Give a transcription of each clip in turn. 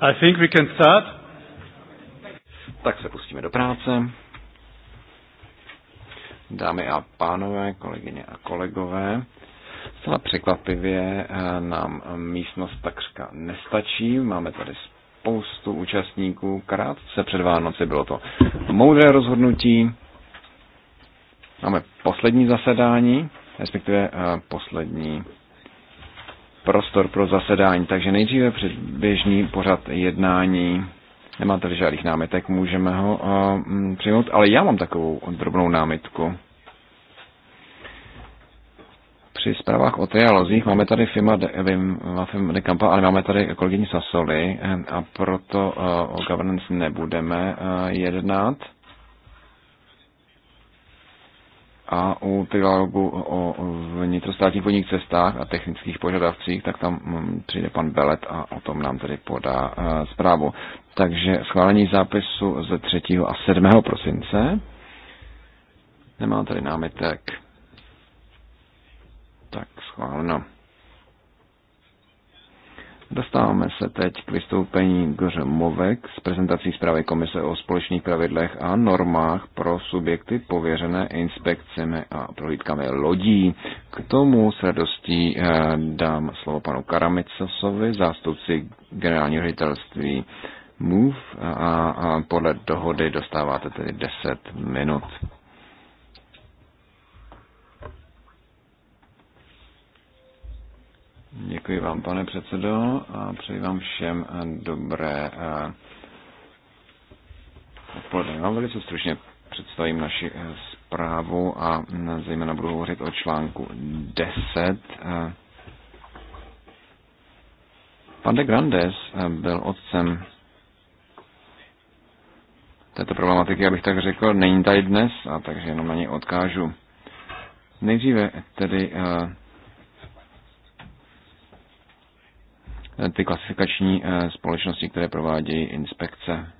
I think we can start. Tak se pustíme do práce. Dámy a pánové, kolegyně a kolegové, zcela překvapivě eh, nám místnost takřka nestačí. Máme tady spoustu účastníků. Krátce před Vánoci bylo to moudré rozhodnutí. Máme poslední zasedání, respektive eh, poslední prostor pro zasedání. Takže nejdříve předběžný pořad jednání. Nemáte žádných námitek, můžeme ho uh, přijmout, ale já mám takovou drobnou námitku. Při zprávách o trialozích máme tady firma de, de Campa, ale máme tady kolegyni Sasoli eh, a proto uh, o governance nebudeme uh, jednat. a u trialogu o vnitrostátních vodních cestách a technických požadavcích, tak tam mm, přijde pan Belet a o tom nám tedy podá eh, zprávu. Takže schválení zápisu ze 3. a 7. prosince. Nemám tady námitek. Tak schváleno. Dostáváme se teď k vystoupení Goře Movek s prezentací zprávy Komise o společných pravidlech a normách pro subjekty pověřené inspekcemi a prohlídkami lodí. K tomu s radostí eh, dám slovo panu Karamicosovi, zástupci generálního ředitelství MOVE a, a podle dohody dostáváte tedy 10 minut. Děkuji vám, pane předsedo, a přeji vám všem eh, dobré eh, odpoledne. Vám velice stručně představím naši eh, zprávu a mm, zejména budu hovořit o článku 10. Pan de Grandes byl otcem této problematiky, abych tak řekl, není tady dnes, a takže jenom na něj odkážu. Nejdříve tedy ty klasifikační eh, společnosti, které provádějí inspekce.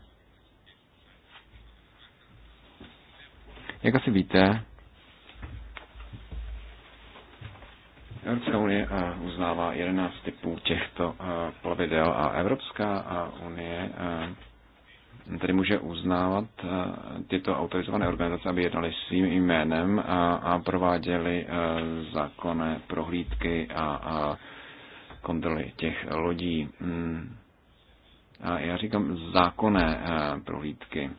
Jak asi víte, Evropská unie eh, uznává 11 typů těchto eh, plavidel a Evropská unie tedy může uznávat tyto autorizované organizace, aby jednali svým jménem a, a prováděli zákonné prohlídky a, a kontroly těch lodí. Hmm. A já říkám zákonné eh, prohlídky,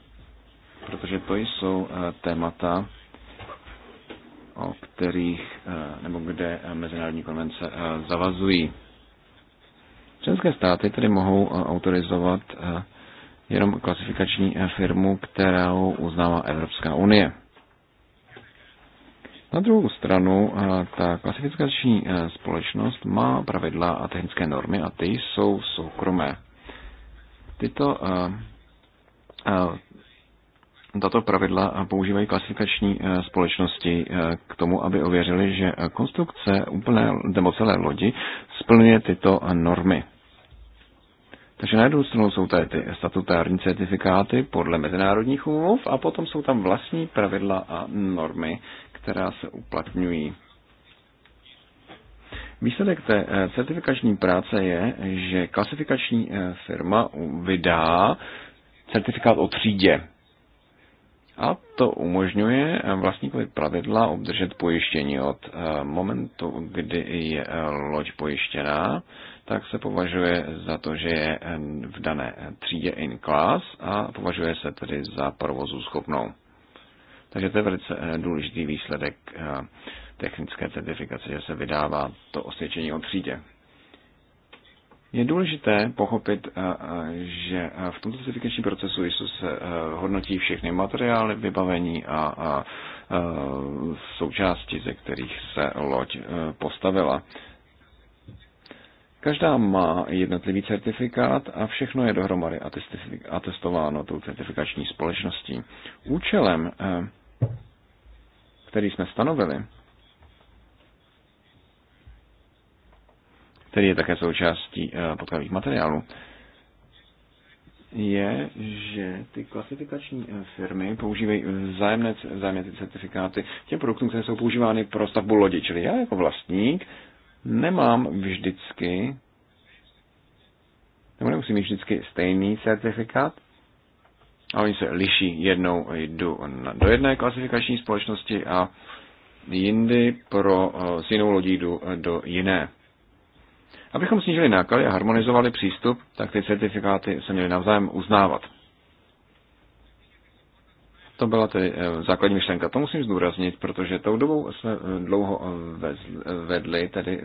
protože to jsou eh, témata, o kterých eh, nebo kde mezinárodní konvence zavazují. Členské státy tedy mohou autorizovat jenom klasifikační firmu, kterou uznává Evropská unie. Na druhou stranu, eh, ta klasifikační eh, společnost má pravidla a technické normy a ty jsou soukromé. Tyto, eh, tato pravidla používají klasifikační společnosti k tomu, aby ověřili, že konstrukce úplné, nebo celé lodi splňuje tyto normy. Takže na jednu stranu jsou tady ty statutární certifikáty podle mezinárodních úmluv a potom jsou tam vlastní pravidla a normy, která se uplatňují. Výsledek té eh, certifikační práce je, že klasifikační eh, firma vydá certifikát o třídě. A to umožňuje eh, vlastníkovi pravidla obdržet pojištění od momentu, kdy je loď pojištěná, tak se považuje za to, že je v dané třídě in class a považuje se tedy za provozu schopnou. Takže to je velice eh, důležitý výsledek eh, technické certifikace, že se vydává to osvědčení o třídě. Je důležité pochopit, eh, že v tomto certifikačním procesu jsou se hodnotí všechny materiály, vybavení a součásti, ze kterých se loď postavila. Každá má jednotlivý certifikát a všechno je dohromady atestováno tou certifikační společností. Účelem který jsme stanovili, který je také součástí eh, podkladových materiálů, je, že ty klasifikační eh, firmy používají vzájemné, vzájemné ty certifikáty těm produktům, které jsou používány pro stavbu lodi. Čili já jako vlastník nemám vždycky, nebo nemusím mít vždycky stejný certifikát, a oni se liší. Jednou jdu do jedné klasifikační společnosti a jindy pro, eh, s jinou lodí jdu eh, do jiné. Abychom snížili náklady a harmonizovali přístup, tak ty certifikáty se měly navzájem uznávat. To byla tedy eh, základní myšlenka. To musím zdůraznit, protože tou dobou jsme dlouho vedli tedy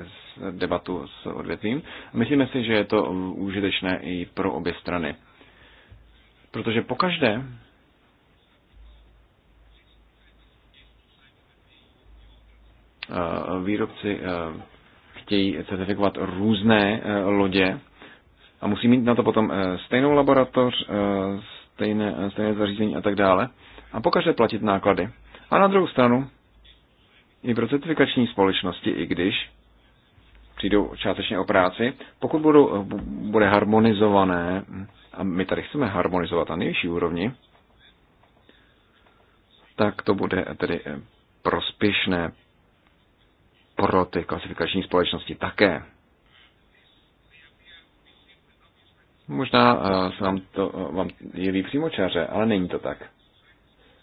debatu s odvětvím. Myslíme si, že je to užitečné i pro obě strany. Protože pokaždé, eh, výrobci eh, chtějí certifikovat různé eh, lodě a musí mít na to potom stejnou laboratoř, stejné, stejné zařízení a tak dále a pokaže platit náklady. A na druhou stranu i pro certifikační společnosti, i když přijdou částečně o práci, pokud budou, bude harmonizované hm, a my tady chceme harmonizovat na nejvyšší úrovni, tak to bude tedy prospěšné pro ty klasifikační společnosti také. Možná eh, se vám to eh, vám jeví přímočaře, ale není to tak.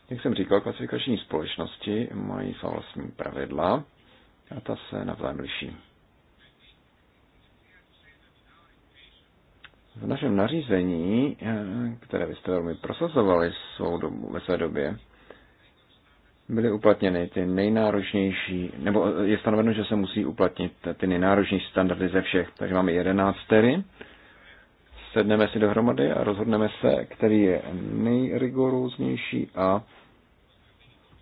Jak jsem říkal, klasifikační společnosti mají svá vlastní pravidla a ta se navzájem liší. V našem nařízení, eh, které vy jste velmi prosazovali svou dobu, ve své době, byly uplatněny ty nejnáročnější, nebo je stanoveno, že se musí uplatnit ty nejnáročnější standardy ze všech. Takže máme 11 tery, sedneme si dohromady a rozhodneme se, který je nejrigoróznější a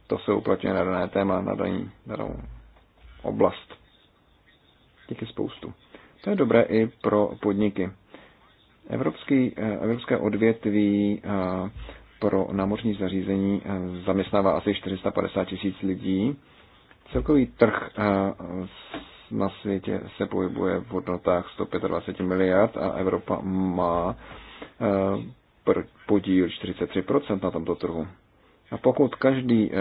to se uplatňuje na dané téma, na daný, danou oblast. Díky je spoustu. To je dobré i pro podniky. Evropský, eh, evropské odvětví eh, pro námořní zařízení eh, zaměstnává asi 450 tisíc lidí. Celkový trh na světě se pohybuje v hodnotách 125 miliard a Evropa má podíl 43% na tomto trhu. A pokud každý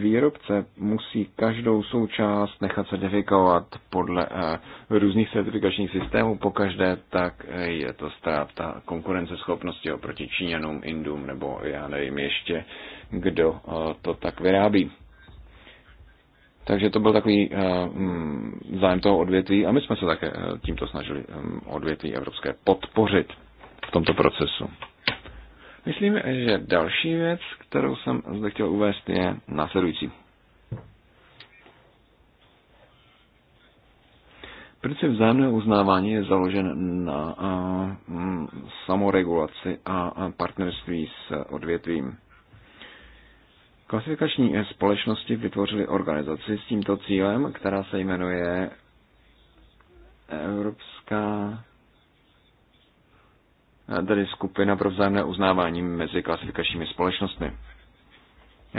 výrobce musí každou součást nechat certifikovat podle eh, různých certifikačních systémů po každé, tak eh, je to ztráta konkurenceschopnosti oproti Číňanům, Indům nebo já nevím ještě, kdo eh, to tak vyrábí. Takže to byl takový mm, zájem toho odvětví a my jsme se také tímto snažili odvětví evropské podpořit v tomto procesu. Myslím, že další věc, kterou jsem zde chtěl uvést, je následující. Princip vzájemného uznávání je založen na a, m, mm, samoregulaci a, a partnerství s odvětvím. Klasifikační společnosti vytvořily organizaci s tímto cílem, která se jmenuje Evropská tedy skupina pro vzájemné uznávání mezi klasifikačními společnostmi.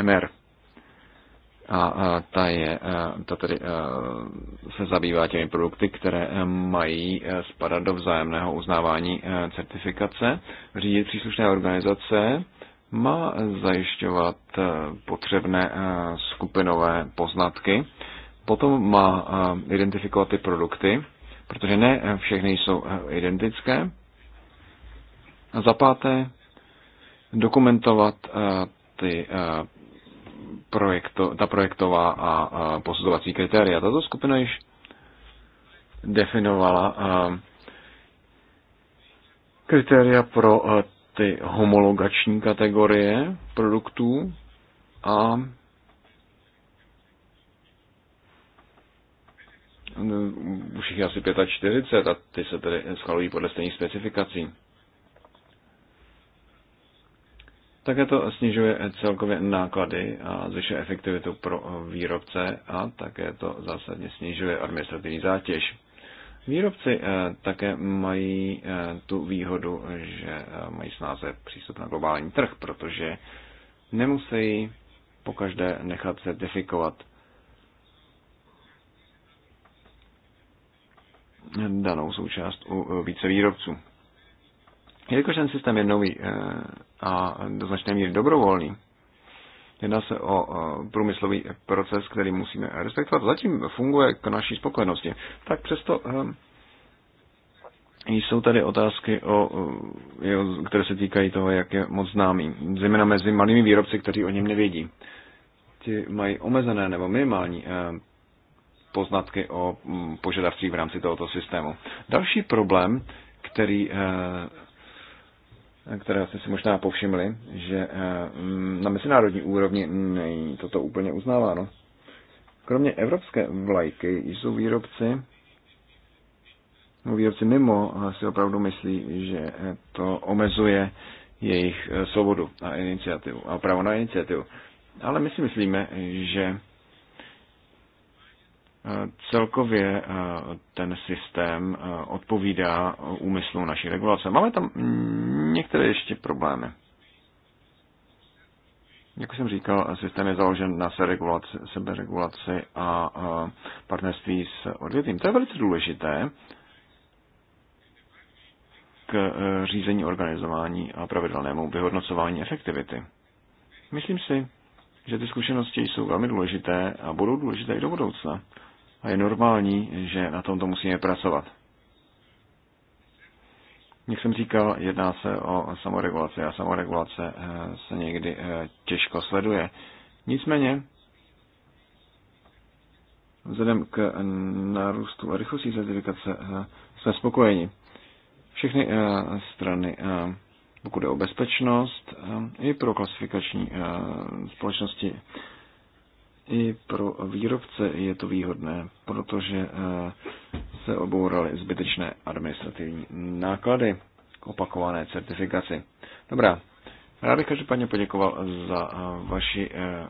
MR. A, a ta, je, ta tedy se zabývá těmi produkty, které mají spadat do vzájemného uznávání certifikace, řídit příslušné organizace, má zajišťovat potřebné skupinové poznatky, potom má identifikovat ty produkty, protože ne všechny jsou identické, za páté, dokumentovat eh, ty eh, projekto, ta projektová a posuzovací kritéria. Tato skupina již definovala eh, kritéria pro ty homologační kategorie produktů a už jich asi 45 a ty se tedy schvalují podle stejných specifikací. Také to snižuje celkově náklady a zvyšuje efektivitu pro výrobce a také to zásadně snižuje administrativní zátěž. Výrobci eh, také mají eh, tu výhodu, že eh, mají snáze přístup na globální trh, protože nemusí pokaždé nechat certifikovat danou součást u více výrobců. Jelikož ten systém je nový eh, a do značné míry dobrovolný, jedná se o průmyslový proces, který musíme respektovat, zatím funguje k naší spokojenosti, tak přesto eh, jsou tady otázky, o, eh, které se týkají toho, jak je moc známý, zejména mezi malými výrobci, kteří o něm nevědí. Ti mají omezené nebo minimální poznatky o mm, požadavcích v rámci tohoto systému. Další problém, který které jste si možná povšimli, že eh, mm, na mezinárodní úrovni není toto úplně uznáváno. Kromě evropské vlajky jsou výrobci, no, výrobci mimo eh, si opravdu myslí, že eh, to omezuje jejich svobodu a iniciativu a právo na iniciativu. Ale my si myslíme, že celkově eh, ten systém eh, odpovídá úmyslu naší regulace. Máme tam mm, některé ještě problémy. Jak jsem říkal, systém je založen na seregulaci, seberegulaci a eh, partnerství s odvětvím. To je velice důležité k řízení organizování a pravidelnému vyhodnocování efektivity. Myslím si, že ty zkušenosti jsou velmi důležité a budou důležité i do budoucna. A je normální, že na tomto musíme pracovat. Jak jsem říkal, jedná se o samoregulaci a samoregulace eh, se někdy eh, těžko sleduje. Nicméně, vzhledem k nárůstu a rychlosti certifikace eh, jsme spokojeni. Všechny strany, pokud je o bezpečnost, i pro klasifikační společnosti i pro výrobce je to výhodné, protože eh, se obouraly zbytečné administrativní náklady k opakované certifikaci. Dobrá, rád bych každopádně poděkoval za eh, vaši eh,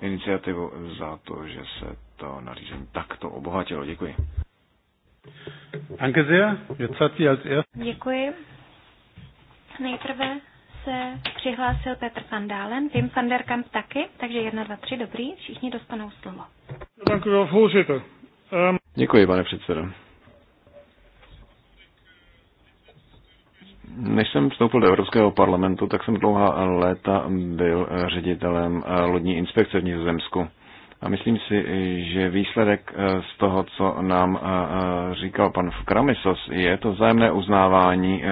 iniciativu, za to, že se to nařízení takto obohatilo. Děkuji. Děkuji. Nejprve se přihlásil Petr van Dalen, Wim van der Kamp taky, takže jedna dva tři dobrý, všichni dostanou slovo. Ehm, Děkuji, pane předsedo. Než jsem vstoupil do Evropského parlamentu, tak jsem dlouhá léta byl ředitelem lodní inspekce v Nizozemsku. A myslím si, že výsledek eh, z toho, co nám eh, eh, říkal pan Kramisos, je to vzájemné uznávání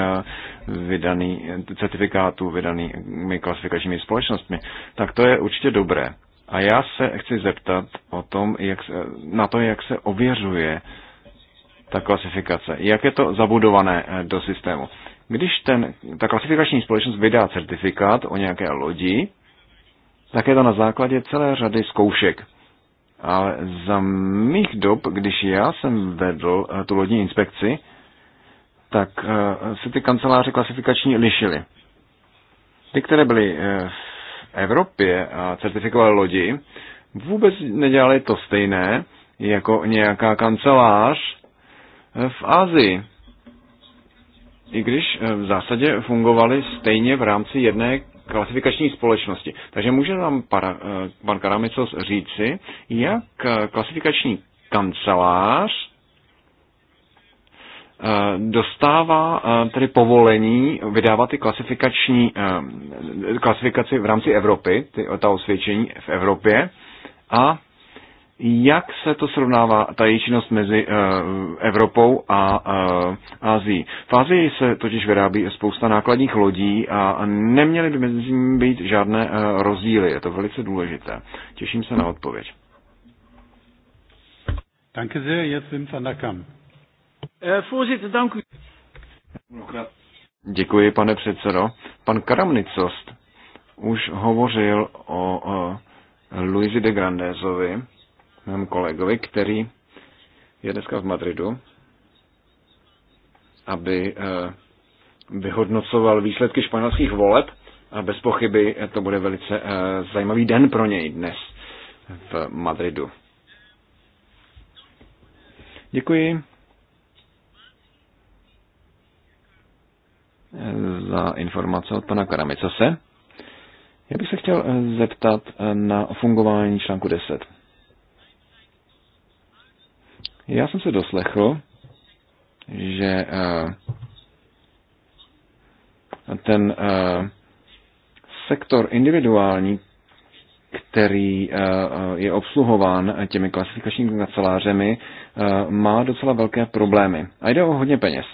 vydaný, certifikátů vydanými klasifikačními společnostmi. Tak to je určitě dobré. A já se chci zeptat o tom, jak se, na to, jak se ověřuje ta klasifikace. Jak je to zabudované do systému? Když ten, ta klasifikační společnost vydá certifikát o nějaké lodi, tak je to na základě celé řady zkoušek. Ale za mých dob, když já jsem vedl eh, tu lodní inspekci, tak eh, se ty kanceláře klasifikační lišily. Ty, které byly eh, v Evropě a certifikovaly lodi, vůbec nedělali to stejné jako nějaká kancelář v Asii. I když v zásadě fungovali stejně v rámci jedné klasifikační společnosti. Takže může nám para, eh, pan Karamicos říci, jak eh, klasifikační kancelář eh, dostává tedy povolení vydávat ty klasifikační, klasifikaci v rámci Evropy, ty, ta osvědčení v Evropě a jak se to srovnává, ta její činnost mezi eh, Evropou a Azií. Eh, v Azii se totiž vyrábí spousta nákladních lodí a neměly by mezi nimi být žádné eh, rozdíly. Je to velice důležité. Těším se na odpověď. Danke sehr, jetzt sind wir der Kamp. Voorzitter, Děkuji, pane předsedo. Pan Karamnicost už hovořil o, o de Grandezovi mém kolegovi, který je dneska v Madridu, aby eh, vyhodnocoval výsledky španělských voleb a bez pochyby to bude velice eh, zajímavý den pro něj dnes v Madridu. Děkuji eh, za informace od pana Karamicose. Já bych se chtěl zeptat na fungování článku 10. Já jsem se doslechl, že eh, ten eh, sektor individuální, který eh, je obsluhován těmi klasifikačními kancelářemi, má docela velké problémy. A jde o hodně peněz.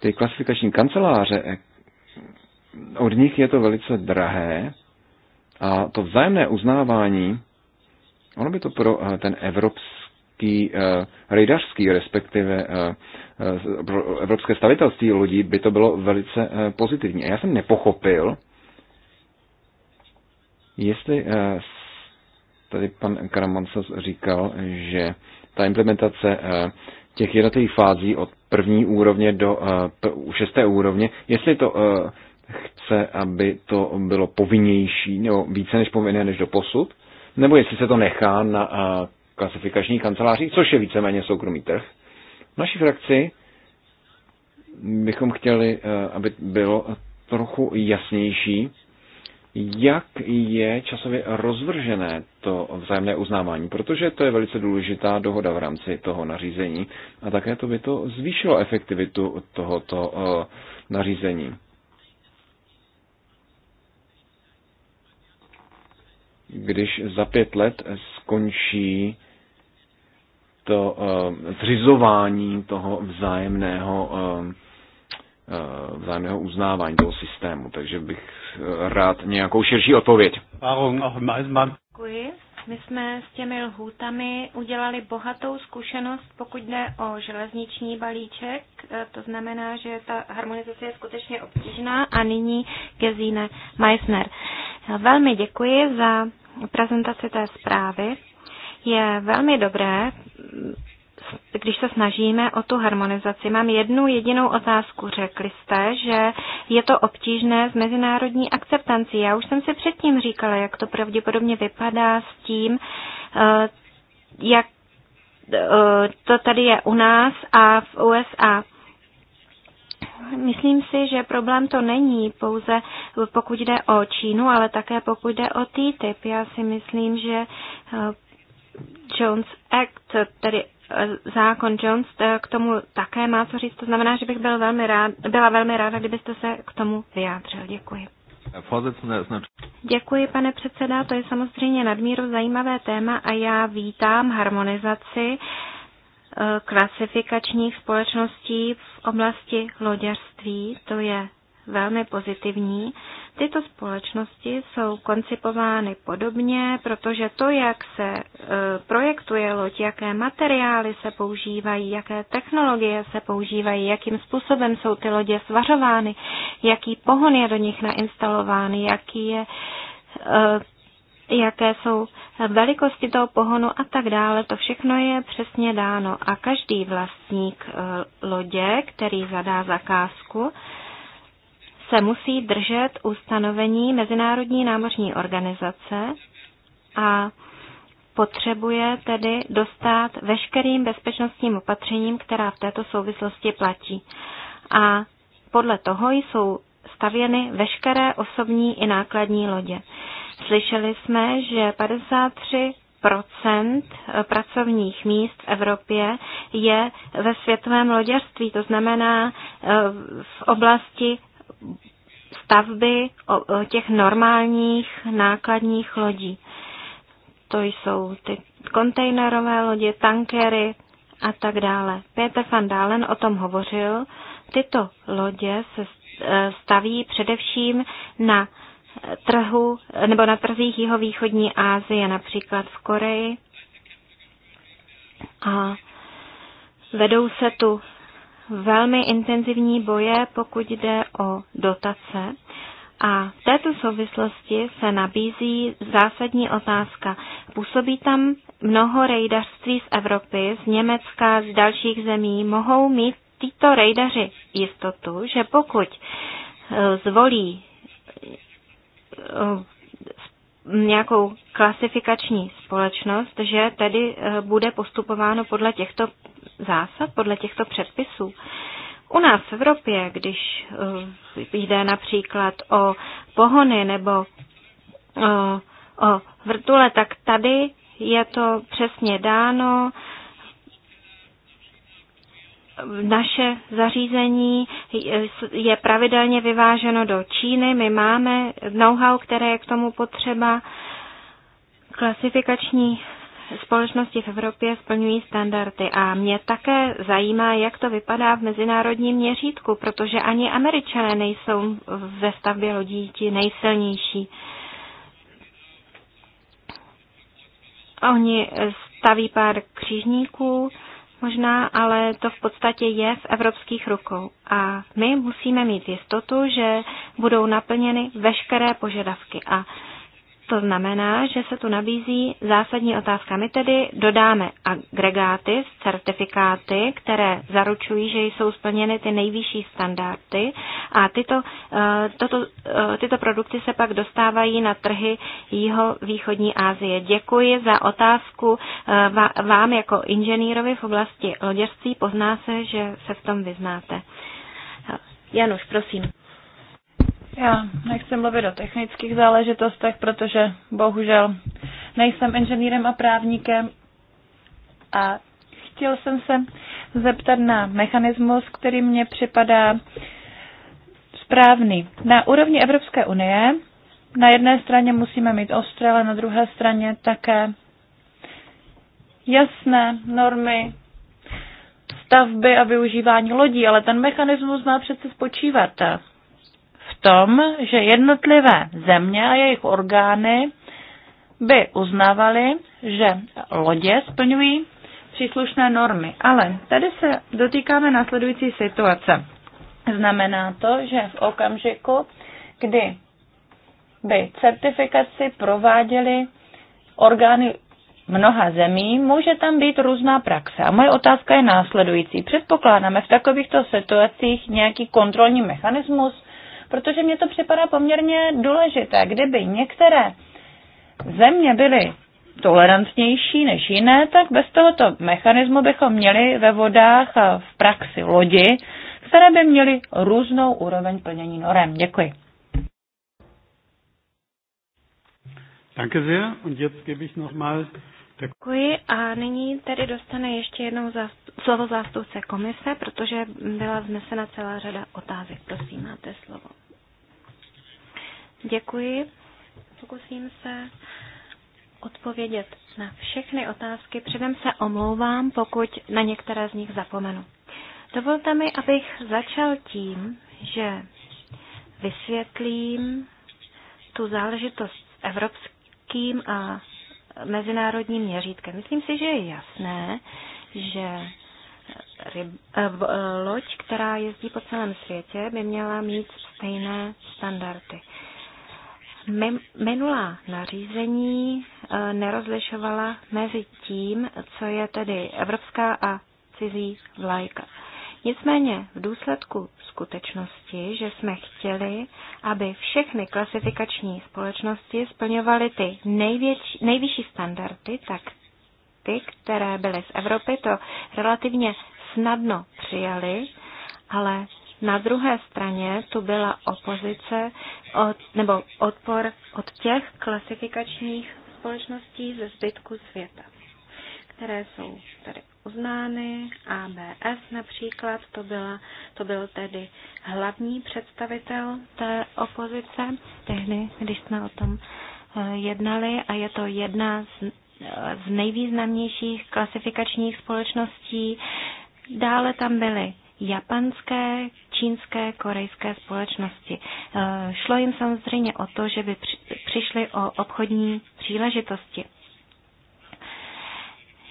Ty klasifikační kanceláře, od nich je to velice drahé a to vzájemné uznávání Ono by to pro eh, ten evropský eh, rejdařský, respektive eh, pro evropské stavitelství lodí, by to bylo velice pozitivní. A já jsem nepochopil, jestli tady pan Karamancas říkal, že ta implementace těch jednotlivých fází od první úrovně do šesté úrovně, jestli to chce, aby to bylo povinnější, nebo více než povinné než do posud, nebo jestli se to nechá na klasifikační kanceláři. což je víceméně soukromý trh. V naší frakci bychom chtěli, aby bylo trochu jasnější, jak je časově rozvržené to vzájemné uznávání, protože to je velice důležitá dohoda v rámci toho nařízení a také to by to zvýšilo efektivitu tohoto nařízení. když za pět let skončí to eh, zřizování toho vzájemného eh, eh, vzájemného uznávání toho systému. Takže bych rád nějakou širší odpověď. Děkuji. My jsme s těmi lhůtami udělali bohatou zkušenost, pokud jde o železniční balíček. To znamená, že ta harmonizace je skutečně obtížná. A nyní Gezine Meissner. Uh, Velmi děkuji za prezentaci té zprávy. Je velmi dobré, když se snažíme o tu harmonizaci. Mám jednu jedinou otázku. Řekli jste, že je to obtížné s mezinárodní akceptancí. Já už jsem si předtím říkala, jak to pravděpodobně vypadá s tím, eh, jak eh, to tady je u nás a v USA. Myslím si, že problém to není pouze pokud jde o Čínu, ale také pokud jde o TTIP. Já si myslím, že eh, Jones Act, tedy eh, zákon Jones, eh, k tomu také má co říct. To znamená, že bych byl velmi rád, byla velmi ráda, kdybyste se k tomu vyjádřil. Děkuji. Děkuji, pane předseda. To je samozřejmě nadmíru zajímavé téma a já vítám harmonizaci uh, klasifikačních společností v oblasti loďařství, to je velmi pozitivní. Tyto společnosti jsou koncipovány podobně, protože to, jak se e, projektuje loď, jaké materiály se používají, jaké technologie se používají, jakým způsobem jsou ty lodě svařovány, jaký pohon je do nich nainstalován, jaký je e, jaké jsou velikosti toho pohonu a tak dále. To všechno je přesně dáno. A každý vlastník eh, lodě, který zadá zakázku, se musí držet ustanovení Mezinárodní námořní organizace a potřebuje tedy dostat veškerým bezpečnostním opatřením, která v této souvislosti platí. A podle toho jsou stavěny veškeré osobní i nákladní lodě. Slyšeli jsme, že 53 procent eh, pracovních míst v Evropě je ve světovém loděrství. to znamená eh, v oblasti stavby těch normálních nákladních lodí. To jsou ty kontejnerové lodě, tankery a tak dále. Peter van Dalen o tom hovořil. Tyto lodě se eh, staví především na trhu nebo na trzích jeho východní Asie, například v Koreji. A vedou se tu velmi intenzivní boje, pokud jde o dotace. A v této souvislosti se nabízí zásadní otázka. Působí tam mnoho rejdařství z Evropy, z Německa, z dalších zemí. Mohou mít tyto rejdaři jistotu, že pokud eh, zvolí Eh, nějakou klasifikační společnost, že tedy eh, bude postupováno podle těchto zásad, podle těchto předpisů. U nás v Evropě, když eh, jde například o pohony nebo o vrtule, tak tady je to přesně dáno, naše zařízení je pravidelně vyváženo do Číny. My máme know-how, které je k tomu potřeba. Klasifikační společnosti v Evropě splňují standardy a mě také zajímá, jak to vypadá v mezinárodním měřítku, protože ani američané nejsou ve stavbě lodí ti nejsilnější. Oni staví pár křížníků, možná, ale to v podstatě je v evropských rukou. A my musíme mít jistotu, že budou naplněny veškeré požadavky. A to znamená, že se tu nabízí zásadní otázka. My tedy dodáme agregáty certifikáty, které zaručují, že jsou splněny ty nejvyšší standardy a tyto, eh, toto, eh, tyto produkty se pak dostávají na trhy jeho východní Asie. Děkuji za otázku eh, vám jako inženýrovi v oblasti loděřství. Pozná se, že se v tom vyznáte. Januš, prosím. Já nechci mluvit o technických záležitostech, protože bohužel nejsem inženýrem a právníkem a chtěl jsem se zeptat na mechanismus, který mně připadá správný. Na úrovni Evropské unie na jedné straně musíme mít ostré, ale na druhé straně také jasné normy stavby a využívání lodí, ale ten mechanismus má přece spočívat v tom, že jednotlivé země a jejich orgány by uznávaly, že lodě splňují příslušné normy. Ale tady se dotýkáme následující situace. Znamená to, že v okamžiku, kdy by certifikaci prováděly orgány mnoha zemí, může tam být různá praxe. A moje otázka je následující. Předpokládáme v takovýchto situacích nějaký kontrolní mechanismus, protože mně to připadá poměrně důležité. Kdyby některé země byly tolerantnější než jiné, tak bez tohoto mechanismu bychom měli ve vodách a v praxi lodi, které by měly různou úroveň plnění norem. Děkuji. Danke sehr. Und jetzt gebe ich noch mal Děkuji a nyní tady dostane ještě jednou zástup, slovo zástupce komise, protože byla vznesena celá řada otázek. Prosím, máte slovo. Děkuji. Pokusím se odpovědět na všechny otázky. Předem se omlouvám, pokud na některé z nich zapomenu. Dovolte mi, abych začal tím, že vysvětlím tu záležitost s evropským a mezinárodním měřítkem. Myslím si, že je jasné, že ryb, eh, eh, loď, která jezdí po celém světě, by měla mít stejné standardy. Minulá nařízení eh, nerozlišovala mezi tím, co je tedy evropská a cizí vlajka. Nicméně v důsledku skutečnosti, že jsme chtěli, aby všechny klasifikační společnosti splňovaly ty největší, nejvyšší standardy, tak ty, které byly z Evropy, to relativně snadno přijali, ale na druhé straně tu byla opozice od, nebo odpor od těch klasifikačních společností ze zbytku světa, které jsou tady uznány, ABS například, to, byla, to byl tedy hlavní představitel té opozice tehdy, když jsme o tom eh, jednali a je to jedna z, z nejvýznamnějších klasifikačních společností. Dále tam byly japonské, čínské, korejské společnosti. Eh, šlo jim samozřejmě o to, že by přišli o obchodní příležitosti.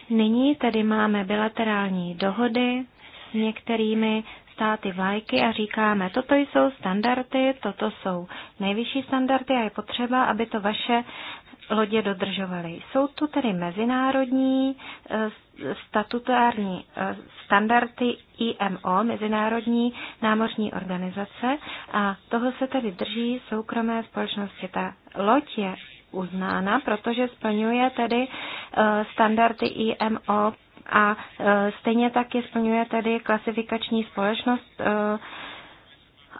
Nyní tedy máme bilaterální dohody s některými státy vlajky a říkáme, toto jsou standardy, toto jsou nejvyšší standardy a je potřeba, aby to vaše lodě dodržovaly. Jsou tu tedy mezinárodní eh, statutární eh, standardy IMO, Mezinárodní námořní organizace, a toho se tedy drží soukromé společnosti. Ta loď je uznána, protože splňuje tedy eh, standardy IMO a eh, stejně tak je splňuje tedy klasifikační společnost eh,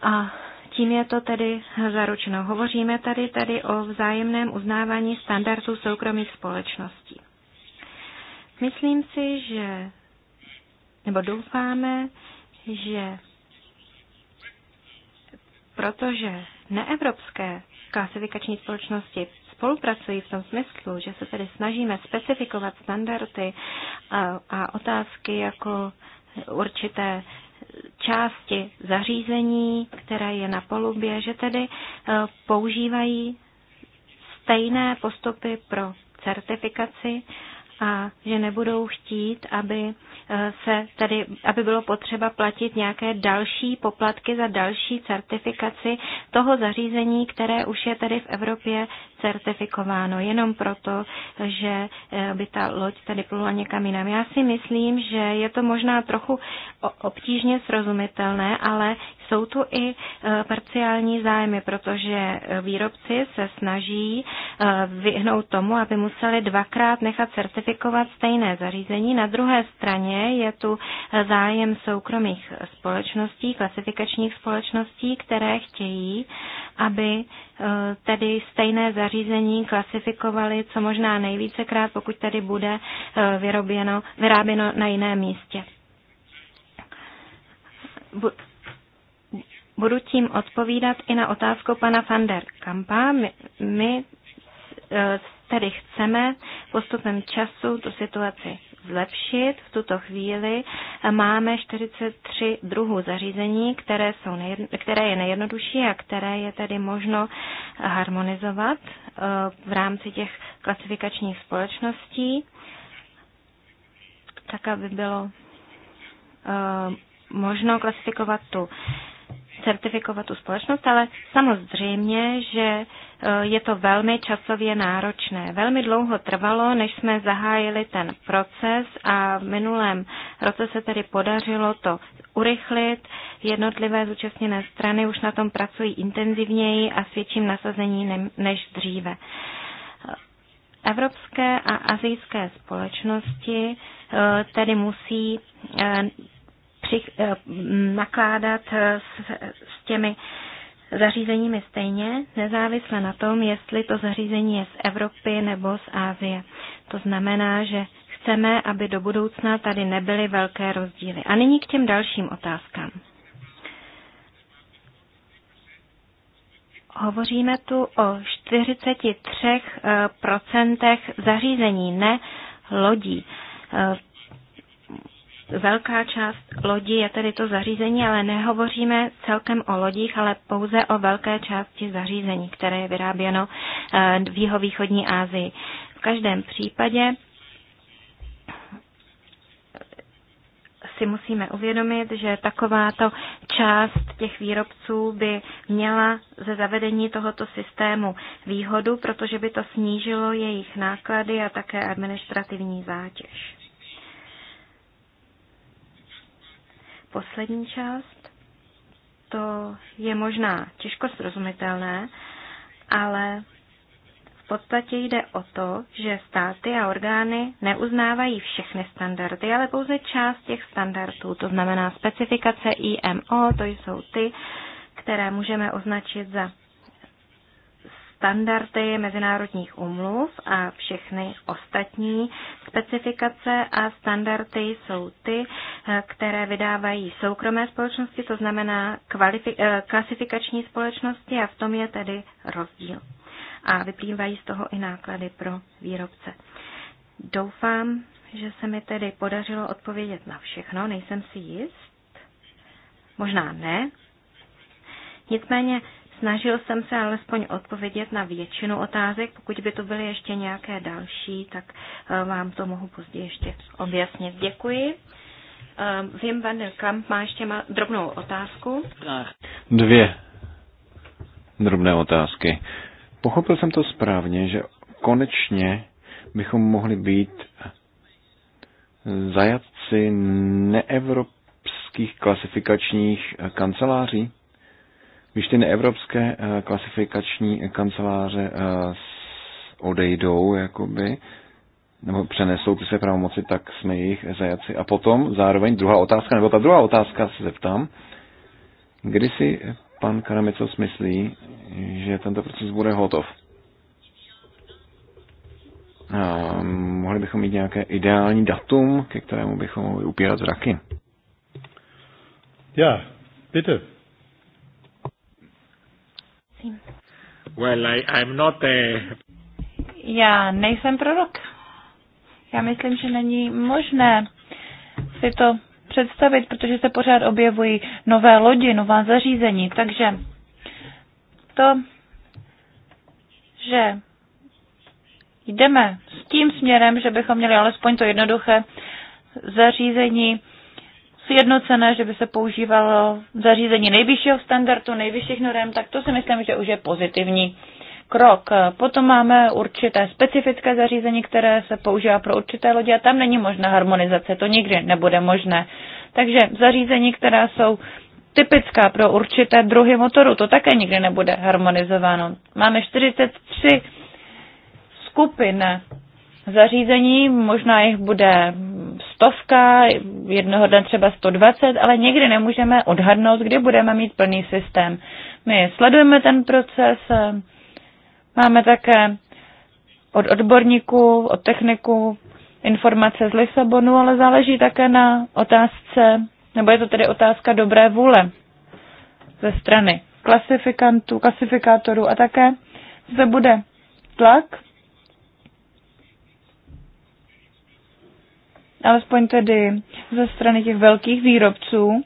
a tím je to tedy zaručeno. Hovoříme tady tedy o vzájemném uznávání standardů soukromých společností. Myslím si, že, nebo doufáme, že protože neevropské klasifikační společnosti spolupracují v tom smyslu, že se tedy snažíme specifikovat standardy a, a otázky jako určité části zařízení, které je na polubě, že tedy eh, používají stejné postupy pro certifikaci a že nebudou chtít, aby eh, se tady, aby bylo potřeba platit nějaké další poplatky za další certifikaci toho zařízení, které už je tady v Evropě certifikováno, jenom proto, že eh, by ta loď tady plula někam jinam. Já si myslím, že je to možná trochu obtížně srozumitelné, ale jsou tu i eh, parciální zájmy, protože výrobci se snaží vyhnout tomu, aby museli dvakrát nechat certifikovat certifikovat stejné zařízení. Na druhé straně je tu zájem soukromých společností, klasifikačních společností, které chtějí, aby e, tedy stejné zařízení klasifikovali co možná nejvícekrát, pokud tady bude e, vyroběno, vyráběno na jiném místě. Budu tím odpovídat i na otázku pana van der Kampa. My, my e, Tedy chceme postupem času tu situaci zlepšit. V tuto chvíli máme 43 druhů zařízení, které, jsou nejedno, které je nejjednodušší a které je tedy možno harmonizovat eh, v rámci těch klasifikačních společností, tak aby bylo eh, možno klasifikovat tu certifikovat tu společnost, ale samozřejmě, že e, je to velmi časově náročné. Velmi dlouho trvalo, než jsme zahájili ten proces a v minulém roce se tedy podařilo to urychlit. Jednotlivé zúčastněné strany už na tom pracují intenzivněji a s větším nasazení než dříve. Evropské a azijské společnosti e, tedy musí e, při, eh, nakládat s, s těmi zařízeními stejně, nezávisle na tom, jestli to zařízení je z Evropy nebo z Ázie. To znamená, že chceme, aby do budoucna tady nebyly velké rozdíly. A nyní k těm dalším otázkám. Hovoříme tu o 43% eh, zařízení, ne lodí. Eh, Velká část lodí je tedy to zařízení, ale nehovoříme celkem o lodích, ale pouze o velké části zařízení, které je vyráběno eh, v jihovýchodní Asii. V každém případě eh, si musíme uvědomit, že takováto část těch výrobců by měla ze zavedení tohoto systému výhodu, protože by to snížilo jejich náklady a také administrativní zátěž. poslední část, to je možná těžko srozumitelné, ale v podstatě jde o to, že státy a orgány neuznávají všechny standardy, ale pouze část těch standardů, to znamená specifikace IMO, to jsou ty, které můžeme označit za standardy mezinárodních umluv a všechny ostatní specifikace a standardy jsou ty, eh, které vydávají soukromé společnosti, to znamená eh, klasifikační společnosti a v tom je tedy rozdíl. A vyplývají z toho i náklady pro výrobce. Doufám, že se mi tedy podařilo odpovědět na všechno, nejsem si jist. Možná ne. Nicméně Snažil jsem se alespoň odpovědět na většinu otázek. Pokud by to byly ještě nějaké další, tak eh, vám to mohu později ještě objasnit. Děkuji. Vím, eh, van der Kamp má ještě má drobnou otázku. Dvě drobné otázky. Pochopil jsem to správně, že konečně bychom mohli být zajatci neevropských klasifikačních kanceláří? Výštiny evropské eh, klasifikační kanceláře eh, odejdou, jakoby, nebo přenesou ty své pravomoci, tak jsme jejich zajaci. A potom zároveň druhá otázka, nebo ta druhá otázka se zeptám, kdy si pan Karamicos myslí, že tento proces bude hotov? A mohli bychom mít nějaké ideální datum, ke kterému bychom mohli upírat zraky. Ja, bitte prosím. Well, I, I'm not a... Já nejsem prorok. Já myslím, že není možné si to představit, protože se pořád objevují nové lodi, nová zařízení. Takže to, že jdeme s tím směrem, že bychom měli alespoň to jednoduché zařízení sjednocené, že by se používalo zařízení nejvyššího standardu, nejvyšších norm, tak to si myslím, že už je pozitivní krok. Potom máme určité specifické zařízení, které se používá pro určité lodě a tam není možná harmonizace, to nikdy nebude možné. Takže zařízení, která jsou typická pro určité druhy motoru, to také nikdy nebude harmonizováno. Máme 43 skupin zařízení, možná jich bude stovka, jednoho dne třeba 120, ale nikdy nemůžeme odhadnout, kdy budeme mít plný systém. My sledujeme ten proces, eh, máme také od odborníků, od techniků informace z Lisabonu, ale záleží také na otázce, nebo je to tedy otázka dobré vůle ze strany klasifikantů, klasifikátorů a také se bude tlak alespoň tedy ze strany těch velkých výrobců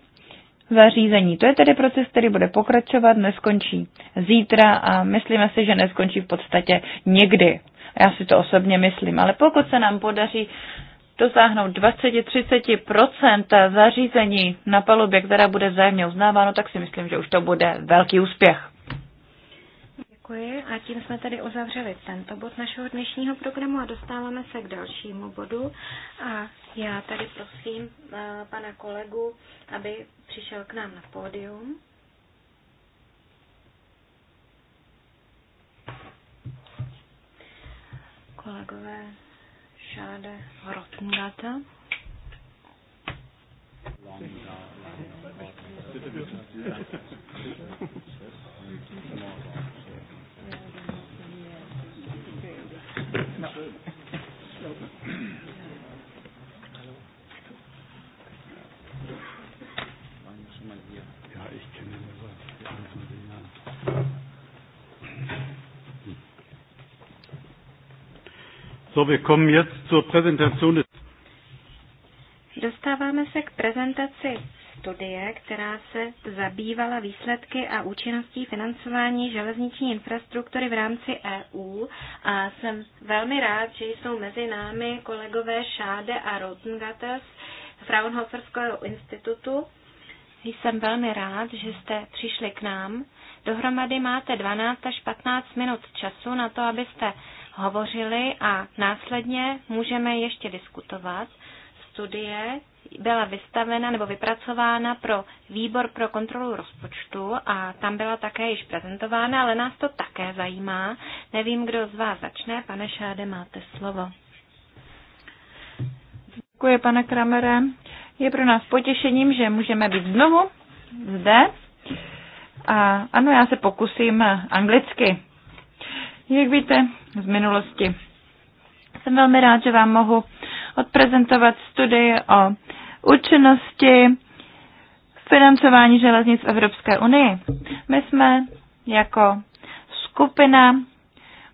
zařízení. To je tedy proces, který bude pokračovat, neskončí zítra a myslíme si, že neskončí v podstatě někdy. Já si to osobně myslím, ale pokud se nám podaří dosáhnout 20-30 zařízení na palubě, která bude vzájemně uznáváno, tak si myslím, že už to bude velký úspěch. Děkuji a tím jsme tedy uzavřeli tento bod našeho dnešního programu a dostáváme se k dalšímu bodu. A já tady prosím eh, pana kolegu, aby přišel k nám na pódium. Kolegové Šáde Rotmdata. Thank you. So, wir kommen jetzt zur Präsentation des Dostáváme se k prezentaci studie, která se zabývala výsledky a účinností financování železniční infrastruktury v rámci EU a jsem velmi rád, že jsou mezi námi kolegové Šáde a Rotengatter z Fraunhoferského institutu. Jsem velmi rád, že jste přišli k nám. Dohromady máte 12 až 15 minut času na to, abyste hovořili a následně můžeme ještě diskutovat. Studie byla vystavena nebo vypracována pro výbor pro kontrolu rozpočtu a tam byla také již prezentována, ale nás to také zajímá. Nevím, kdo z vás začne. Pane Šáde, máte slovo. Děkuji, pane Kramere. Je pro nás potěšením, že můžeme být znovu zde. A ano, já se pokusím anglicky. Jak víte z minulosti, jsem velmi rád, že vám mohu odprezentovat studii o účinnosti financování železnic v Evropské unii. My jsme jako skupina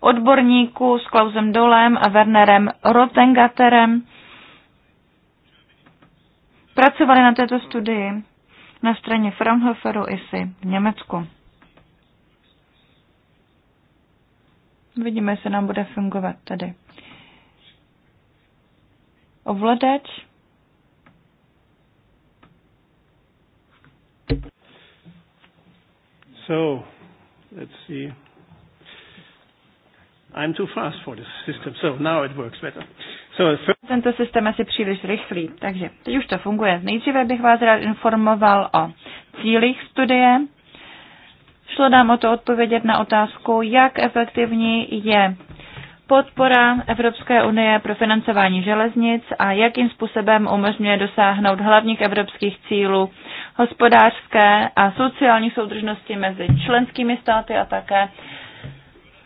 odborníků s Klausem Dolem a Wernerem Rotengaterem pracovali na této studii na straně Fraunhoferu ISI v Německu. Vidíme, jestli nám bude fungovat tady. Ovladač. So, let's see. I'm too fast for this system, so now it works better. So first... Tento systém asi příliš rychlý, takže teď už to funguje. Nejdříve bych vás rád informoval o cílích studie. Šlo nám o to odpovědět na otázku, jak efektivní je podpora Evropské unie pro financování železnic a jakým způsobem umožňuje dosáhnout hlavních evropských cílů hospodářské a sociální soudržnosti mezi členskými státy a také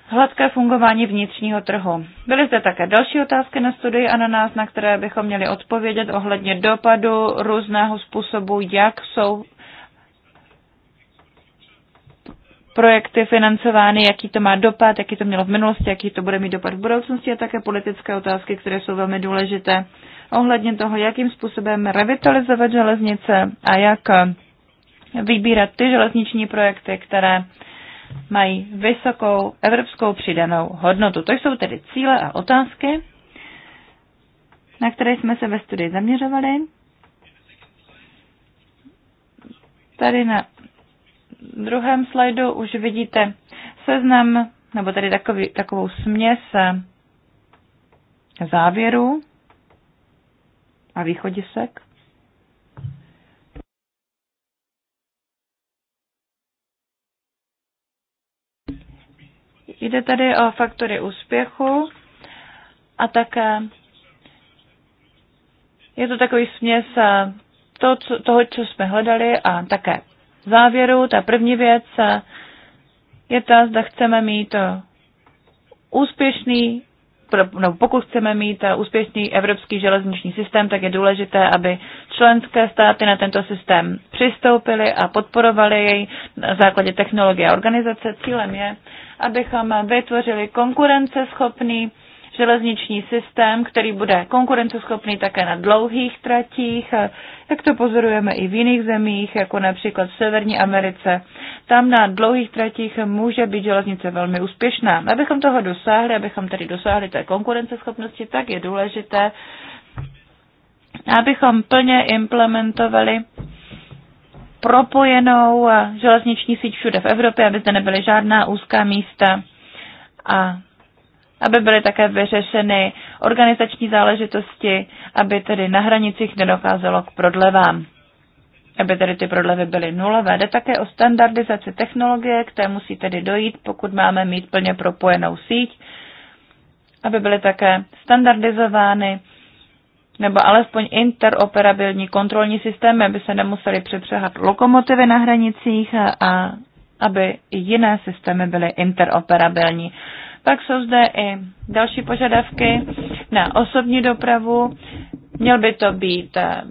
hladké fungování vnitřního trhu. Byly zde také další otázky na studii a na nás, na které bychom měli odpovědět ohledně dopadu různého způsobu, jak jsou projekty financovány, jaký to má dopad, jaký to mělo v minulosti, jaký to bude mít dopad v budoucnosti a také politické otázky, které jsou velmi důležité ohledně toho, jakým způsobem revitalizovat železnice a jak eh, vybírat ty železniční projekty, které mají vysokou evropskou přidanou hodnotu. To jsou tedy cíle a otázky, na které jsme se ve studii zaměřovali. Tady na druhém slajdu už vidíte seznam, nebo tady takový, takovou směs eh, závěrů a východisek. Jde tady o faktory úspěchu a také je to takový směs eh, toho, co jsme hledali a také závěru, Ta první věc je ta, zda chceme mít eh, úspěšný, nebo pokud chceme mít eh, úspěšný evropský železniční systém, tak je důležité, aby členské státy na tento systém přistoupily a podporovaly jej na základě technologie a organizace. Cílem je, abychom vytvořili konkurenceschopný železniční systém, který bude konkurenceschopný také na dlouhých tratích, jak to pozorujeme i v jiných zemích, jako například v Severní Americe. Tam na dlouhých tratích může být železnice velmi úspěšná. Abychom toho dosáhli, abychom tedy dosáhli té konkurenceschopnosti, tak je důležité, abychom plně implementovali propojenou železniční síť všude v Evropě, aby zde nebyly žádná úzká místa a aby byly také vyřešeny organizační záležitosti, aby tedy na hranicích nedocházelo k prodlevám aby tedy ty prodlevy byly nulové. Jde také o standardizaci technologie, které musí tedy dojít, pokud máme mít plně propojenou síť, aby byly také standardizovány nebo alespoň interoperabilní kontrolní systémy, aby se nemuseli přepřehat lokomotivy na hranicích a aby jiné systémy byly interoperabilní. Pak jsou zde i další požadavky na osobní dopravu. Měl by to být eh,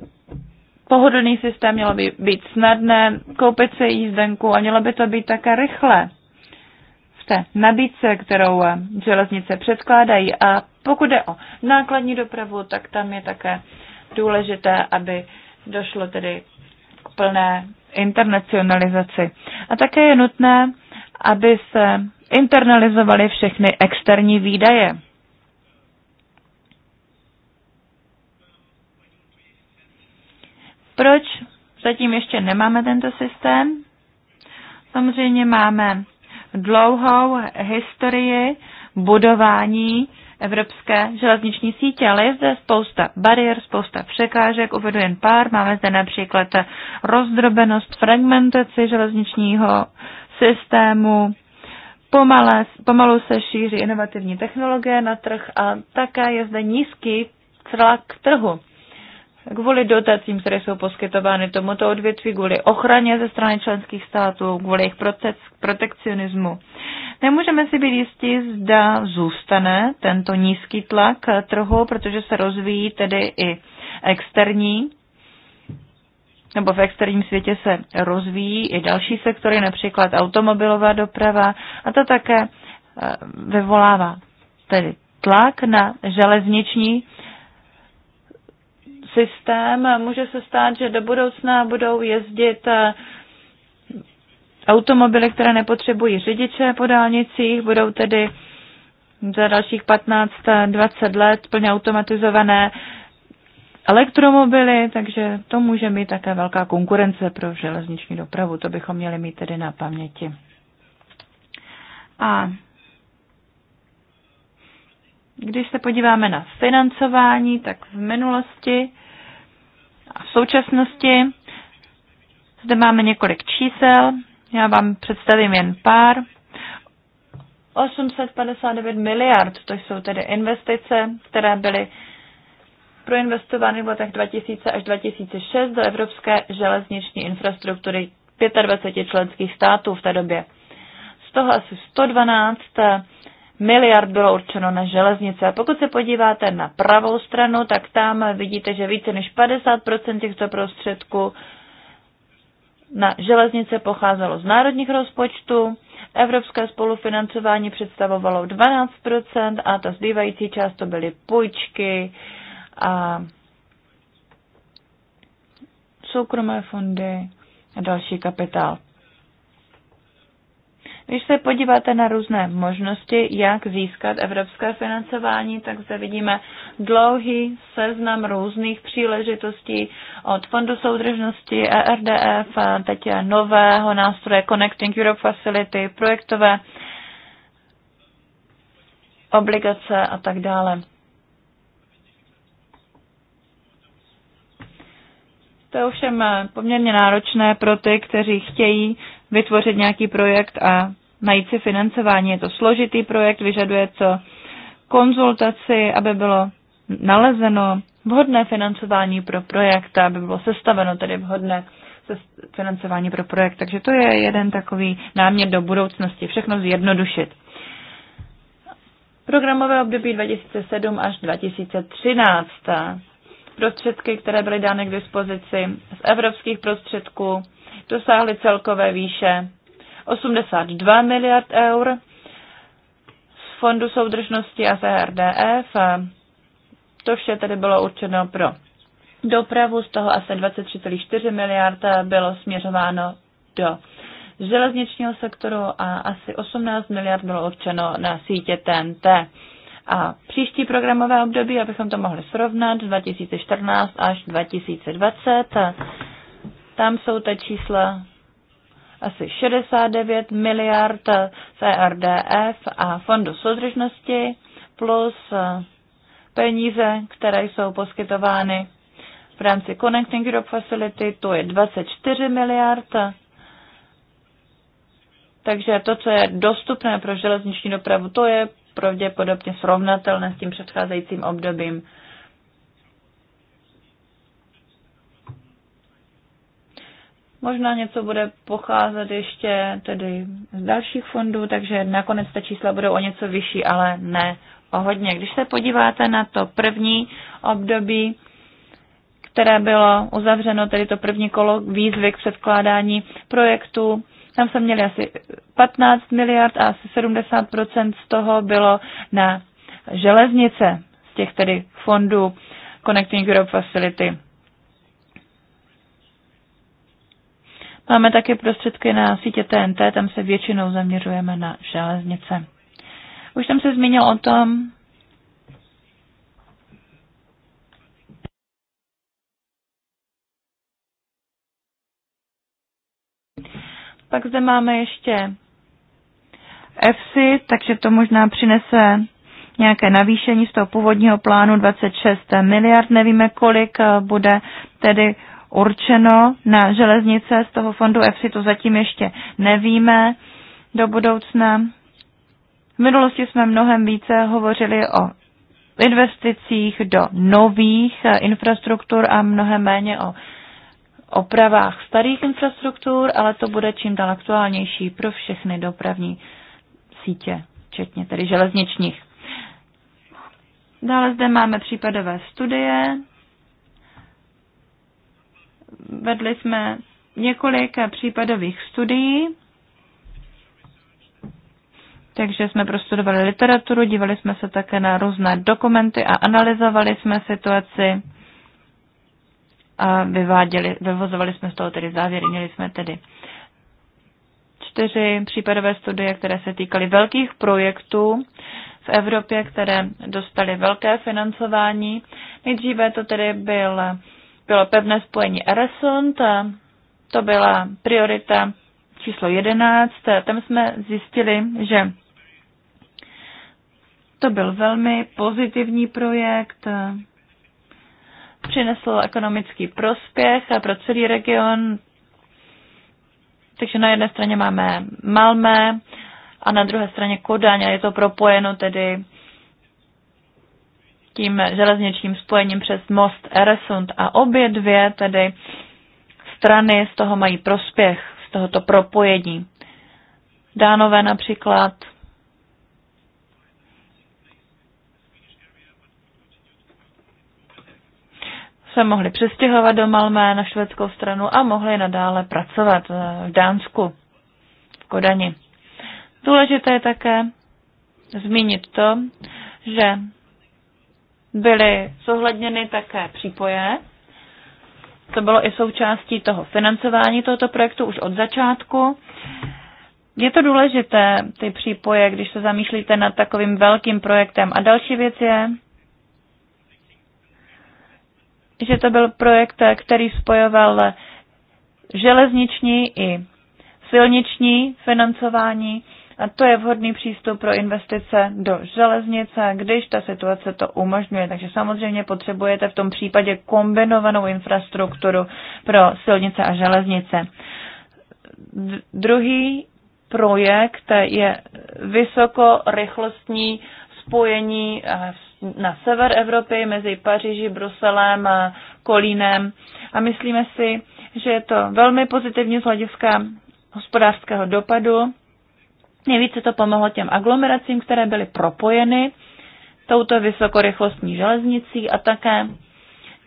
pohodlný systém, mělo by být snadné koupit si jízdenku a mělo by to být také rychle v té nabídce, kterou eh, železnice předkládají. A pokud jde o nákladní dopravu, tak tam je také důležité, aby došlo tedy k plné internacionalizaci. A také je nutné, aby se internalizovali všechny externí výdaje. Proč zatím ještě nemáme tento systém? Samozřejmě máme dlouhou historii budování evropské železniční sítě, ale je zde spousta bariér, spousta překážek, uvedu jen pár. Máme zde například rozdrobenost, fragmentaci železničního systému, Pomalé, pomalu se šíří inovativní technologie na trh a také je zde nízký tlak trhu. Kvůli dotacím, které jsou poskytovány tomuto odvětví, kvůli ochraně ze strany členských států, kvůli jejich protekcionismu. Nemůžeme si být jistí, zda zůstane tento nízký tlak trhu, protože se rozvíjí tedy i externí nebo v externím světě se rozvíjí i další sektory, například automobilová doprava a to také eh, vyvolává tedy tlak na železniční systém. Může se stát, že do budoucna budou jezdit eh, automobily, které nepotřebují řidiče po dálnicích, budou tedy za dalších 15-20 let plně automatizované elektromobily, takže to může mít také velká konkurence pro železniční dopravu. To bychom měli mít tedy na paměti. A když se podíváme na financování, tak v minulosti a v současnosti zde máme několik čísel. Já vám představím jen pár. 859 miliard, to jsou tedy investice, které byly proinvestovány v letech 2000 až 2006 do evropské železniční infrastruktury 25 členských států v té době. Z toho asi 112 miliard bylo určeno na železnice. A pokud se podíváte na pravou stranu, tak tam vidíte, že více než 50% těchto prostředků na železnice pocházelo z národních rozpočtů, evropské spolufinancování představovalo 12% a ta zbývající část to byly půjčky, a soukromé fondy a další kapitál. Když se podíváte na různé možnosti, jak získat evropské financování, tak zde vidíme dlouhý seznam různých příležitostí od Fondu soudržnosti, ERDF, teď je nového nástroje Connecting Europe Facility, projektové obligace a tak dále. To je ovšem eh, poměrně náročné pro ty, kteří chtějí vytvořit nějaký projekt a najít si financování. Je to složitý projekt, vyžaduje co konzultaci, aby bylo nalezeno vhodné financování pro projekt, aby bylo sestaveno tedy vhodné financování pro projekt. Takže to je jeden takový námět do budoucnosti, všechno zjednodušit. Programové období 2007 až 2013. Prostředky, které byly dány k dispozici z evropských prostředků, dosáhly celkové výše 82 miliard eur z Fondu soudržnosti a CRDF. To vše tedy bylo určeno pro dopravu, z toho asi 23,4 miliard bylo směřováno do železničního sektoru a asi 18 miliard bylo určeno na sítě TNT a příští programové období, abychom to mohli srovnat 2014 až 2020. Tam jsou ta čísla asi 69 miliard CRDF a fondu soudržnosti plus peníze, které jsou poskytovány v rámci Connecting Europe Facility, to je 24 miliard. Takže to, co je dostupné pro železniční dopravu, to je pravděpodobně srovnatelné s tím předcházejícím obdobím. Možná něco bude pocházet ještě tedy z dalších fondů, takže nakonec ta čísla budou o něco vyšší, ale ne o hodně. Když se podíváte na to první období, které bylo uzavřeno, tedy to první kolo výzvy k předkládání projektu, tam jsme měli asi 15 miliard a asi 70% z toho bylo na železnice z těch tedy fondů Connecting Europe Facility. Máme také prostředky na sítě TNT, tam se většinou zaměřujeme na železnice. Už jsem se zmínil o tom, Pak zde máme ještě EFSI, takže to možná přinese nějaké navýšení z toho původního plánu 26 miliard. Nevíme, kolik eh, bude tedy určeno na železnice z toho fondu EFSI, to zatím ještě nevíme do budoucna. V minulosti jsme mnohem více hovořili o investicích do nových eh, infrastruktur a mnohem méně o opravách starých infrastruktur, ale to bude čím dál aktuálnější pro všechny dopravní sítě, včetně tedy železničních. Dále zde máme případové studie. Vedli jsme několik případových studií, takže jsme prostudovali literaturu, dívali jsme se také na různé dokumenty a analyzovali jsme situaci a vyváděli, vyvozovali jsme z toho tedy závěry. Měli jsme tedy čtyři případové studie, které se týkaly velkých projektů v Evropě, které dostaly velké financování. Nejdříve to tedy byl, bylo pevné spojení Eresund, to byla priorita číslo 11. Tam jsme zjistili, že to byl velmi pozitivní projekt, přineslo ekonomický prospěch pro celý region. Takže na jedné straně máme Malmé a na druhé straně Kodaň a je to propojeno tedy tím železničním spojením přes most Eresund a obě dvě tedy strany z toho mají prospěch, z tohoto propojení. Dánové například se mohli přestěhovat do Malmé na švédskou stranu a mohli nadále pracovat eh, v Dánsku, v Kodani. Důležité je také zmínit to, že byly zohledněny také přípoje. To bylo i součástí toho financování tohoto projektu už od začátku. Je to důležité, ty přípoje, když se zamýšlíte nad takovým velkým projektem. A další věc je, že to byl projekt, který spojoval železniční i silniční financování a to je vhodný přístup pro investice do železnice, když ta situace to umožňuje. Takže samozřejmě potřebujete v tom případě kombinovanou infrastrukturu pro silnice a železnice. Druhý projekt je vysokorychlostní spojení eh, na sever Evropy, mezi Paříži, Bruselem, Kolínem a myslíme si, že je to velmi pozitivní z hlediska hospodářského dopadu. Nejvíce to pomohlo těm aglomeracím, které byly propojeny touto vysokorychlostní železnicí a také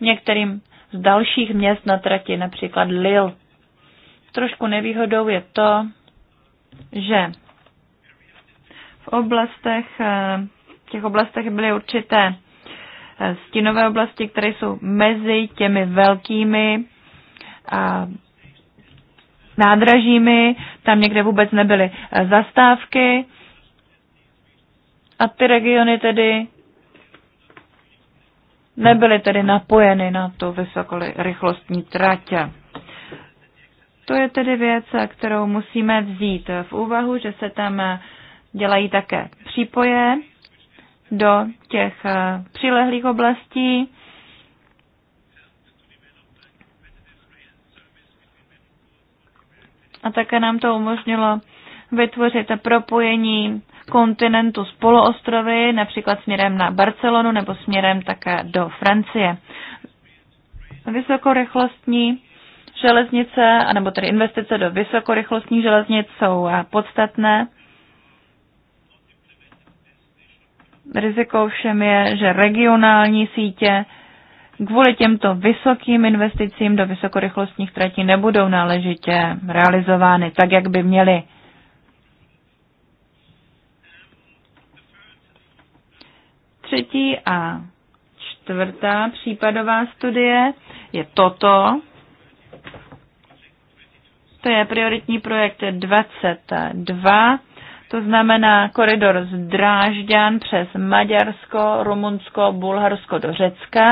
některým z dalších měst na trati, například Lille. Trošku nevýhodou je to, že v oblastech eh, v těch oblastech byly určité eh, stínové oblasti, které jsou mezi těmi velkými a nádražími, tam někde vůbec nebyly eh, zastávky a ty regiony tedy nebyly tedy napojeny na tu vysokorychlostní trať. To je tedy věc, eh, kterou musíme vzít v úvahu, že se tam dělají také přípoje do těch eh, přilehlých oblastí. A také nám to umožnilo vytvořit propojení kontinentu s poloostrovy, například směrem na Barcelonu nebo směrem také do Francie. Vysokorychlostní železnice, anebo tedy investice do vysokorychlostních železnic jsou eh, podstatné Riziko všem je, že regionální sítě kvůli těmto vysokým investicím do vysokorychlostních tratí nebudou náležitě realizovány tak, jak by měly. Třetí a čtvrtá případová studie je toto. To je prioritní projekt 22 to znamená koridor z Drážďan přes Maďarsko, Rumunsko, Bulharsko do Řecka.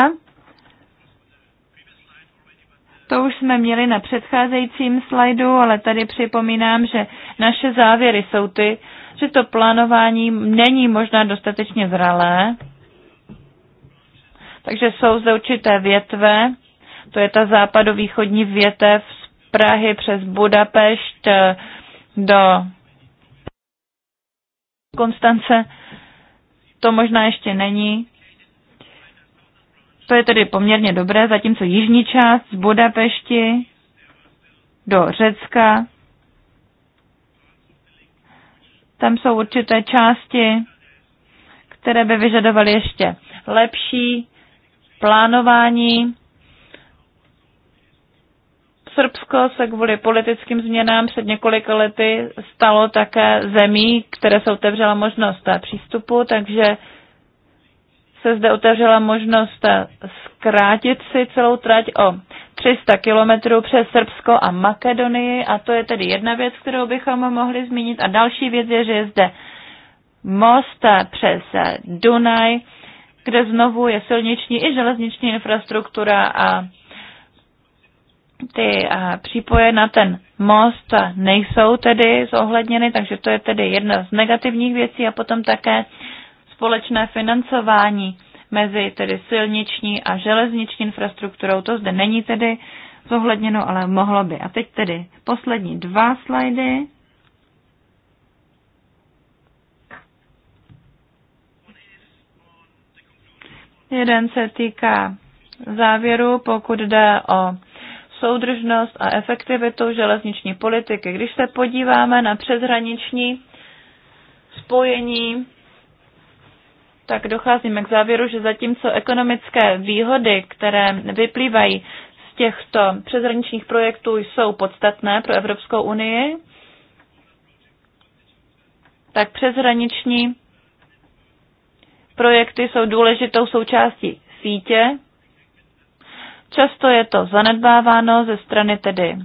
To už jsme měli na předcházejícím slajdu, ale tady připomínám, že naše závěry jsou ty, že to plánování není možná dostatečně zralé, takže jsou zde určité větve, to je ta západovýchodní větev z Prahy přes Budapešť do Konstance to možná ještě není. To je tedy poměrně dobré, zatímco jižní část z Budapešti do Řecka, tam jsou určité části, které by vyžadovaly ještě lepší plánování Srbsko se kvůli politickým změnám před několika lety stalo také zemí, které se otevřela možnost přístupu, takže se zde otevřela možnost zkrátit si celou trať o 300 kilometrů přes Srbsko a Makedonii a to je tedy jedna věc, kterou bychom mohli zmínit. A další věc je, že je zde most přes Dunaj, kde znovu je silniční i železniční infrastruktura a ty a přípoje na ten most nejsou tedy zohledněny, takže to je tedy jedna z negativních věcí a potom také společné financování mezi tedy silniční a železniční infrastrukturou. To zde není tedy zohledněno, ale mohlo by. A teď tedy poslední dva slajdy. Jeden se týká závěru, pokud jde o soudržnost a efektivitu železniční politiky. Když se podíváme na přeshraniční spojení, tak docházíme k závěru, že zatímco ekonomické výhody, které vyplývají z těchto přeshraničních projektů, jsou podstatné pro Evropskou unii, tak přeshraniční projekty jsou důležitou součástí sítě Často je to zanedbáváno ze strany tedy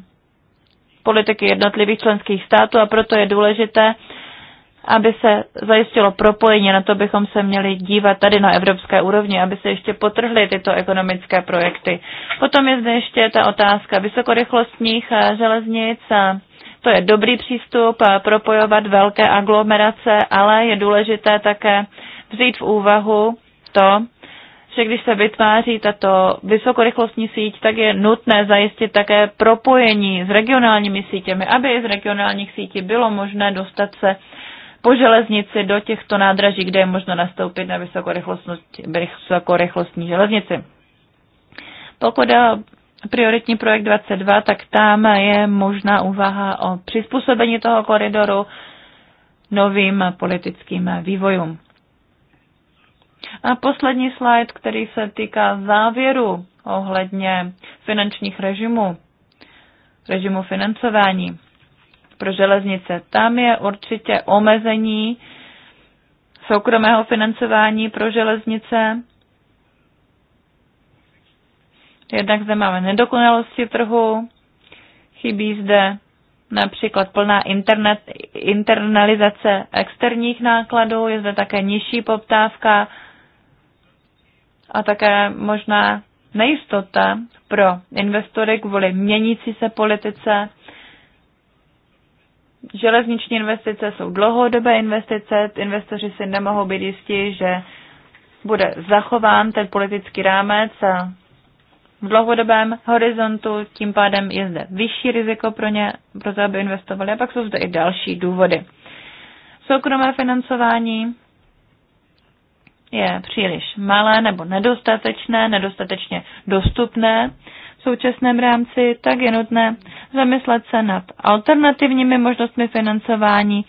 politiky jednotlivých členských států a proto je důležité, aby se zajistilo propojení, na to bychom se měli dívat tady na evropské úrovni, aby se ještě potrhly tyto ekonomické projekty. Potom je zde ještě ta otázka vysokorychlostních eh, železnic. Eh, to je dobrý přístup eh, propojovat velké aglomerace, ale je důležité také vzít v úvahu to, že prostě, když se vytváří tato vysokorychlostní síť, tak je nutné zajistit také propojení s regionálními sítěmi, aby z regionálních sítí bylo možné dostat se po železnici do těchto nádraží, kde je možno nastoupit na vysokorychlostní železnici. Pokud je prioritní projekt 22, tak tam je možná úvaha o přizpůsobení toho koridoru novým politickým vývojům. A poslední slide, který se týká závěru ohledně finančních režimů, režimu financování pro železnice. Tam je určitě omezení soukromého financování pro železnice. Jednak zde máme nedokonalosti trhu, chybí zde například plná internet, internalizace externích nákladů, je zde také nižší poptávka a také možná nejistota pro investory kvůli měnící se politice. Železniční investice jsou dlouhodobé investice, investoři si nemohou být jistí, že bude zachován ten politický rámec a v dlouhodobém horizontu, tím pádem je zde vyšší riziko pro ně, pro to, aby investovali. A pak jsou zde i další důvody. Soukromé financování je příliš malé nebo nedostatečné, nedostatečně dostupné v současném rámci, tak je nutné zamyslet se nad alternativními možnostmi financování.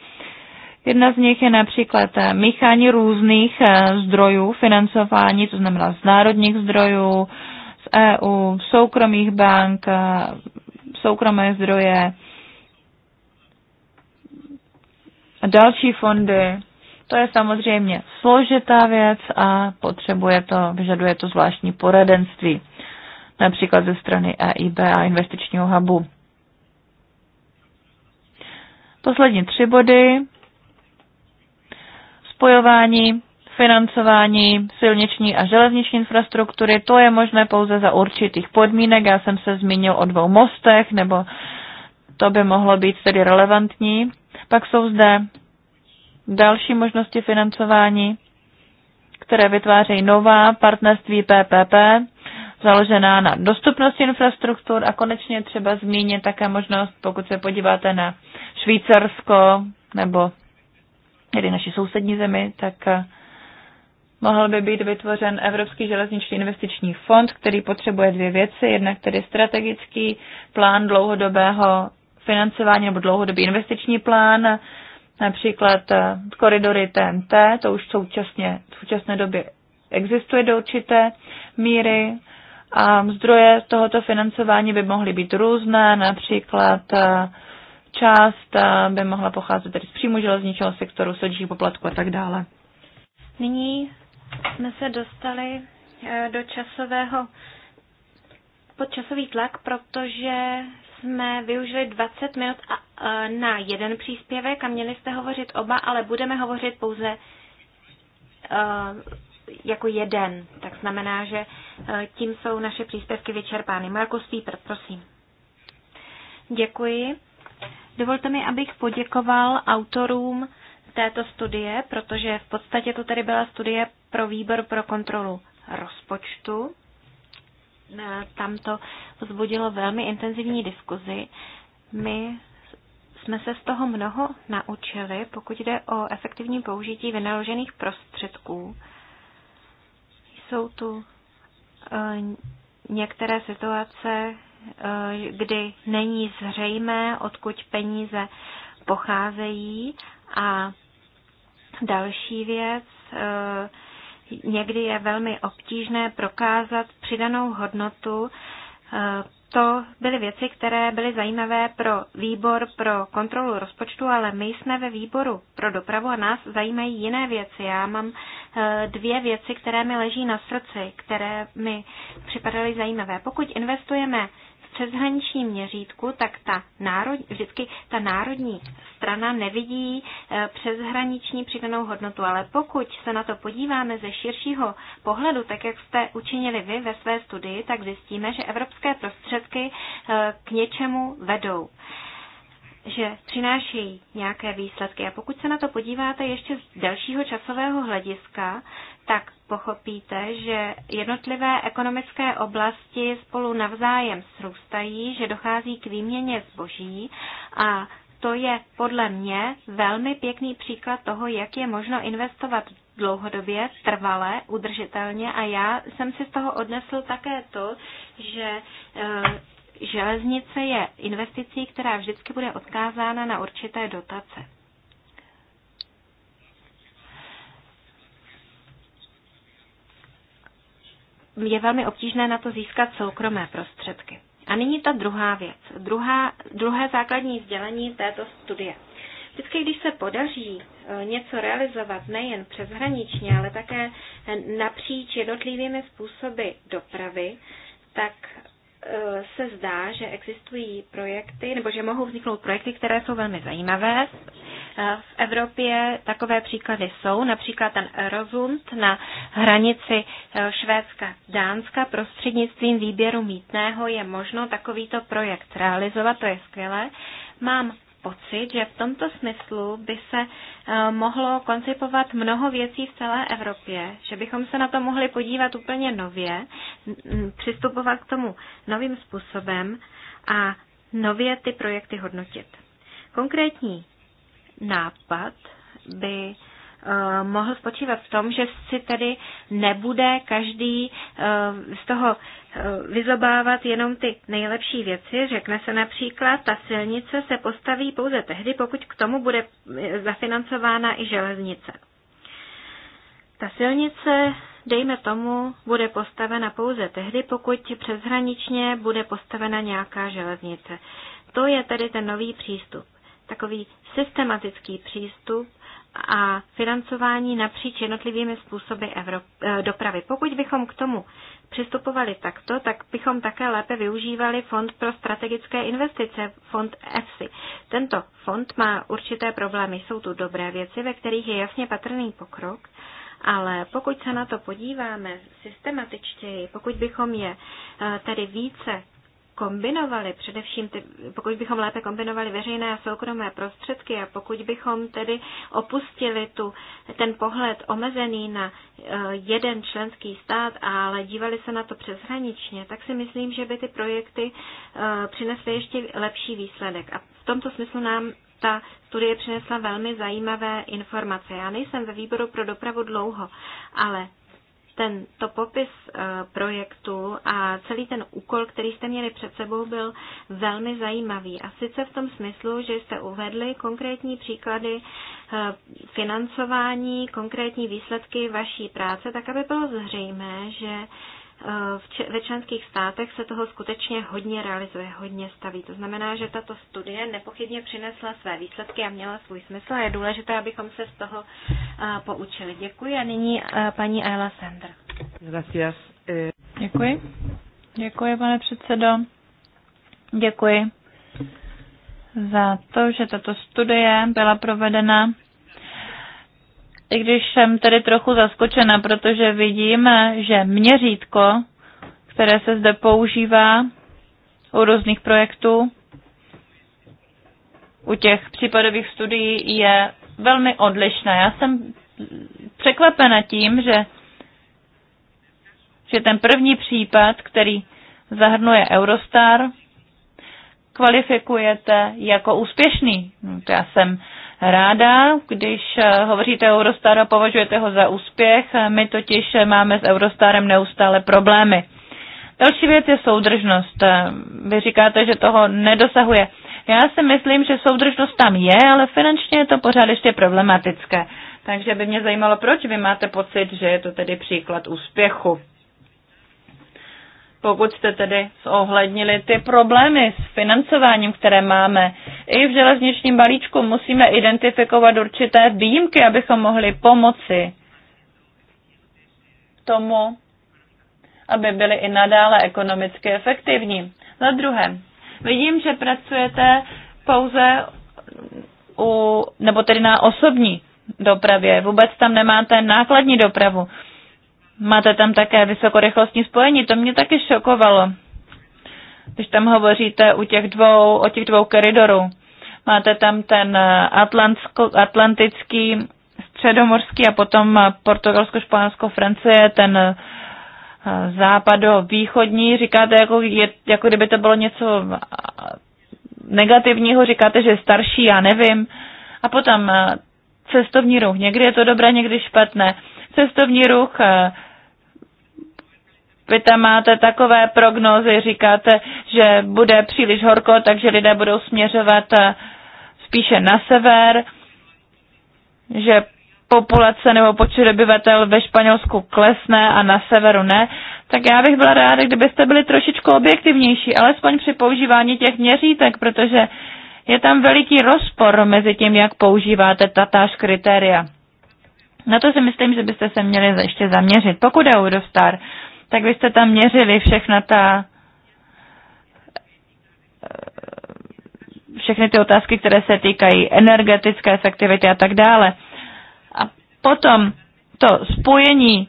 Jedna z nich je například eh, míchání různých eh, zdrojů financování, to znamená z národních zdrojů, z EU, soukromých bank, eh, soukromé zdroje, další fondy, to je samozřejmě složitá věc a potřebuje to, vyžaduje to zvláštní poradenství, například ze strany EIB a investičního hubu. Poslední tři body. Spojování, financování silniční a železniční infrastruktury, to je možné pouze za určitých podmínek. Já jsem se zmínil o dvou mostech, nebo to by mohlo být tedy relevantní. Pak jsou zde další možnosti financování, které vytvářejí nová partnerství PPP, založená na dostupnosti infrastruktur a konečně třeba zmínit také možnost, pokud se podíváte na Švýcarsko nebo tedy naši sousední zemi, tak eh, mohl by být vytvořen Evropský železniční investiční fond, který potřebuje dvě věci. Jednak tedy strategický plán dlouhodobého financování nebo dlouhodobý investiční plán, například eh, koridory TNT, to už současně, v současné době existuje do určité míry a zdroje tohoto financování by mohly být různé, například eh, část eh, by mohla pocházet tedy z příjmu železničního sektoru, sodních poplatku a tak dále. Nyní jsme se dostali do časového podčasový tlak, protože jsme využili 20 minut e, na jeden příspěvek a měli jste hovořit oba, ale budeme hovořit pouze e, jako jeden. Tak znamená, že e, tím jsou naše příspěvky vyčerpány. Markus Píper, prosím. Děkuji. Dovolte mi, abych poděkoval autorům této studie, protože v podstatě to tady byla studie pro výbor pro kontrolu rozpočtu. Eh, tam to vzbudilo velmi intenzivní diskuzi. My jsme se z toho mnoho naučili, pokud jde o efektivní použití vynaložených prostředků. Jsou tu eh, některé situace, eh, kdy není zřejmé, odkud peníze pocházejí. A další věc, Někdy je velmi obtížné prokázat přidanou hodnotu. Eh, to byly věci, které byly zajímavé pro výbor pro kontrolu rozpočtu, ale my jsme ve výboru pro dopravu a nás zajímají jiné věci. Já mám eh, dvě věci, které mi leží na srdci, které mi připadaly zajímavé. Pokud investujeme přeshraničním měřítku, tak ta národ, vždycky ta národní strana nevidí eh, přeshraniční přidanou hodnotu. Ale pokud se na to podíváme ze širšího pohledu, tak jak jste učinili vy ve své studii, tak zjistíme, že evropské prostředky eh, k něčemu vedou že přinášejí nějaké výsledky. A pokud se na to podíváte ještě z delšího časového hlediska, tak pochopíte, že jednotlivé ekonomické oblasti spolu navzájem srůstají, že dochází k výměně zboží a to je podle mě velmi pěkný příklad toho, jak je možno investovat dlouhodobě, trvale, udržitelně a já jsem si z toho odnesl také to, že eh, železnice je investicí, která vždycky bude odkázána na určité dotace. je velmi obtížné na to získat soukromé prostředky. A nyní ta druhá věc, druhá, druhé základní sdělení této studie. Vždycky, když se podaří e, něco realizovat nejen přeshraničně, ale také napříč jednotlivými způsoby dopravy, tak Eh, se zdá, že existují projekty, nebo že mohou vzniknout projekty, které jsou velmi zajímavé. Eh, v Evropě takové příklady jsou, například ten Rozund na hranici eh, Švédska-Dánska prostřednictvím výběru mítného je možno takovýto projekt realizovat, to je skvělé. Mám pocit, že v tomto smyslu by se eh, mohlo koncipovat mnoho věcí v celé Evropě, že bychom se na to mohli podívat úplně nově, přistupovat k tomu novým způsobem a nově ty projekty hodnotit. Konkrétní nápad by Eh, mohl spočívat v tom, že si tedy nebude každý eh, z toho eh, vyzobávat jenom ty nejlepší věci. Řekne se například, ta silnice se postaví pouze tehdy, pokud k tomu bude zafinancována i železnice. Ta silnice, dejme tomu, bude postavena pouze tehdy, pokud přeshraničně bude postavena nějaká železnice. To je tedy ten nový přístup. Takový systematický přístup a financování napříč jednotlivými způsoby Evrop- eh, dopravy. Pokud bychom k tomu přistupovali takto, tak bychom také lépe využívali Fond pro strategické investice, fond EFSI. Tento fond má určité problémy. Jsou tu dobré věci, ve kterých je jasně patrný pokrok, ale pokud se na to podíváme systematičtěji, pokud bychom je eh, tedy více kombinovali, především ty, pokud bychom lépe kombinovali veřejné a soukromé prostředky a pokud bychom tedy opustili tu, ten pohled omezený na eh, jeden členský stát, ale dívali se na to přeshraničně, tak si myslím, že by ty projekty eh, přinesly ještě lepší výsledek. A v tomto smyslu nám ta studie přinesla velmi zajímavé informace. Já nejsem ve výboru pro dopravu dlouho, ale tento popis eh, projektu a celý ten úkol, který jste měli před sebou, byl velmi zajímavý. A sice v tom smyslu, že jste uvedli konkrétní příklady eh, financování, konkrétní výsledky vaší práce, tak aby bylo zřejmé, že ve členských státech se toho skutečně hodně realizuje, hodně staví. To znamená, že tato studie nepochybně přinesla své výsledky a měla svůj smysl a je důležité, abychom se z toho poučili. Děkuji a nyní paní Ayla Sender. Gracias. Eh, Děkuji. Děkuji, pane předsedo. Děkuji za to, že tato studie byla provedena i když jsem tedy trochu zaskočena, protože vidím, že měřítko, které se zde používá u různých projektů, u těch případových studií je velmi odlišné. Já jsem překvapena tím, že, že ten první případ, který zahrnuje Eurostar, kvalifikujete jako úspěšný. No, to já jsem ráda, když eh, hovoříte o Eurostaru a považujete ho za úspěch. Eh, my totiž eh, máme s Eurostarem neustále problémy. Další věc je soudržnost. Vy říkáte, že toho nedosahuje. Já si myslím, že soudržnost tam je, ale finančně je to pořád ještě problematické. Takže by mě zajímalo, proč vy máte pocit, že je to tedy příklad úspěchu pokud jste tedy zohlednili ty problémy s financováním, které máme. I v železničním balíčku musíme identifikovat určité výjimky, abychom mohli pomoci tomu, aby byly i nadále ekonomicky efektivní. Za druhé, vidím, že pracujete pouze u, nebo tedy na osobní dopravě. Vůbec tam nemáte nákladní dopravu. Máte tam také vysokorychlostní spojení, to mě taky šokovalo, když tam hovoříte u těch dvou, o těch dvou koridorů. Máte tam ten eh, atlantsko, atlantický, středomorský a potom eh, Portugalsko, Španělsko, Francie, ten eh, západo-východní. Říkáte, jako, je, jako kdyby to bylo něco negativního, říkáte, že je starší, já nevím. A potom cestovní ruch. Někdy je to dobré, někdy špatné. Cestovní ruch vy tam máte takové prognózy, říkáte, že bude příliš horko, takže lidé budou směřovat eh, spíše na sever, že populace nebo počet obyvatel ve Španělsku klesne a na severu ne, tak já bych byla ráda, kdybyste byli trošičku objektivnější, alespoň při používání těch měřítek, protože je tam veliký rozpor mezi tím, jak používáte tatáž kritéria. Na to si myslím, že byste se měli ještě zaměřit. Pokud je Eurostar, tak vy jste tam měřili všechna ta všechny ty otázky, které se týkají energetické efektivity a tak dále. A potom to spojení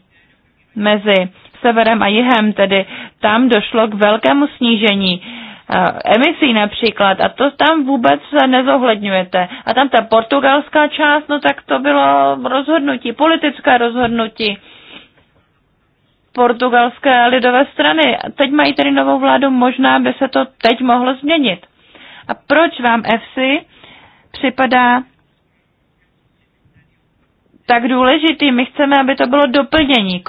mezi severem a jihem, tedy tam došlo k velkému snížení eh, emisí například a to tam vůbec nezohledňujete. A tam ta portugalská část, no tak to bylo rozhodnutí, politické rozhodnutí portugalské lidové strany. Teď mají tedy novou vládu, možná by se to teď mohlo změnit. A proč vám EFSI připadá tak důležitý? My chceme, aby to bylo doplnění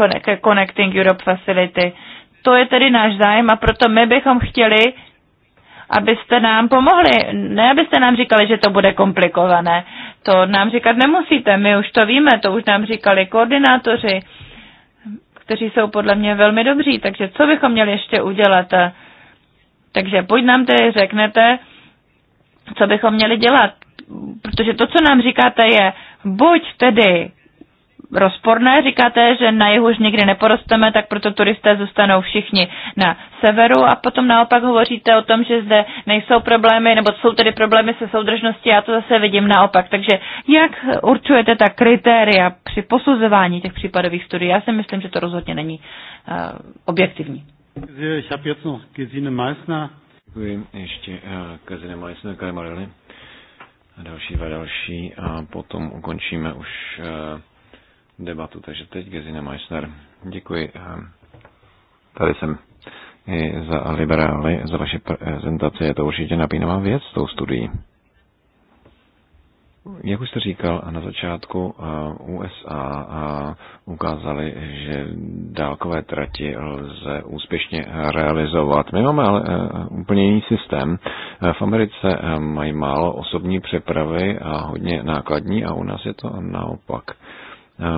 Connecting Europe Facility. To je tedy náš zájem a proto my bychom chtěli, abyste nám pomohli. Ne, abyste nám říkali, že to bude komplikované. To nám říkat nemusíte, my už to víme, to už nám říkali koordinátoři kteří jsou podle mě velmi dobří, takže co bychom měli ještě udělat? Takže pojď nám tedy řeknete, co bychom měli dělat, protože to, co nám říkáte, je buď tedy rozporné. Říkáte, že na jihu už nikdy neporosteme, tak proto turisté zůstanou všichni na severu a potom naopak hovoříte o tom, že zde nejsou problémy, nebo jsou tedy problémy se soudržností, já to zase vidím naopak. Takže jak určujete ta kritéria při posuzování těch případových studií? Já si myslím, že to rozhodně není uh, objektivní. Děkuji. Ještě uh, Gesine Meissner, Kajmarelli. A další dva další a potom ukončíme už uh, debatu. Takže teď Gesine Meissner. Děkuji. Tady jsem i za liberály, za vaše prezentaci. Je to určitě napínavá věc s tou studií. Jak už jste říkal na začátku, eh, USA eh, ukázali, že dálkové trati lze úspěšně realizovat. My máme ale eh, úplně jiný systém. V Americe mají málo osobní přepravy a hodně nákladní a u nás je to naopak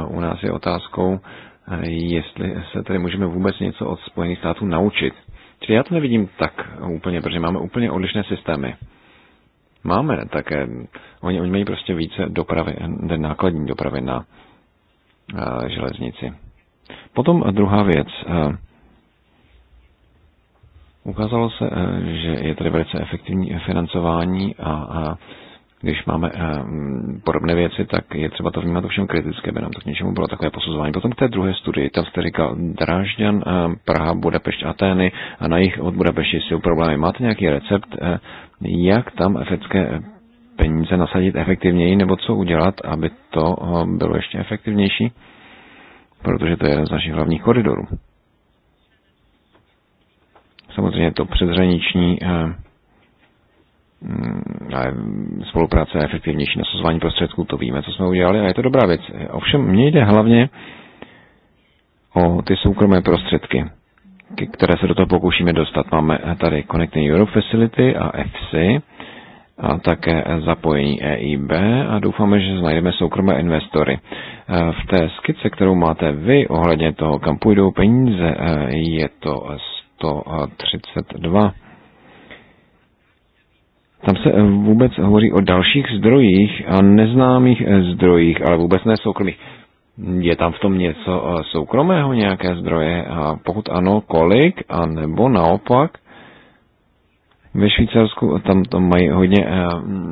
u nás je otázkou, eh, jestli se tady můžeme vůbec něco od Spojených států naučit. Čili já to nevidím tak úplně, protože máme úplně odlišné systémy. Máme také, oni, oni mají prostě více dopravy, eh, nákladní dopravy na eh, železnici. Potom druhá věc. ukázalo se, že je tady velice efektivní financování a, a když máme eh, podobné věci, tak je třeba to vnímat ovšem kritické, by nám to k něčemu bylo takové posuzování. Potom k té druhé studii, tam jste říkal Drážďan, eh, Praha, Budapešť, Atény a na jich od Budapešti jsou problémy. Máte nějaký recept, eh, jak tam efektské peníze nasadit efektivněji, nebo co udělat, aby to bylo ještě efektivnější? Protože to je jeden z našich hlavních koridorů. Samozřejmě to eh, Mm, spolupráce a efektivnější nasazování prostředků, to víme, co jsme udělali a je to dobrá věc. Ovšem, mně jde hlavně o ty soukromé prostředky, které se do toho pokoušíme dostat. Máme tady Connecting Europe Facility a FC, a také zapojení EIB a doufáme, že najdeme soukromé investory. E, v té skice, kterou máte vy ohledně toho, kam půjdou peníze, e, je to 132 tam se eh, vůbec hovoří o dalších zdrojích a neznámých eh, zdrojích, ale vůbec ne soukromých. Je tam v tom něco eh, soukromého, nějaké zdroje? A pokud ano, kolik? A nebo naopak? Ve Švýcarsku tam, to mají hodně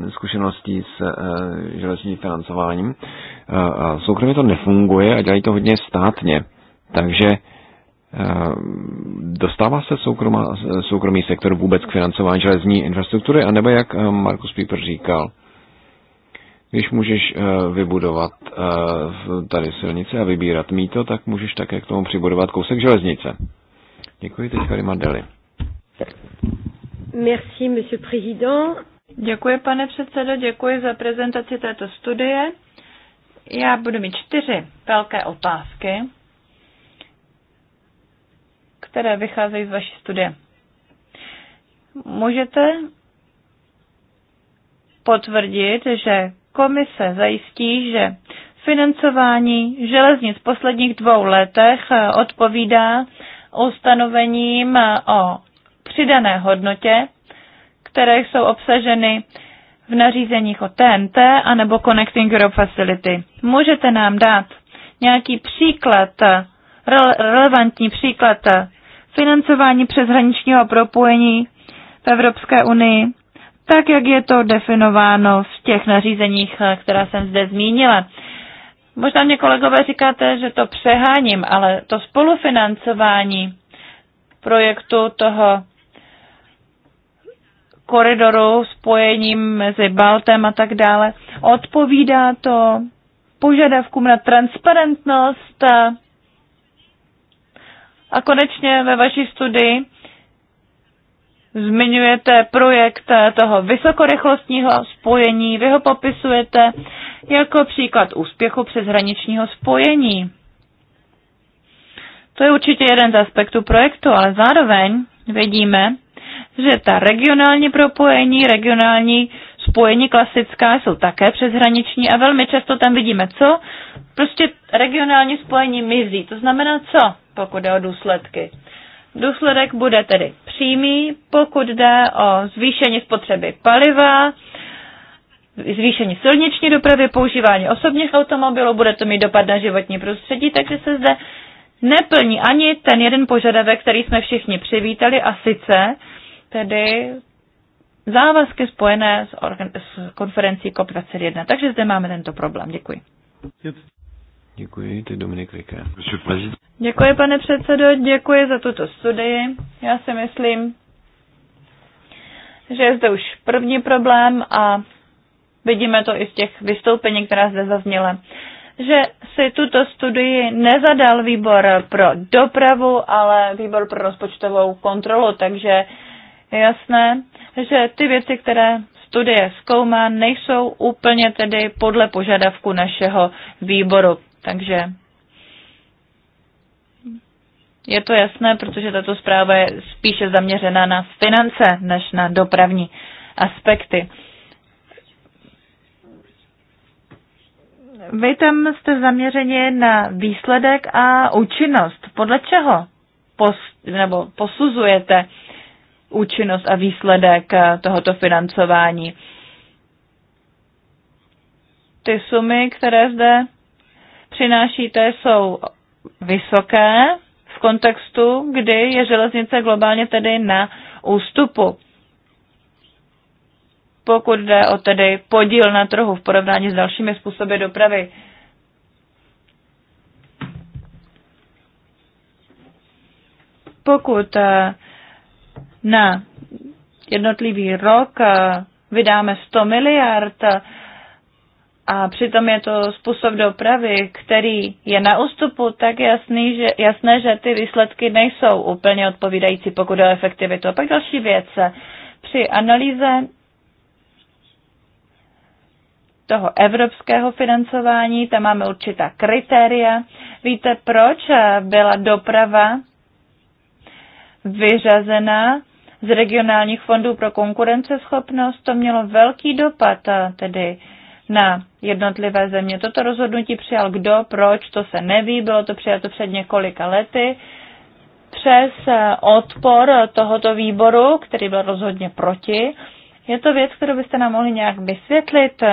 zkušeností s železničním financováním. A soukromě to nefunguje a dělají to hodně státně. Takže Eh, dostává se soukromá, soukromý sektor vůbec k financování železní infrastruktury, anebo jak eh, Markus Pieper říkal, když můžeš eh, vybudovat tady silnice a vybírat míto, tak můžeš také k tomu přibudovat kousek železnice. Děkuji, teď Karima Deli. Merci, monsieur président. Děkuji, pane předsedo, děkuji za prezentaci této studie. Já budu mít čtyři velké otázky které vycházejí z vaší studie. Můžete potvrdit, že komise zajistí, že financování železnic v posledních dvou letech eh, odpovídá ustanovením eh, o přidané hodnotě, které jsou obsaženy v nařízeních o TNT anebo Connecting Europe Facility. Můžete nám dát nějaký příklad, eh, relevantní příklad financování přeshraničního propojení v Evropské unii, tak jak je to definováno v těch nařízeních, eh, která jsem zde zmínila. Možná mě kolegové říkáte, že to přeháním, ale to spolufinancování projektu toho koridoru, spojením mezi Baltem a tak dále, odpovídá to požadavkům na transparentnost a konečně ve vaší studii zmiňujete projekt toho vysokorychlostního spojení, vy ho popisujete jako příklad úspěchu přeshraničního spojení. To je určitě jeden z aspektů projektu, ale zároveň vidíme, že ta regionální propojení, regionální spojení klasická jsou také přeshraniční a velmi často tam vidíme co? Prostě regionální spojení mizí. To znamená co, pokud jde o důsledky? Důsledek bude tedy přímý, pokud jde o zvýšení spotřeby paliva, zvýšení silniční dopravy, používání osobních automobilů, bude to mít dopad na životní prostředí, takže se zde neplní ani ten jeden požadavek, který jsme všichni přivítali, a sice tedy závazky spojené s, organ- s konferencí COP21. Takže zde máme tento problém. Děkuji. Děkuji, to je Dominik Vika. Děkuji, pane předsedo, děkuji za tuto studii. Já si myslím, že je zde už první problém a vidíme to i z těch vystoupení, která zde zazněla, že si tuto studii nezadal výbor pro dopravu, ale výbor pro rozpočtovou kontrolu, takže jasné, že ty věci, které studie zkoumá, nejsou úplně tedy podle požadavku našeho výboru. Takže je to jasné, protože tato zpráva je spíše zaměřena na finance než na dopravní aspekty. Vy tam jste zaměřeni na výsledek a účinnost. Podle čeho pos, nebo posuzujete účinnost a výsledek eh, tohoto financování. Ty sumy, které zde přinášíte, jsou vysoké v kontextu, kdy je železnice globálně tedy na ústupu. Pokud jde o tedy podíl na trhu v porovnání s dalšími způsoby dopravy, pokud eh, na jednotlivý rok eh, vydáme 100 miliard eh, a přitom je to způsob dopravy, který je na ústupu, tak jasný, že, jasné, že ty výsledky nejsou úplně odpovídající, pokud je o efektivitu. A pak další věc. Při analýze toho evropského financování, tam máme určitá kritéria. Víte, proč byla doprava vyřazena z regionálních fondů pro konkurenceschopnost, to mělo velký dopad eh, tedy na jednotlivé země. Toto rozhodnutí přijal kdo, proč, to se neví, bylo to přijato před několika lety přes eh, odpor tohoto výboru, který byl rozhodně proti. Je to věc, kterou byste nám mohli nějak vysvětlit?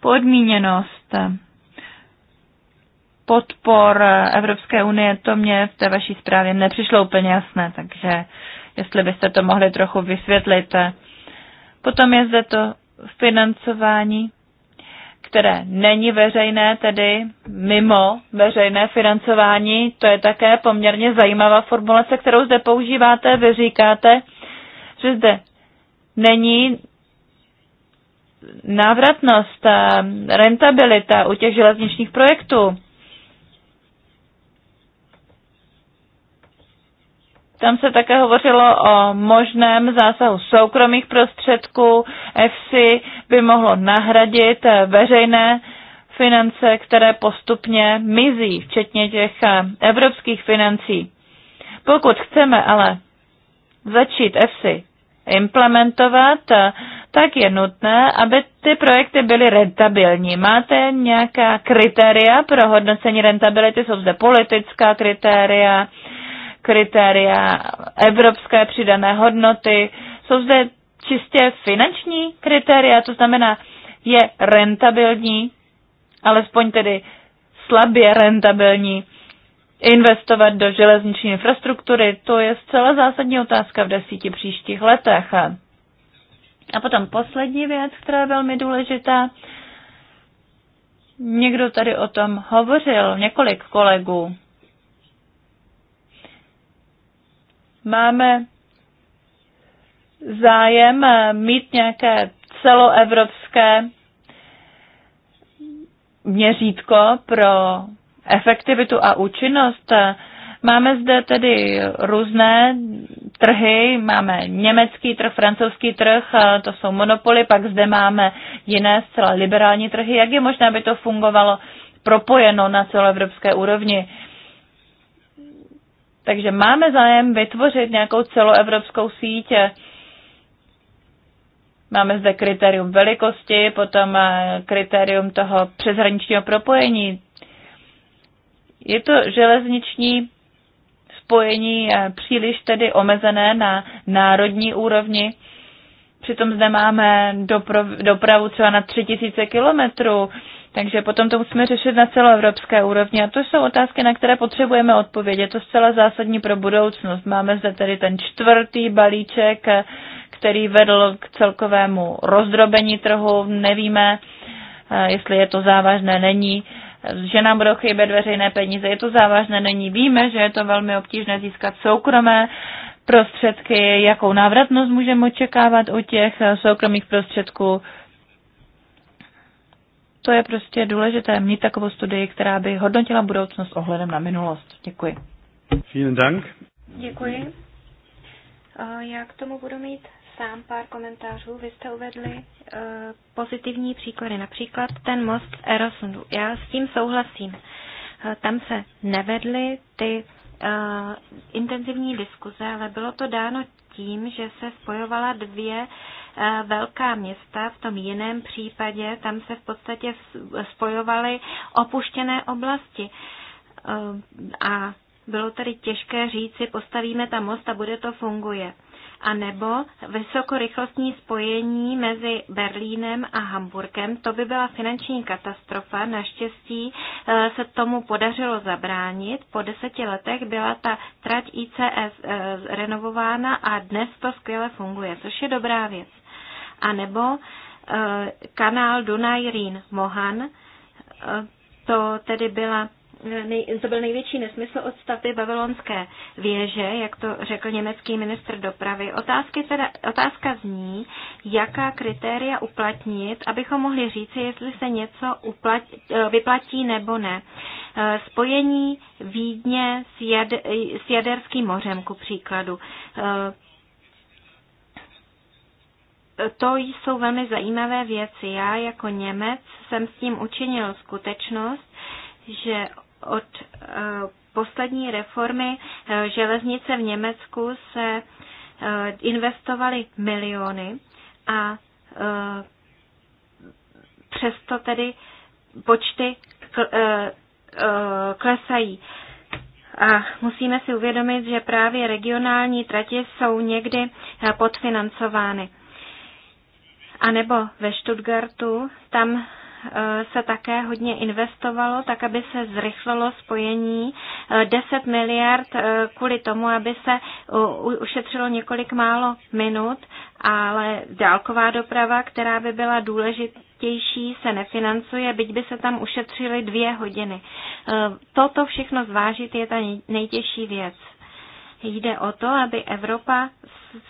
Podmíněnost podpor Evropské unie, to mě v té vaší zprávě nepřišlo úplně jasné, takže jestli byste to mohli trochu vysvětlit. Potom je zde to financování, které není veřejné, tedy mimo veřejné financování. To je také poměrně zajímavá formulace, kterou zde používáte. Vy říkáte, že zde není návratnost, rentabilita u těch železničních projektů. Tam se také hovořilo o možném zásahu soukromých prostředků. EFSI by mohlo nahradit veřejné finance, které postupně mizí, včetně těch eh, evropských financí. Pokud chceme ale začít EFSI implementovat, eh, tak je nutné, aby ty projekty byly rentabilní. Máte nějaká kritéria pro hodnocení rentability? Jsou zde politická kritéria, kritéria evropské přidané hodnoty. Jsou zde čistě finanční kritéria, to znamená, je rentabilní, alespoň tedy slabě rentabilní, investovat do železniční infrastruktury, to je zcela zásadní otázka v desíti příštích letech. A potom poslední věc, která je velmi důležitá, někdo tady o tom hovořil, několik kolegů, máme zájem mít nějaké celoevropské měřítko pro efektivitu a účinnost. Máme zde tedy různé trhy, máme německý trh, francouzský trh, to jsou monopoly, pak zde máme jiné zcela liberální trhy. Jak je možné, aby to fungovalo propojeno na celoevropské úrovni? Takže máme zájem vytvořit nějakou celoevropskou síť. Máme zde kritérium velikosti, potom eh, kritérium toho přeshraničního propojení. Je to železniční spojení eh, příliš tedy omezené na národní úrovni. Přitom zde máme dopravu třeba na 3000 kilometrů. Takže potom to musíme řešit na celoevropské úrovni a to jsou otázky, na které potřebujeme odpovědět. Je to zcela zásadní pro budoucnost. Máme zde tedy ten čtvrtý balíček, který vedl k celkovému rozdrobení trhu. Nevíme, eh, jestli je to závažné, není že nám budou chybět veřejné peníze. Je to závažné, není. Víme, že je to velmi obtížné získat soukromé prostředky, jakou návratnost můžeme očekávat u těch soukromých prostředků. To je prostě důležité mít takovou studii, která by hodnotila budoucnost ohledem na minulost. Děkuji. Vielen Dank. Děkuji. Já k tomu budu mít sám pár komentářů. Vy jste uvedli eh, pozitivní příklady, například ten most Erosundu. Já s tím souhlasím. Eh, tam se nevedly ty eh, intenzivní diskuze, ale bylo to dáno tím, že se spojovala dvě Eh, velká města, v tom jiném případě tam se v podstatě spojovaly opuštěné oblasti. Eh, a bylo tady těžké říci, postavíme tam most a bude to funguje. A nebo vysokorychlostní spojení mezi Berlínem a Hamburgem, to by byla finanční katastrofa. Naštěstí eh, se tomu podařilo zabránit. Po deseti letech byla ta trať ICS renovována a dnes to skvěle funguje, což je dobrá věc anebo eh, kanál dunaj rín mohan eh, To tedy byla eh, nej, to byl největší nesmysl od stavby babylonské věže, jak to řekl německý ministr dopravy. Otázky teda, otázka zní, jaká kritéria uplatnit, abychom mohli říci, jestli se něco uplat, vyplatí nebo ne. Spojení Vídně s, jad, s Jaderským mořem, ku příkladu to jsou velmi zajímavé věci. Já jako Němec jsem s tím učinil skutečnost, že od eh, poslední reformy eh, železnice v Německu se eh, investovaly miliony a přesto tedy počty klesají. A musíme si uvědomit, že právě regionální tratě jsou někdy podfinancovány. A nebo ve Stuttgartu, tam e, se také hodně investovalo, tak aby se zrychlilo spojení 10 e, miliard e, kvůli tomu, aby se ušetřilo několik málo minut, ale dálková doprava, která by byla důležitější, se nefinancuje, byť by se tam ušetřili dvě hodiny. Toto všechno zvážit je ta nejtěžší věc. Jde o to, aby Evropa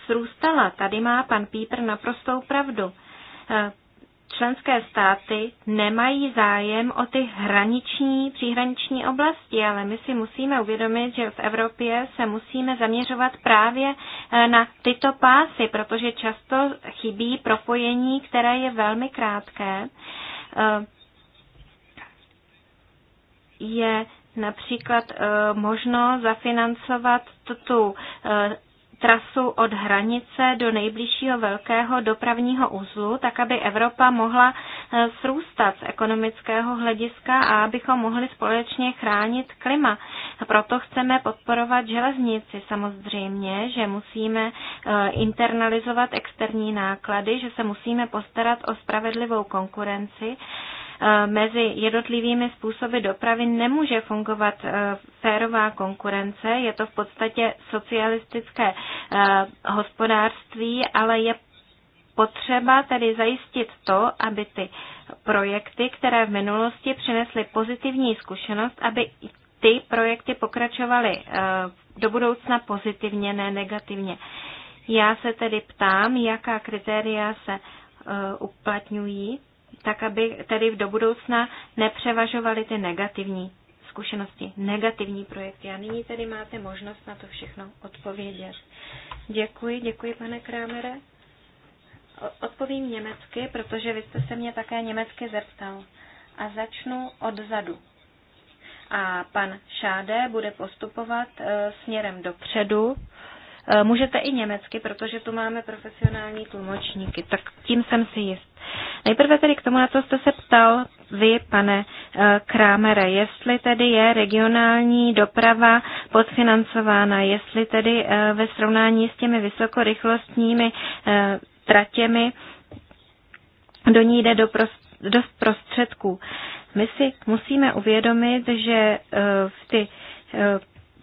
zrůstala. Tady má pan Pítr naprostou pravdu. Eh, členské státy nemají zájem o ty hraniční, příhraniční oblasti, ale my si musíme uvědomit, že v Evropě se musíme zaměřovat právě eh, na tyto pásy, protože často chybí propojení, které je velmi krátké. Eh, je například eh, možno zafinancovat tu eh, trasu od hranice do nejbližšího velkého dopravního uzlu, tak aby Evropa mohla eh, srůstat z ekonomického hlediska a abychom mohli společně chránit klima. Proto chceme podporovat železnici. Samozřejmě, že musíme internalizovat externí náklady, že se musíme postarat o spravedlivou konkurenci E, mezi jednotlivými způsoby dopravy nemůže fungovat e, férová konkurence. Je to v podstatě socialistické e, hospodářství, ale je potřeba tedy zajistit to, aby ty projekty, které v minulosti přinesly pozitivní zkušenost, aby ty projekty pokračovaly do budoucna pozitivně, ne negativně. Já se tedy ptám, jaká kritéria se uplatňují tak aby tedy do budoucna nepřevažovaly ty negativní zkušenosti, negativní projekty. A nyní tedy máte možnost na to všechno odpovědět. Děkuji, děkuji, pane Krámere. Odpovím německy, protože vy jste se mě také německy zeptal. A začnu odzadu. A pan Šáde bude postupovat e, směrem dopředu. E, můžete i německy, protože tu máme profesionální tlumočníky, tak tím jsem si jist. Nejprve tedy k tomu, na co jste se ptal vy, pane eh, Krámere, jestli tedy je regionální doprava podfinancována, jestli tedy eh, ve srovnání s těmi vysokorychlostními eh, tratěmi do ní jde dost prostředků. My si musíme uvědomit, že v ty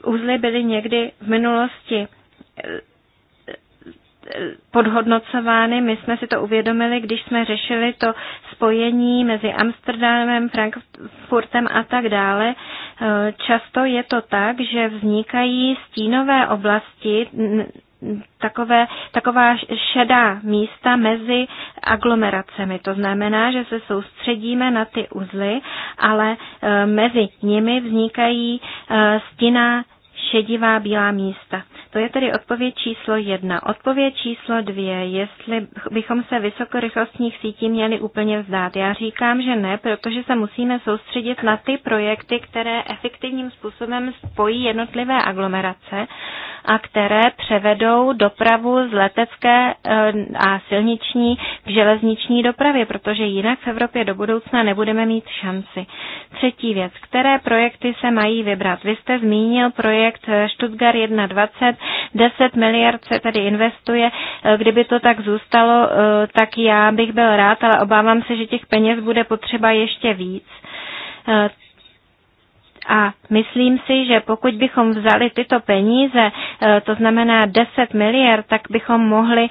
uzly byly někdy v minulosti podhodnocovány. My jsme si to uvědomili, když jsme řešili to spojení mezi Amsterdamem, Frankfurtem a tak dále. E, často je to tak, že vznikají stínové oblasti, takové, taková šedá místa mezi aglomeracemi. To znamená, že se soustředíme na ty uzly, ale e, mezi nimi vznikají e, stina šedivá bílá místa. To je tedy odpověď číslo jedna. Odpověď číslo dvě, jestli bychom se vysokorychlostních sítí měli úplně vzdát. Já říkám, že ne, protože se musíme soustředit na ty projekty, které efektivním způsobem spojí jednotlivé aglomerace a které převedou dopravu z letecké eh, a silniční k železniční dopravě, protože jinak v Evropě do budoucna nebudeme mít šanci. Třetí věc, které projekty se mají vybrat? Vy jste zmínil projekt eh, Stuttgart 120, 10 miliard se tady investuje. Eh, kdyby to tak zůstalo, eh, tak já bych byl rád, ale obávám se, že těch peněz bude potřeba ještě víc. Eh, a myslím si, že pokud bychom vzali tyto peníze, to znamená 10 miliard, tak bychom mohli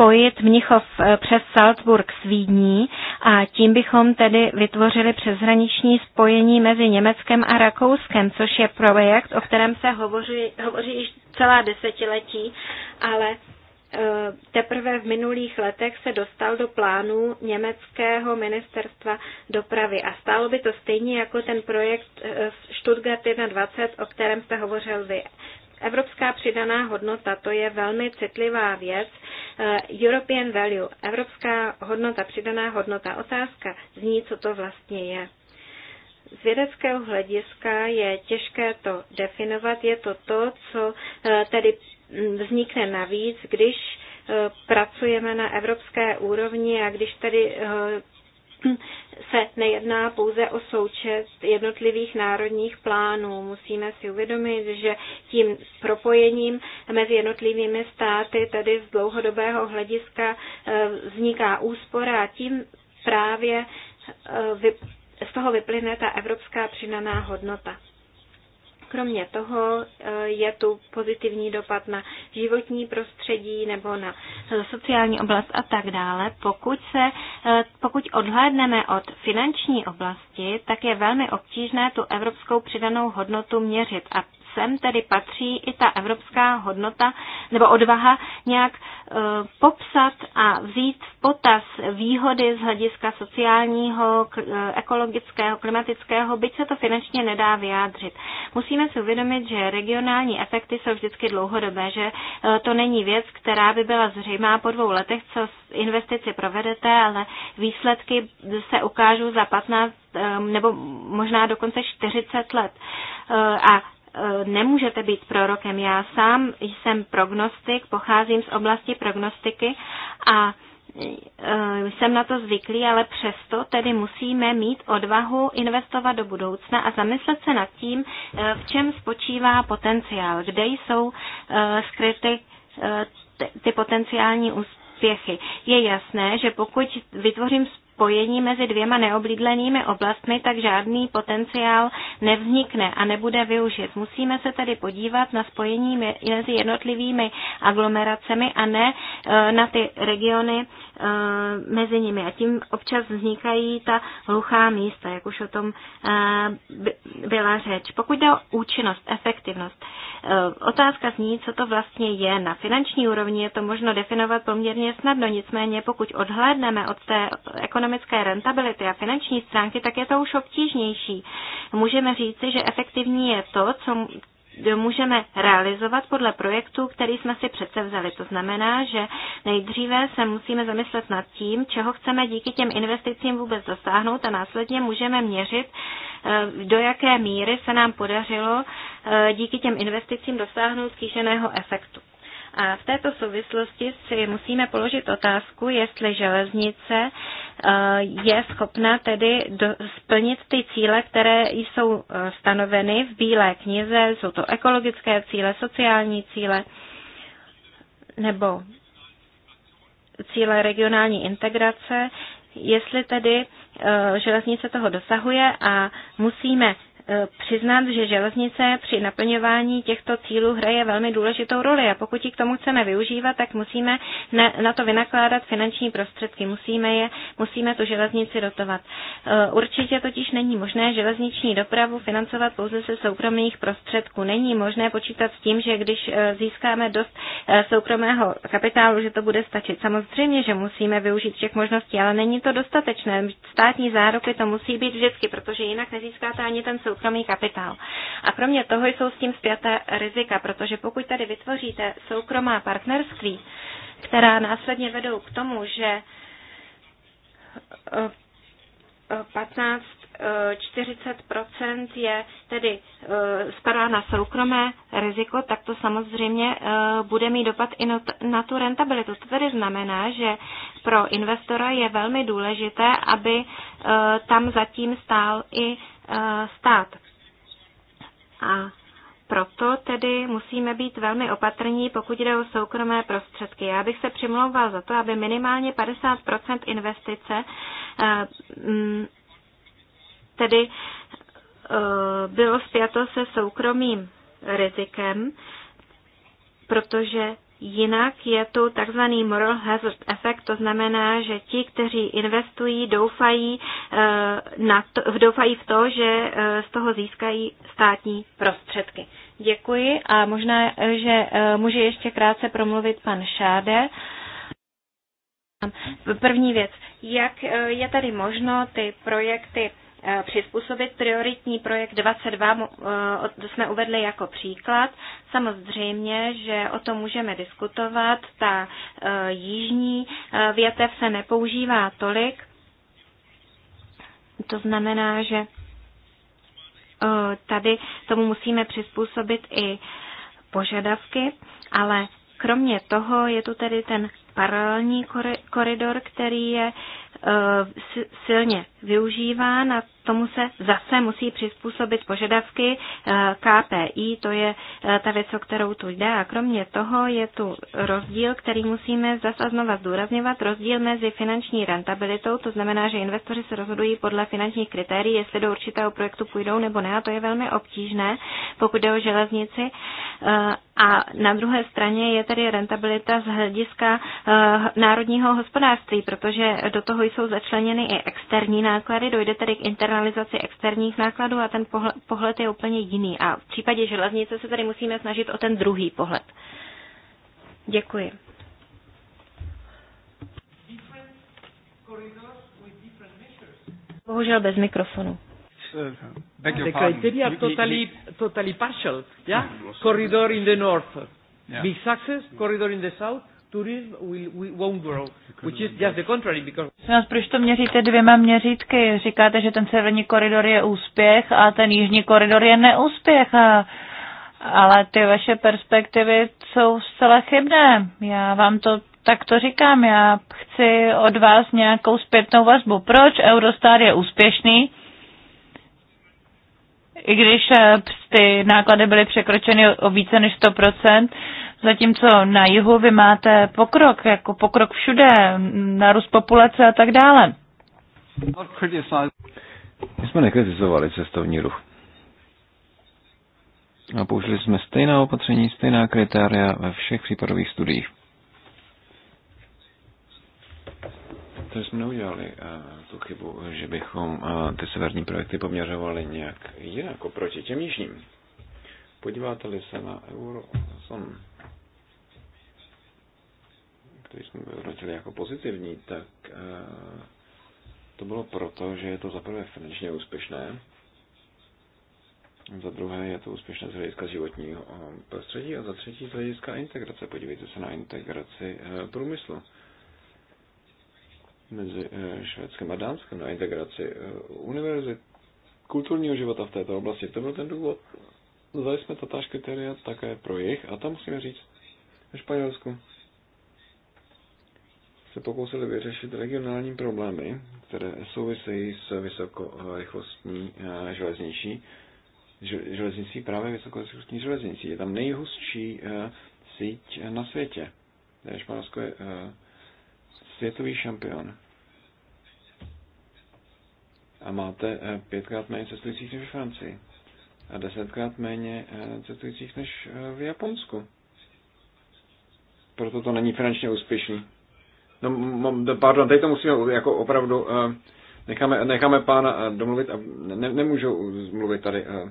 spojit Mnichov eh, přes Salzburg s Vídní a tím bychom tedy vytvořili přeshraniční spojení mezi Německem a Rakouskem, což je projekt, o kterém se hovoří, hovoří již celá desetiletí, ale eh, teprve v minulých letech se dostal do plánu německého ministerstva dopravy a stálo by to stejně jako ten projekt eh, Stuttgart 21, o kterém jste hovořil vy. Evropská přidaná hodnota, to je velmi citlivá věc. Eh, European value, evropská hodnota, přidaná hodnota. Otázka zní, co to vlastně je. Z vědeckého hlediska je těžké to definovat. Je to to, co eh, tedy mm, vznikne navíc, když eh, pracujeme na evropské úrovni a když tedy se nejedná pouze o součest jednotlivých národních plánů. Musíme si uvědomit, že tím propojením mezi jednotlivými státy tady z dlouhodobého hlediska e, vzniká úspora a tím právě e, z toho vyplyne ta evropská přinaná hodnota. Kromě toho eh, je tu pozitivní dopad na životní prostředí nebo na eh, sociální oblast a tak dále. Pokud, se, eh, pokud odhlédneme od finanční oblasti, tak je velmi obtížné tu evropskou přidanou hodnotu měřit a sem tedy patří i ta evropská hodnota nebo odvaha nějak e, popsat a vzít v potaz výhody z hlediska sociálního, e, ekologického, klimatického, byť se to finančně nedá vyjádřit. Musíme si uvědomit, že regionální efekty jsou vždycky dlouhodobé, že e, to není věc, která by byla zřejmá po dvou letech, co investici provedete, ale výsledky se ukážou za 15 nebo možná dokonce 40 let. A Eh, nemůžete být prorokem. Já sám jsem prognostik, pocházím z oblasti prognostiky a eh, jsem na to zvyklý, ale přesto tedy musíme mít odvahu investovat do budoucna a zamyslet se nad tím, eh, v čem spočívá potenciál, kde jsou skryty ty potenciální úspěchy. Je jasné, že pokud vytvořím spojení mezi dvěma neoblídlenými oblastmi, tak žádný potenciál nevznikne a nebude využit. Musíme se tedy podívat na spojení mezi jednotlivými aglomeracemi a ne e, na ty regiony e, mezi nimi. A tím občas vznikají ta hluchá místa, jak už o tom e, byla řeč. Pokud jde o účinnost, efektivnost, otázka zní, co to vlastně je. Na finanční úrovni je to možno definovat poměrně snadno, nicméně pokud odhlédneme od té ekonomické ekonomické rentability a finanční stránky, tak je to už obtížnější. Můžeme říci, že efektivní je to, co můžeme realizovat podle projektu, který jsme si přece vzali. To znamená, že nejdříve se musíme zamyslet nad tím, čeho chceme díky těm investicím vůbec dosáhnout a následně můžeme měřit, eh, do jaké míry se nám podařilo eh, díky těm investicím dosáhnout kýženého efektu. A v této souvislosti si musíme položit otázku, jestli železnice eh, je schopna tedy splnit ty cíle, které jsou eh, stanoveny v Bílé knize. Jsou to ekologické cíle, sociální cíle nebo cíle regionální integrace, jestli tedy eh, železnice toho dosahuje a musíme Eh, přiznat, že železnice při naplňování těchto cílů hraje velmi důležitou roli a pokud ji k tomu chceme využívat, tak musíme na to vynakládat finanční prostředky, musíme, je, musíme tu železnici dotovat. Eh, určitě totiž není možné železniční dopravu financovat pouze se soukromých prostředků. Není možné počítat s tím, že když eh, získáme dost soukromého kapitálu, že to bude stačit. Samozřejmě, že musíme využít všech možností, ale není to dostatečné. Státní záruky to musí být vždycky, protože jinak nezískáte ani ten soukromý soukromý kapitál. A kromě toho jsou s tím zpěté rizika, protože pokud tady vytvoříte soukromá partnerství, která následně vedou k tomu, že 15 eh, 40 eh, eh, je tedy spadá na soukromé riziko, tak to samozřejmě bude mít dopad i na tu rentabilitu. To tedy znamená, že pro investora je velmi důležité, aby tam zatím stál i stát. A proto tedy musíme být velmi opatrní, pokud jde o soukromé prostředky. Já bych se přimlouval za to, aby minimálně 50 investice mm, tedy e, bylo spjato se soukromým rizikem, protože Jinak je tu takzvaný moral hazard efekt, to znamená, že ti, kteří investují, doufají, eh, na to, doufají v to, že eh, z toho získají státní prostředky. Děkuji a možná, eh, že může ještě krátce promluvit pan Šáde. První věc, jak je tady možno ty projekty Eh, přizpůsobit. Prioritní projekt 22 to eh, jsme uvedli jako příklad. Samozřejmě, že o tom můžeme diskutovat. Ta eh, jižní větev se nepoužívá tolik. To znamená, že tady tomu musíme přizpůsobit i požadavky, ale kromě toho je tu tedy ten paralelní koridor, který je Eh, silně využíván a tomu se zase musí přizpůsobit požadavky eh, KPI, to je eh, ta věc, o kterou tu jde. A kromě toho je tu rozdíl, který musíme zase znova zdůrazňovat, rozdíl mezi finanční rentabilitou, to znamená, že investoři se rozhodují podle finančních kritérií, jestli do určitého projektu půjdou nebo ne, a to je velmi obtížné, pokud jde o železnici. Eh, a na druhé straně je tedy rentabilita z hlediska národního hospodářství, protože do toho jsou začleněny i externí náklady, dojde tedy k inter internalizaci externích nákladů a ten pohled je úplně jiný. A v případě železnice se tady musíme snažit o ten druhý pohled. Děkuji. Bohužel bez mikrofonu. The criteria totally, totally partial, yeah? Corridor in the north. Big success, corridor in the south, proč to měříte dvěma měřítky? Říkáte, že ten severní koridor je úspěch a ten jižní koridor je neúspěch. A, ale ty vaše perspektivy jsou zcela chybné. Já vám to tak to říkám, já chci od vás nějakou zpětnou vazbu. Proč Eurostar je úspěšný, i když eh, ty náklady byly překročeny o více než 100%, Zatímco na jihu vy máte pokrok, jako pokrok všude, narůst populace a tak dále. My jsme nekritizovali cestovní ruch. A použili jsme stejná opatření, stejná kritéria ve všech případových studiích. To jsme neudělali uh, tu chybu, že bychom uh, ty severní projekty poměřovali nějak jinak oproti těm jižním. Podíváte-li se na Euroson, který jsme vyhodnotili jako pozitivní, tak eh, to bylo proto, že je to za prvé finančně úspěšné, za druhé je to úspěšné z hlediska životního eh, prostředí a za třetí z hlediska integrace. Podívejte se na integraci eh, průmyslu mezi Švédskem a Dánskem, na integraci univerzit, kulturního života v této oblasti. To byl ten důvod. Zdali jsme tatáž kritéria také pro jich a tam musíme říct ve Španělsku se pokusili vyřešit regionální problémy, které souvisejí s vysokorychlostní eh, železniční železnicí, právě vysokorychlostní železnicí. Je tam nejhustší eh, síť na světě. Eh, Španělsko je světový šampion. A máte pětkrát méně cestujících než v Francii. A desetkrát méně cestujících než v Japonsku. Proto to není finančně úspěšný. No, pardon, teď to musíme jako opravdu... Eh, necháme, necháme pána eh, domluvit a ne, nemůžu mluvit tady eh,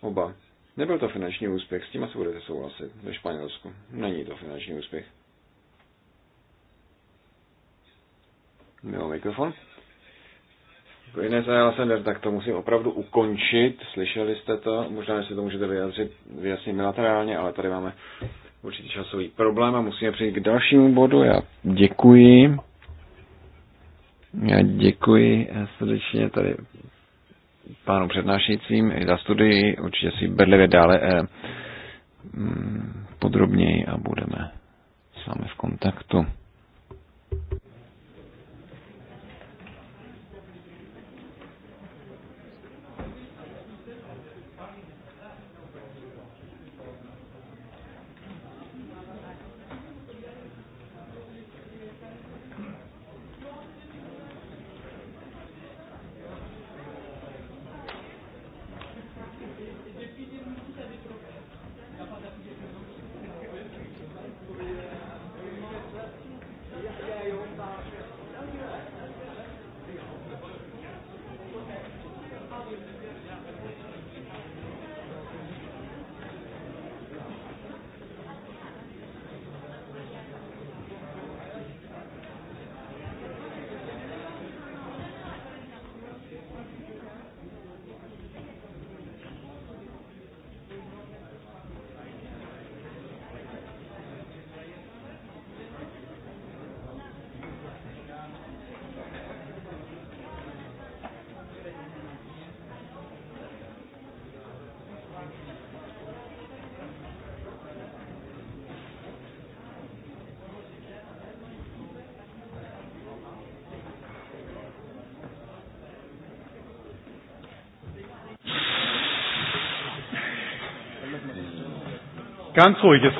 oba. Nebyl to finanční úspěch, s tím asi budete souhlasit ve Španělsku. Není to finanční úspěch. Měl mikrofon. Jako Ines Ayala tak to musím opravdu ukončit. Slyšeli jste to, možná, že si to můžete vyjádřit, vyjasnit bilaterálně, ale tady máme určitý časový problém a musíme přejít k dalšímu bodu. Já děkuji. Já děkuji srdečně tady pánu přednášejícím i za studii. Určitě si bedlivě dále eh, mm, podrobněji a budeme s vámi v kontaktu. Ganz ruhig ist.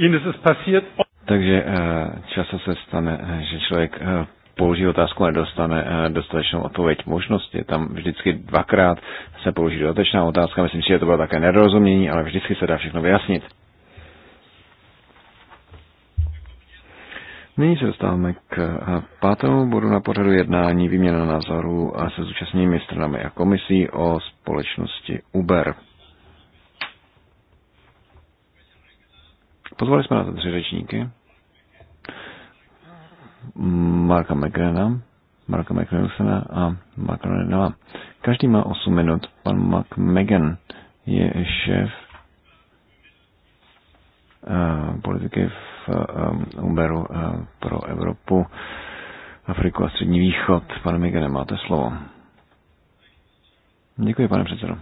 Ihnen ist es passiert. Takže eh, často se stane, eh, že člověk eh, položí otázku a nedostane dostatečnou odpověď. Možnost je tam vždycky dvakrát se položí dodatečná otázka. Myslím si, že to bylo také nerozumění, ale vždycky se dá všechno vyjasnit. Nyní se dostáváme k pátému bodu na pořadu jednání výměna názorů a se zúčastněnými stranami a komisí o společnosti Uber. Pozvali jsme na to tři řečníky. Marka McGrena, Marka McNelsona a Marka Renova. Každý má 8 minut. Pan Mark Megan je šéf uh, politiky v uh, Uberu uh, pro Evropu, Afriku a Střední východ. Pane Megane, máte slovo. Děkuji, pane předsedo.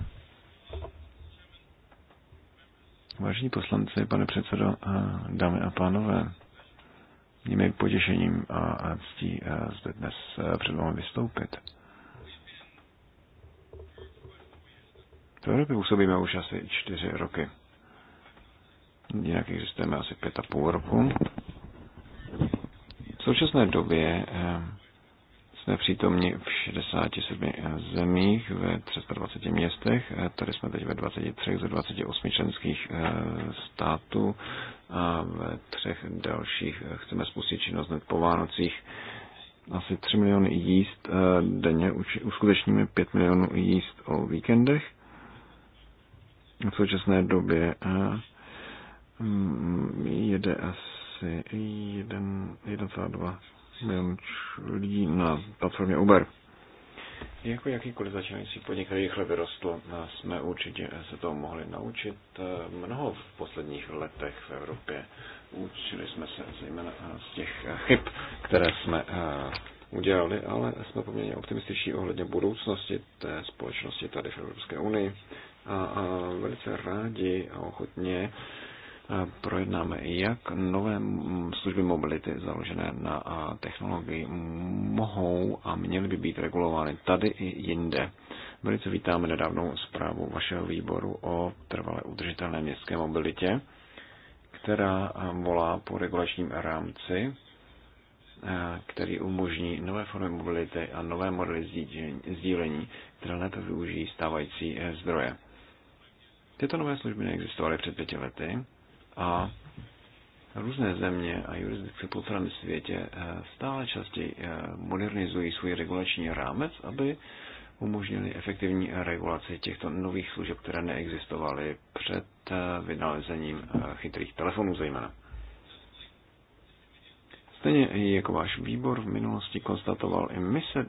Vážení poslanci, pane předsedo, eh, dámy a pánové, je mi potěšením a ctí eh, zde dnes eh, před vámi vystoupit. V Evropě působíme už asi čtyři roky. Jinak existujeme asi pět a půl roku. V současné době jsme přítomni v 67 zemích, ve 320 městech. Eh, tady jsme teď ve 23 ze 28 členských eh, států a ve třech dalších eh, chceme spustit činnost hned po Vánocích. Asi 3 miliony jíst denně, uskutečníme 5 milionů jíst o víkendech. V současné době mm, jede asi 1,2 milionů lidí na platformě Uber. Jako jakýkoliv začínající podnik rychle vyrostl, eh, jsme určitě se toho mohli naučit eh, mnoho v posledních letech v Evropě. Učili jsme se zejména eh, z těch chyb, které jsme udělali, ale jsme poměrně optimističtí ohledně budoucnosti té společnosti tady v Evropské unii a, a velice rádi a ochotně projednáme, jak nové služby mobility založené na technologii mohou a měly by být regulovány tady i jinde. Velice vítáme nedávnou zprávu vašeho výboru o trvale udržitelné městské mobilitě, která volá po regulačním rámci, který umožní nové formy mobility a nové modely sdílení, které lépe využijí stávající e, zdroje. Tyto nové služby neexistovaly před pěti lety a různé země a jurisdikce po celém světě eh, stále častěji eh, modernizují svůj regulační rámec, aby umožnili efektivní regulaci těchto nových služeb, které neexistovaly před eh, vynalezením chytrých telefonů zejména. Stejně jako váš výbor v minulosti konstatoval, i my se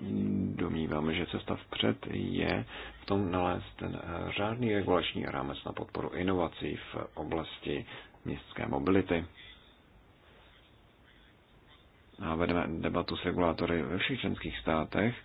domníváme, že cesta vpřed je v tom nalézt ten řádný regulační rámec na podporu inovací v oblasti městské mobility. A vedeme debatu s regulátory ve všech členských státech.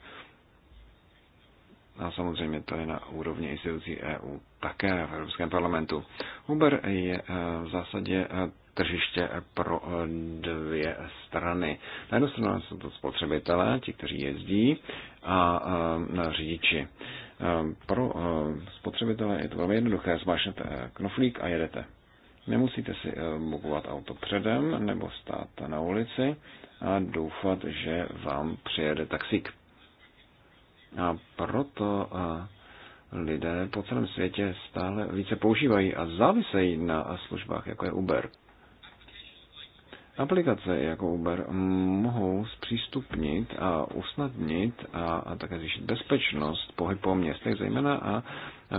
A samozřejmě to je na úrovni institucí EU také v Evropském parlamentu. Uber je eh, v zásadě eh, tržiště pro eh, dvě strany. Na jednu stranu jsou to spotřebitelé, ti, kteří jezdí, a řidiči. Pro spotřebitele je to velmi jednoduché, zmášnete knoflík a jedete. Nemusíte si eh, bukovat auto předem nebo stát na ulici a doufat, že vám přijede taxík. A proto eh, lidé po celém světě stále více používají a závisejí na službách, jako je Uber. Aplikace jako Uber mohou zpřístupnit a usnadnit a, a také zvýšit bezpečnost pohyb po městech, zejména a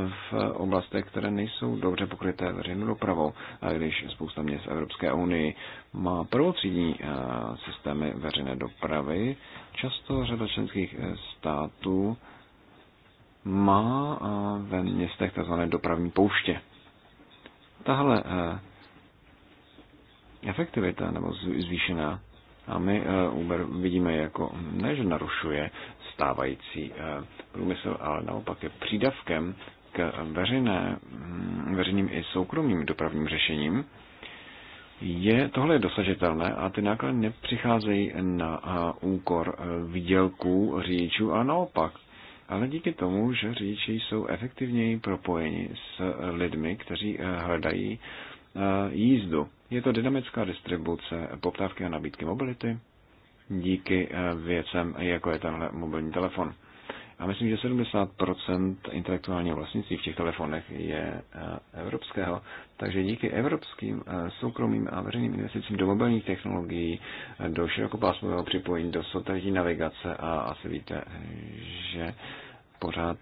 v oblastech, které nejsou dobře pokryté veřejnou dopravou. A když spousta měst v Evropské unii má prvotřídní systémy veřejné dopravy, často řada členských e, států má ve městech tzv. dopravní pouště. Tahle e, efektivita nebo zvýšená a my eh, Uber vidíme jako, ne že narušuje stávající eh, průmysl, ale naopak je přídavkem k veřejné, mm, veřejným i soukromým dopravním řešením, je, tohle je dosažitelné a ty náklady nepřicházejí na eh, úkor výdělků řidičů a naopak. Ale díky tomu, že řidiči jsou efektivněji propojeni s lidmi, kteří hledají Eh, jízdu. Je to dynamická distribuce poptávky a nabídky mobility díky eh, věcem, jako je tenhle mobilní telefon. A myslím, že 70% intelektuálního vlastnictví v těch telefonech je eh, evropského. Takže díky evropským soukromým a veřejným investicím do mobilních technologií, do širokopásmového připojení, do satelitní navigace a asi víte, že pořád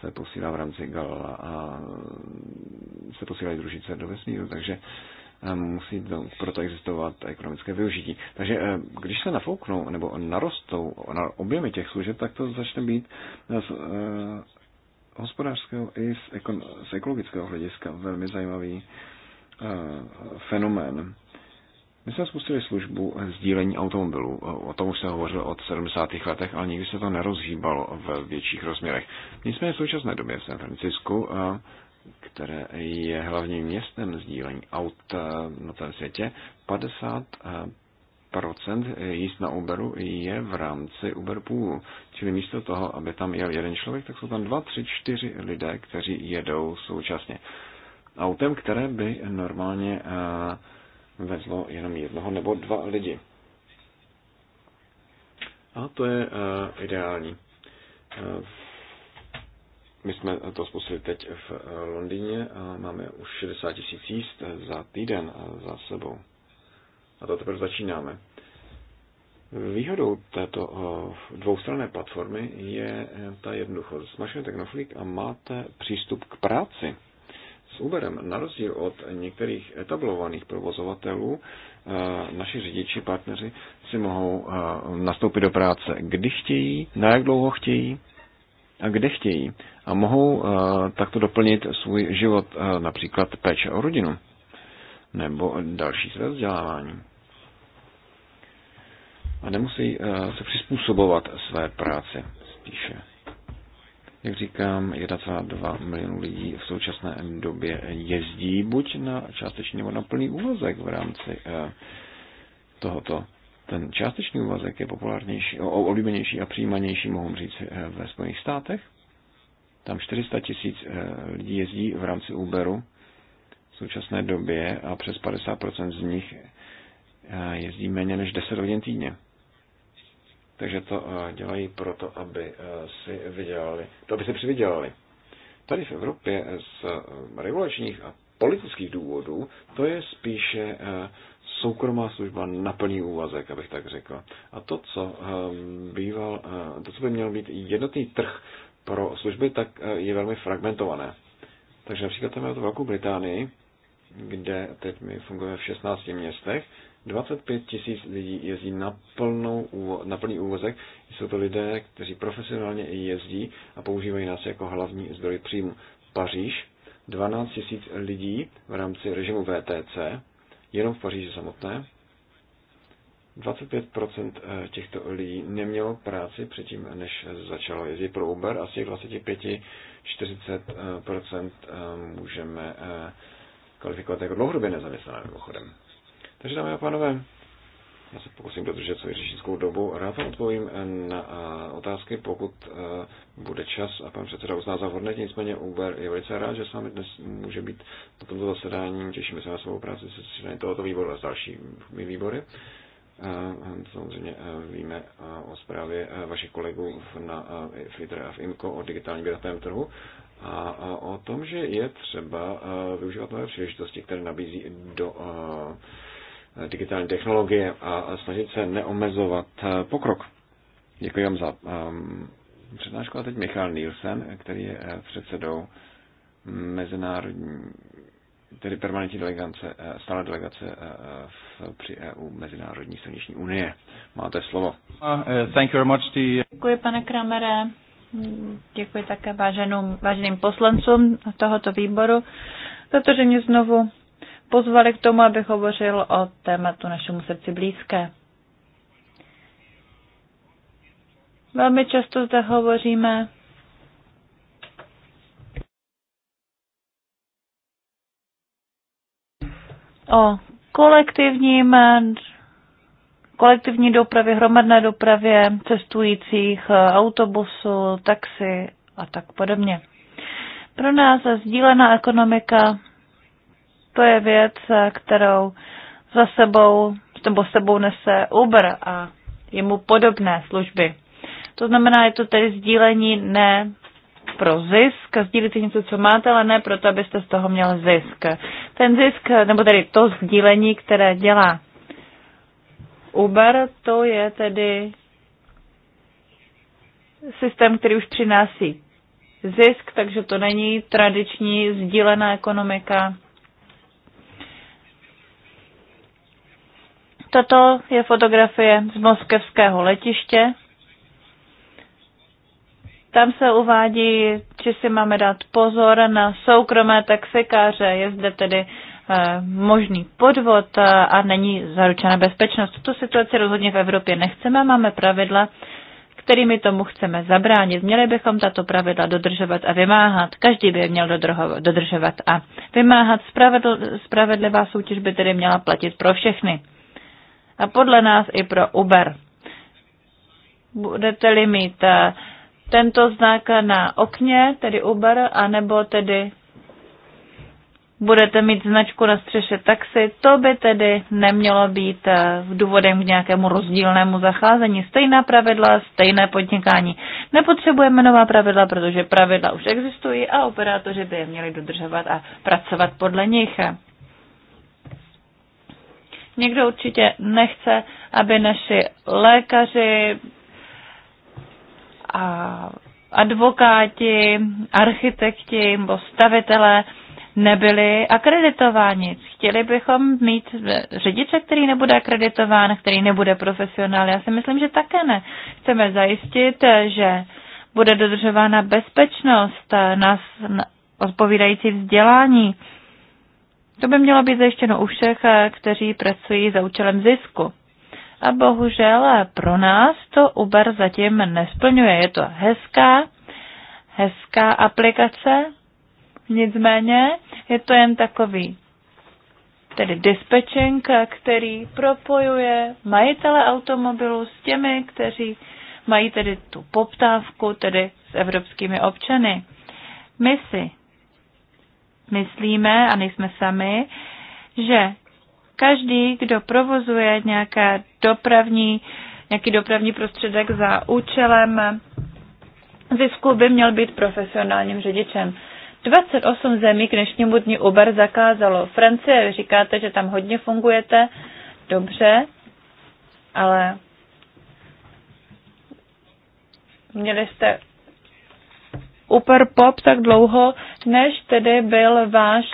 se posílá v rámci gal a se posílají družice do vesmíru, takže eh, musí proto existovat ekonomické využití. Takže eh, když se nafouknou nebo narostou na objemy těch služeb, tak to začne být eh, z hospodářského i z, ekologického hlediska velmi zajímavý fenomén. My jsme spustili službu sdílení automobilů. O tom už jsem hovořil od 70. letech, ale nikdy se to nerozhýbalo v větších rozměrech. Nicméně v současné době v San Francisku, které je hlavním městem sdílení aut na celém světě, 50 procent jíst na Uberu je v rámci Uber Poolu. Čili místo toho, aby tam jel jeden člověk, tak jsou tam dva, tři, čtyři lidé, kteří jedou současně. Autem, které by normálně uh, vezlo jenom jednoho nebo dva lidi. A to je uh, ideální. Uh, my jsme to zkusili teď v eh, Londýně a máme už 60 tisíc jíst za týden za sebou. A to teprve začínáme. Výhodou této dvoustranné platformy je ta jednoduchost. Smažujete knoflík a máte přístup k práci. Uberem, na rozdíl od některých etablovaných provozovatelů, eh, naši řidiči, partneři si mohou eh, nastoupit do práce, kdy chtějí, na jak dlouho chtějí a kde chtějí. A mohou eh, takto doplnit svůj život, například péče o rodinu nebo další své vzdělávání. A nemusí se přizpůsobovat své práci spíše. Jak říkám, 1,2 milionu lidí v současné době jezdí buď na částečný nebo na plný úvazek v rámci eh, tohoto. Ten částečný úvazek je populárnější, oblíbenější a přijímanější, mohu říct, eh, ve Spojených státech. Tam 400 tisíc eh, lidí jezdí v rámci Uberu v současné době a přes 50% z nich jezdí méně než 10 hodin týdně. Takže to eh, dělají proto, aby eh, si vydělali, to aby si přivydělali. Tady v Evropě z eh, regulačních a politických důvodů to je spíše soukromá služba na plný úvazek, abych tak řekl. A to, co, býval, to, co by měl být jednotný trh pro služby, tak je velmi fragmentované. Takže například tam je to Velkou Británii, kde teď my fungujeme v 16 městech 25 tisíc lidí jezdí na, plnou, na plný úvozek. Jsou to lidé, kteří profesionálně jezdí a používají nás jako hlavní zdroj příjmu. Paříž, 12 tisíc lidí v rámci režimu VTC, jenom v Paříži samotné. 25% eh, těchto lidí nemělo práci předtím, než začalo jezdit pro Uber. Asi 25-40% eh, eh, můžeme kvalifikovat jako dlouhodobě nezaměstnané mimochodem. Takže dámy a pánové, já se pokusím dodržet svoji řečnickou dobu. Rád vám odpovím na eh, otázky, pokud eh, bude čas a pan předseda uzná za vhodné. Nicméně Uber je velice rád, že s vámi dnes může být na tomto zasedání. Těšíme se na svou práci se zasedání tohoto výboru a s dalšími výbory. Eh, samozřejmě víme o zprávě vašich kolegů na FITRE a v IMCO o digitálním jednotném trhu a o tom, že je třeba využívat nové příležitosti, které nabízí do digitální technologie a snažit se neomezovat eh, pokrok. Děkuji vám za ehm, přednášku a teď Michal Nielsen, který je eh, předsedou mezinárodní, tedy permanentní delegace, eh, stále delegace v, při EU Mezinárodní silniční unie. Máte slovo. Uh, thank you very much Děkuji, pane Kramere. Děkuji také váženým, váženým poslancům tohoto výboru, protože mě znovu pozvali k tomu, abych hovořil o tématu našemu srdci blízké. Velmi často zde hovoříme o kolektivním, kolektivní dopravě, hromadné dopravě cestujících, autobusu, taxi a tak podobně. Pro nás sdílená ekonomika to je věc, kterou za sebou, nebo sebou nese Uber a jemu podobné služby. To znamená, je to tedy sdílení ne pro zisk, sdílíte něco, co máte, ale ne proto, abyste z toho měl zisk. Ten zisk, nebo tedy to sdílení, které dělá Uber, to je tedy systém, který už přináší zisk, takže to není tradiční sdílená ekonomika. Tato je fotografie z moskevského letiště. Tam se uvádí, že si máme dát pozor na soukromé taxikáře. Je zde tedy eh, možný podvod eh, a není zaručena bezpečnost. Tuto situaci rozhodně v Evropě nechceme, máme pravidla, kterými tomu chceme zabránit. Měli bychom tato pravidla dodržovat a vymáhat. Každý by je měl dodržovat a vymáhat. Spravedl, spravedlivá soutěž by tedy měla platit pro všechny a podle nás i pro Uber. Budete-li mít eh, tento znak na okně, tedy Uber, anebo tedy budete mít značku na střeše taxi, to by tedy nemělo být v eh, důvodem k nějakému rozdílnému zacházení. Stejná pravidla, stejné podnikání. Nepotřebujeme nová pravidla, protože pravidla už existují a operátoři by je měli dodržovat a pracovat podle nich. Někdo určitě nechce, aby naši lékaři a advokáti, architekti nebo stavitelé nebyli akreditováni. Chtěli bychom mít řidiče, který nebude akreditován, který nebude profesionál. Já si myslím, že také ne. Chceme zajistit, že bude dodržována bezpečnost, nás odpovídající vzdělání to by mělo být zajištěno u všech, eh, kteří pracují za účelem zisku. A bohužel eh, pro nás to Uber zatím nesplňuje. Je to hezká, hezká aplikace, nicméně je to jen takový tedy dispečink, eh, který propojuje majitele automobilu s těmi, kteří mají tedy tu poptávku, tedy s evropskými občany. My si myslíme, a nejsme sami, že každý, kdo provozuje nějaké dopravní, nějaký dopravní prostředek za účelem zisku, by měl být profesionálním řidičem. 28 zemí k dnešnímu dní Uber zakázalo. Francie, vy říkáte, že tam hodně fungujete, dobře, ale měli jste Uper Pop tak dlouho, než tedy byl váš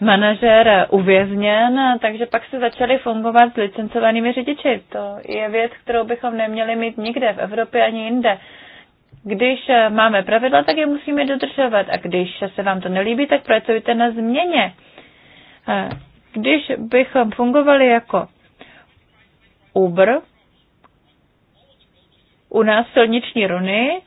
manažer uvězněn, takže pak se začali fungovat s licencovanými řidiči. To je věc, kterou bychom neměli mít nikde v Evropě ani jinde. Když máme pravidla, tak je musíme dodržovat a když se vám to nelíbí, tak pracujte na změně. Když bychom fungovali jako Uber, u nás silniční runy,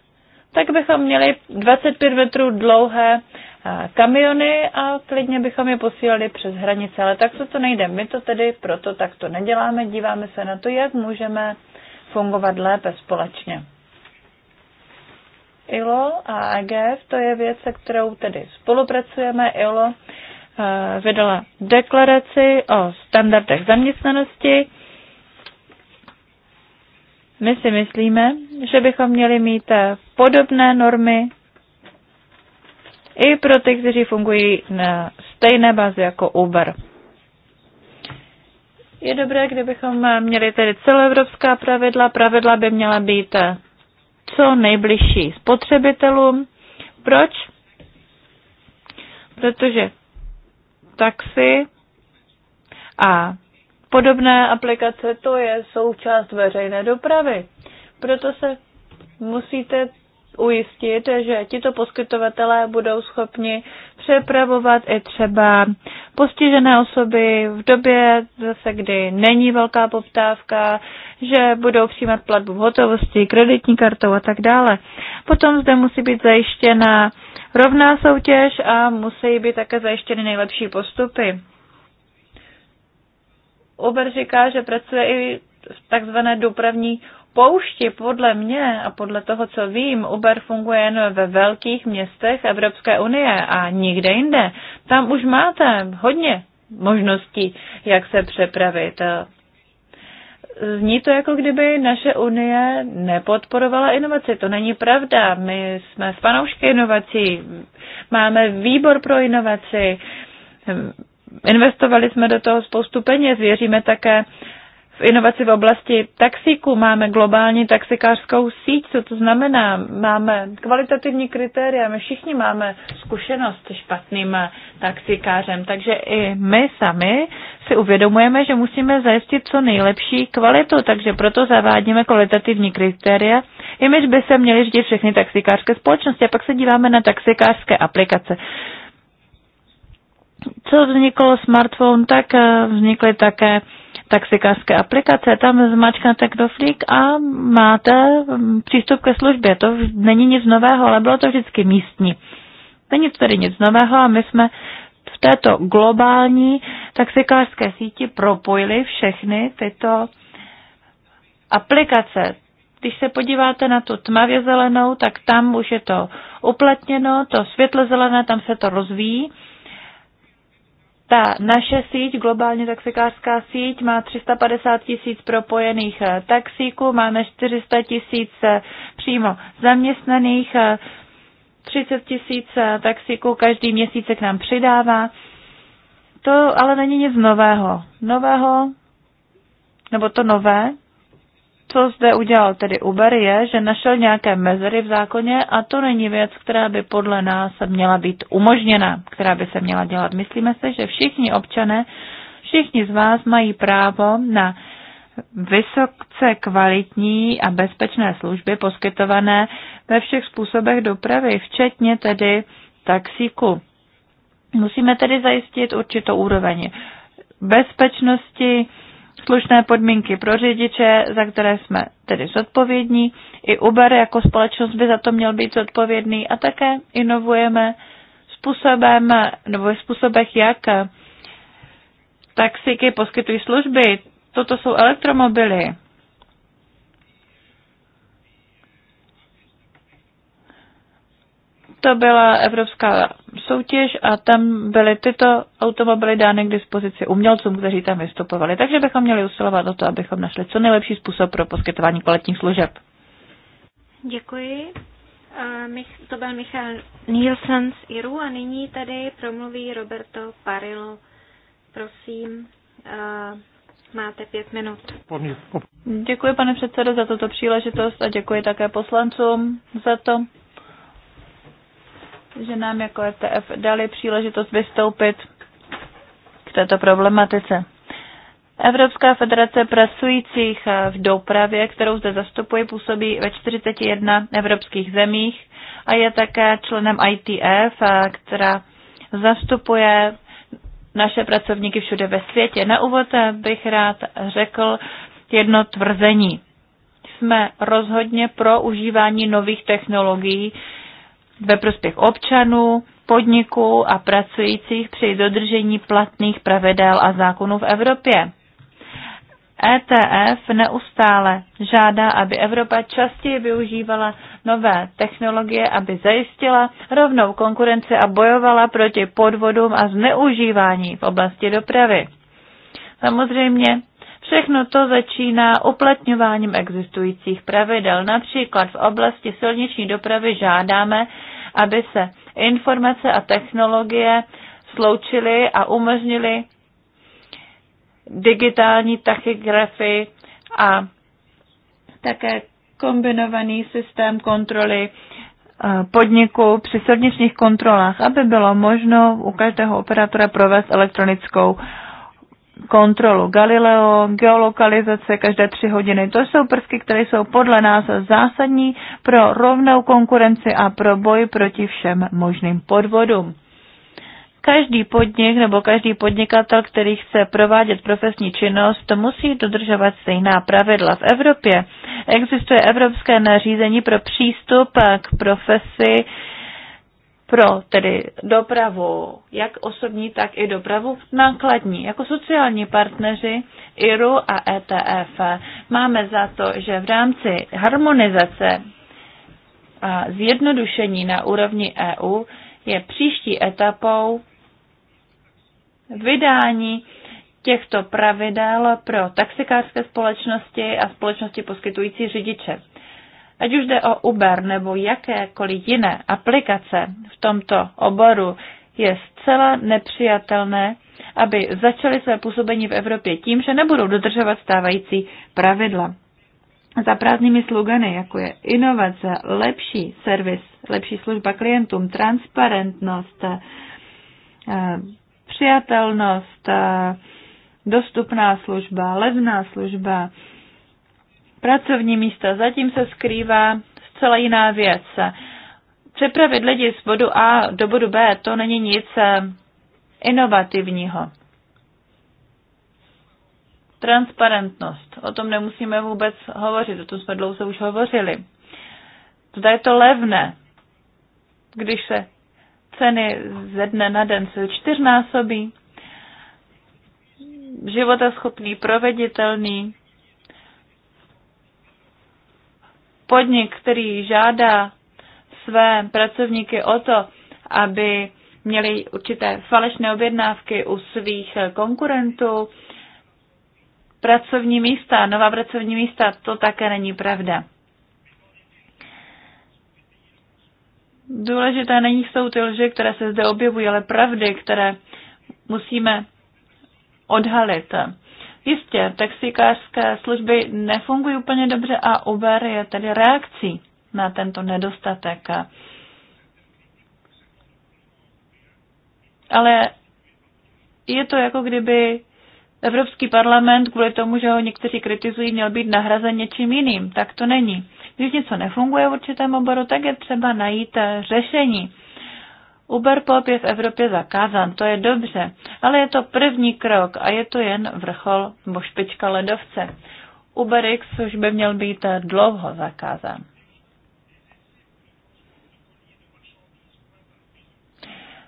tak bychom měli 25 metrů dlouhé eh, kamiony a klidně bychom je posílali přes hranice. Ale tak to, to nejde. My to tedy proto takto neděláme, díváme se na to, jak můžeme fungovat lépe společně. ILO a AGF, to je věc, se kterou tedy spolupracujeme. ILO eh, vydala deklaraci o standardech zaměstnanosti my si myslíme, že bychom měli mít podobné normy i pro ty, kteří fungují na stejné bázi jako Uber. Je dobré, kdybychom měli tedy celoevropská pravidla. Pravidla by měla být co nejbližší spotřebitelům. Proč? Protože taxi a Podobné aplikace to je součást veřejné dopravy. Proto se musíte ujistit, že tito poskytovatelé budou schopni přepravovat i třeba postižené osoby v době, zase kdy není velká poptávka, že budou přijímat platbu v hotovosti, kreditní kartou a tak dále. Potom zde musí být zajištěna rovná soutěž a musí být také zajištěny nejlepší postupy. Uber říká, že pracuje i v takzvané dopravní poušti. Podle mě a podle toho, co vím, Uber funguje jen ve velkých městech Evropské unie a nikde jinde. Tam už máte hodně možností, jak se přepravit. Zní to, jako kdyby naše unie nepodporovala inovaci. To není pravda. My jsme fanoušky inovací. Máme výbor pro inovaci Investovali jsme do toho spoustu peněz, věříme také v inovaci v oblasti taxíku, máme globální taxikářskou síť, co to znamená? Máme kvalitativní kritéria, my všichni máme zkušenost s špatným taxikářem, takže i my sami si uvědomujeme, že musíme zajistit co nejlepší kvalitu, takže proto zavádíme kvalitativní kritéria, my by se měly řídit všechny taxikářské společnosti a pak se díváme na taxikářské aplikace co vzniklo smartphone, tak eh, vznikly také taxikářské aplikace, tam zmačknete knoflík a máte mm, přístup ke službě. To není nic nového, ale bylo to vždycky místní. Není to tedy nic nového a my jsme v této globální taxikářské síti propojili všechny tyto aplikace. Když se podíváte na tu tmavě zelenou, tak tam už je to uplatněno, to světle zelené, tam se to rozvíjí ta naše síť, globálně taxikářská síť, má 350 tisíc propojených eh, taxíků, máme 400 tisíc eh, přímo zaměstnaných, 30 eh, tisíc taxíků každý měsíc se k nám přidává. To ale není nic nového. Nového, nebo to nové, co zde udělal tedy Uber, je, že našel nějaké mezery v zákoně a to není věc, která by podle nás měla být umožněna, která by se měla dělat. Myslíme se, že všichni občané, všichni z vás mají právo na vysoce kvalitní a bezpečné služby poskytované ve všech způsobech dopravy, včetně tedy taxíku. Musíme tedy zajistit určitou úroveň bezpečnosti, slušné podmínky pro řidiče, za které jsme tedy zodpovědní. I Uber jako společnost by za to měl být zodpovědný a také inovujeme způsobem, nebo v způsobech, jak taxiky poskytují služby. Toto jsou elektromobily. to byla evropská soutěž a tam byly tyto automobily dány k dispozici umělcům, kteří tam vystupovali. Takže bychom měli usilovat o to, abychom našli co nejlepší způsob pro poskytování kvalitních služeb. Děkuji. To byl Michal Nielsen z Iru a nyní tady promluví Roberto Parillo. Prosím, máte pět minut. Děkuji, pane předsedo, za tuto příležitost a děkuji také poslancům za to, že nám jako ETF dali příležitost vystoupit k této problematice. Evropská federace pracujících v dopravě, kterou zde zastupuji, působí ve 41 evropských zemích a je také členem ITF, která zastupuje naše pracovníky všude ve světě. Na úvod bych rád řekl jedno tvrzení. Jsme rozhodně pro užívání nových technologií, ve prospěch občanů, podniků a pracujících při dodržení platných pravidel a zákonů v Evropě. ETF neustále žádá, aby Evropa častěji využívala nové technologie, aby zajistila rovnou konkurenci a bojovala proti podvodům a zneužívání v oblasti dopravy. Samozřejmě Všechno to začíná uplatňováním existujících pravidel. Například v oblasti silniční dopravy žádáme, aby se informace a technologie sloučily a umožnily digitální tachygrafy a také kombinovaný systém kontroly eh, podniku při silničních kontrolách, aby bylo možno u každého operátora provést elektronickou kontrolu Galileo, geolokalizace každé tři hodiny. To jsou prvky, které jsou podle nás zásadní pro rovnou konkurenci a pro boj proti všem možným podvodům. Každý podnik nebo každý podnikatel, který chce provádět profesní činnost, to musí dodržovat stejná pravidla. V Evropě existuje evropské nařízení pro přístup k profesi pro tedy dopravu, jak osobní, tak i dopravu nákladní. Jako sociální partneři IRU a ETF máme za to, že v rámci harmonizace a zjednodušení na úrovni EU je příští etapou vydání těchto pravidel pro taxikářské společnosti a společnosti poskytující řidiče. Ať už jde o Uber nebo jakékoliv jiné aplikace v tomto oboru, je zcela nepřijatelné, aby začaly své působení v Evropě tím, že nebudou dodržovat stávající pravidla. Za prázdnými slugany, jako je inovace, lepší servis, lepší služba klientům, transparentnost, eh, přijatelnost, eh, dostupná služba, levná služba, pracovní místa. Zatím se skrývá zcela jiná věc. Přepravit lidi z bodu A do bodu B, to není nic eh, inovativního. Transparentnost. O tom nemusíme vůbec hovořit, o tom jsme dlouze už hovořili. Zda je to levné, když se ceny ze dne na den se čtyřnásobí, schopný, proveditelný, podnik, který žádá své pracovníky o to, aby měli určité falešné objednávky u svých konkurentů, pracovní místa, nová pracovní místa, to také není pravda. Důležité není jsou ty lži, které se zde objevují, ale pravdy, které musíme odhalit. Jistě, taxikářské služby nefungují úplně dobře a Uber je tedy reakcí na tento nedostatek. Ale je to jako kdyby Evropský parlament kvůli tomu, že ho někteří kritizují, měl být nahrazen něčím jiným. Tak to není. Když něco nefunguje v určitém oboru, tak je třeba najít řešení. Uber Pop je v Evropě zakázán, to je dobře, ale je to první krok a je to jen vrchol nebo špička ledovce. UberX už by měl být dlouho zakázán.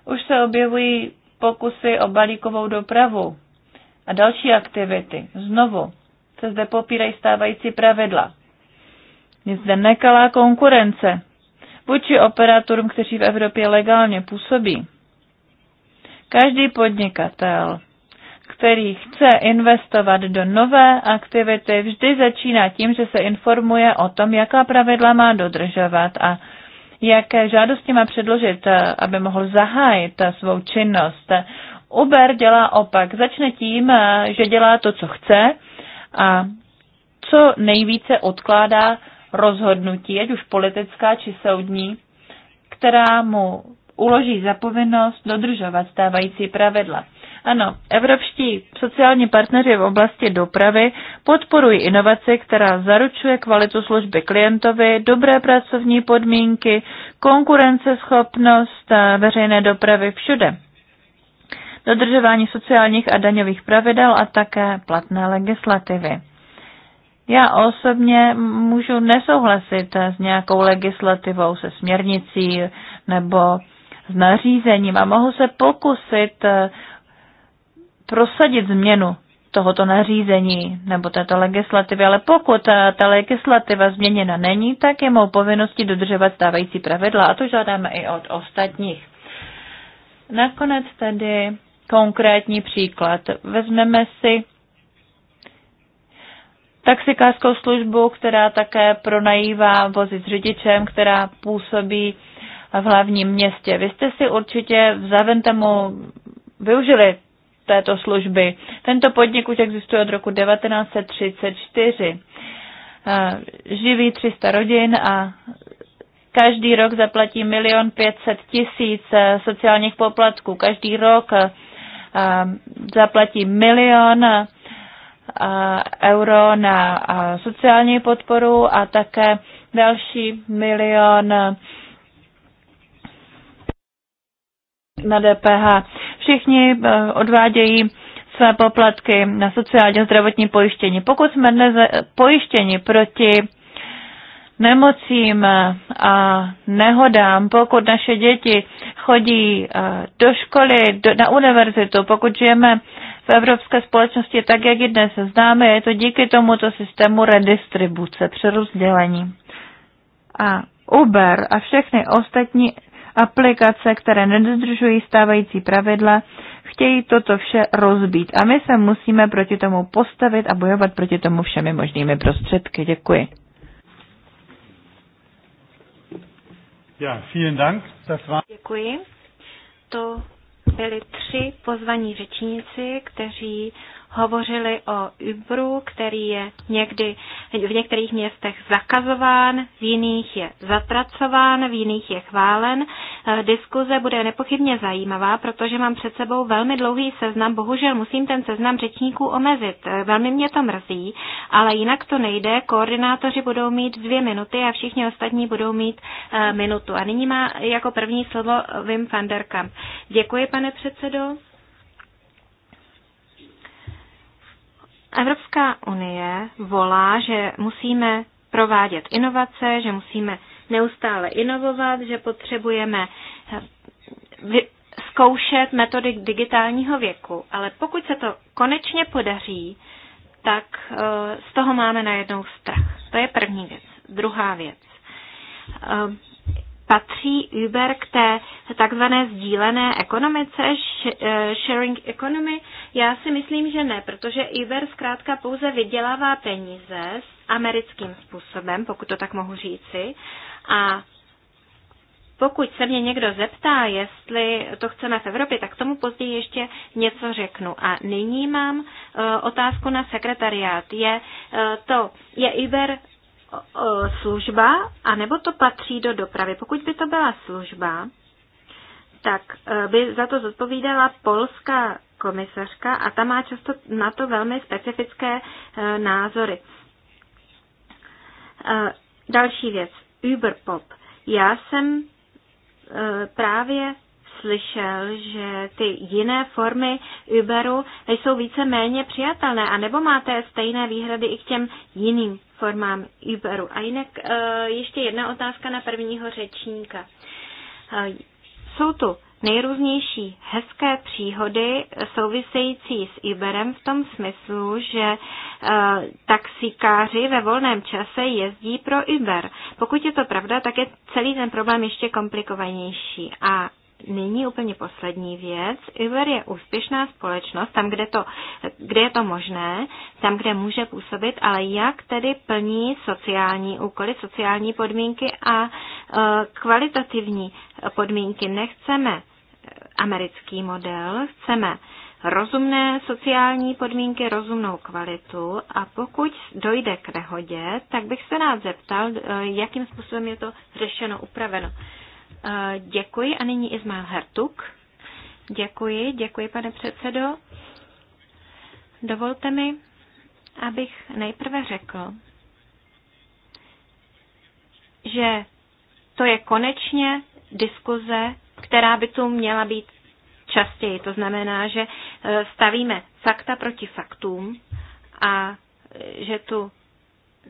Už se objevují pokusy o balíkovou dopravu a další aktivity. Znovu se zde popírají stávající pravidla. Je zde nekalá konkurence vůči operátorům, kteří v Evropě legálně působí. Každý podnikatel, který chce investovat do nové aktivity, vždy začíná tím, že se informuje o tom, jaká pravidla má dodržovat a jaké žádosti má předložit, aby mohl zahájit svou činnost. Uber dělá opak. Začne tím, že dělá to, co chce a co nejvíce odkládá rozhodnutí, ať už politická či soudní, která mu uloží zapovinnost dodržovat stávající pravidla. Ano, evropští sociální partneři v oblasti dopravy podporují inovaci, která zaručuje kvalitu služby klientovi, dobré pracovní podmínky, konkurenceschopnost veřejné dopravy všude, dodržování sociálních a daňových pravidel a také platné legislativy. Já osobně můžu nesouhlasit s nějakou legislativou, se směrnicí nebo s nařízením a mohu se pokusit eh, prosadit změnu tohoto nařízení nebo této legislativy, ale pokud ta, eh, ta legislativa změněna není, tak je mou povinností dodržovat stávající pravidla a to žádáme i od ostatních. Nakonec tedy konkrétní příklad. Vezmeme si taxikářskou službu, která také pronajívá vozy s řidičem, která působí v hlavním městě. Vy jste si určitě v Zaventemu využili této služby. Tento podnik už existuje od roku 1934. Eh, živí 300 rodin a každý rok zaplatí milion 500 tisíc eh, sociálních poplatků. Každý rok eh, zaplatí milion euro na sociální podporu a také další milion na DPH. Všichni e, odvádějí své poplatky na sociálně zdravotní pojištění. Pokud jsme dnes e, pojištěni proti nemocím a nehodám, pokud naše děti chodí e, do školy, do, na univerzitu, pokud žijeme v evropské společnosti tak, jak ji dnes známe. Je to díky tomuto systému redistribuce, přerozdělení. A Uber a všechny ostatní aplikace, které nedodržují stávající pravidla, chtějí toto vše rozbít. A my se musíme proti tomu postavit a bojovat proti tomu všemi možnými prostředky. Děkuji. Ja, vielen Dank. Das war... Děkuji. To byli tři pozvaní řečníci, kteří hovořili o Uberu, který je někdy v některých městech zakazován, v jiných je zatracován, v jiných je chválen. Eh, diskuze bude nepochybně zajímavá, protože mám před sebou velmi dlouhý seznam. Bohužel musím ten seznam řečníků omezit. Eh, velmi mě to mrzí, ale jinak to nejde. Koordinátoři budou mít dvě minuty a všichni ostatní budou mít eh, minutu. A nyní má jako první slovo Wim van der Kamp. Děkuji, pane předsedo. Evropská unie volá, že musíme provádět inovace, že musíme neustále inovovat, že potřebujeme eh, zkoušet metody digitálního věku, ale pokud se to konečně podaří, tak eh, z toho máme najednou strach. To je první věc. Druhá věc. Eh, Patří Uber k té takzvané sdílené ekonomice, eh, sharing economy? Já si myslím, že ne, protože Uber zkrátka pouze vydělává peníze s americkým způsobem, pokud to tak mohu říci. A pokud se mě někdo zeptá, jestli to chceme v Evropě, tak tomu později ještě něco řeknu. A nyní mám eh, otázku na sekretariát. Je eh, to je Uber služba, anebo to patří do dopravy. Pokud by to byla služba, tak e, by za to zodpovídala polská komisařka a ta má často na to velmi specifické e, názory. E, další věc, Uberpop. Já jsem právě slyšel, že ty jiné formy Uberu jsou více-méně přijatelné, anebo máte stejné výhrady i k těm jiným formám Uberu. A jinak eh, ještě jedna otázka na prvního řečníka. Eh, jsou tu nejrůznější hezké příhody související s Uberem v tom smyslu, že e, taxikáři ve volném čase jezdí pro Uber. Pokud je to pravda, tak je celý ten problém ještě komplikovanější. A nyní úplně poslední věc. Uber je úspěšná společnost tam, kde, to, kde je to možné, tam, kde může působit, ale jak tedy plní sociální úkoly, sociální podmínky a e, kvalitativní podmínky. Nechceme e, americký model, chceme rozumné sociální podmínky, rozumnou kvalitu a pokud dojde k nehodě, tak bych se rád zeptal, e, jakým způsobem je to řešeno, upraveno. Eh, děkuji a nyní Ismail Hertuk. Děkuji, děkuji pane předsedo. Dovolte mi, abych nejprve řekl, že to je konečně diskuze, která by tu měla být častěji. To znamená, že eh, stavíme fakta proti faktům a eh, že tu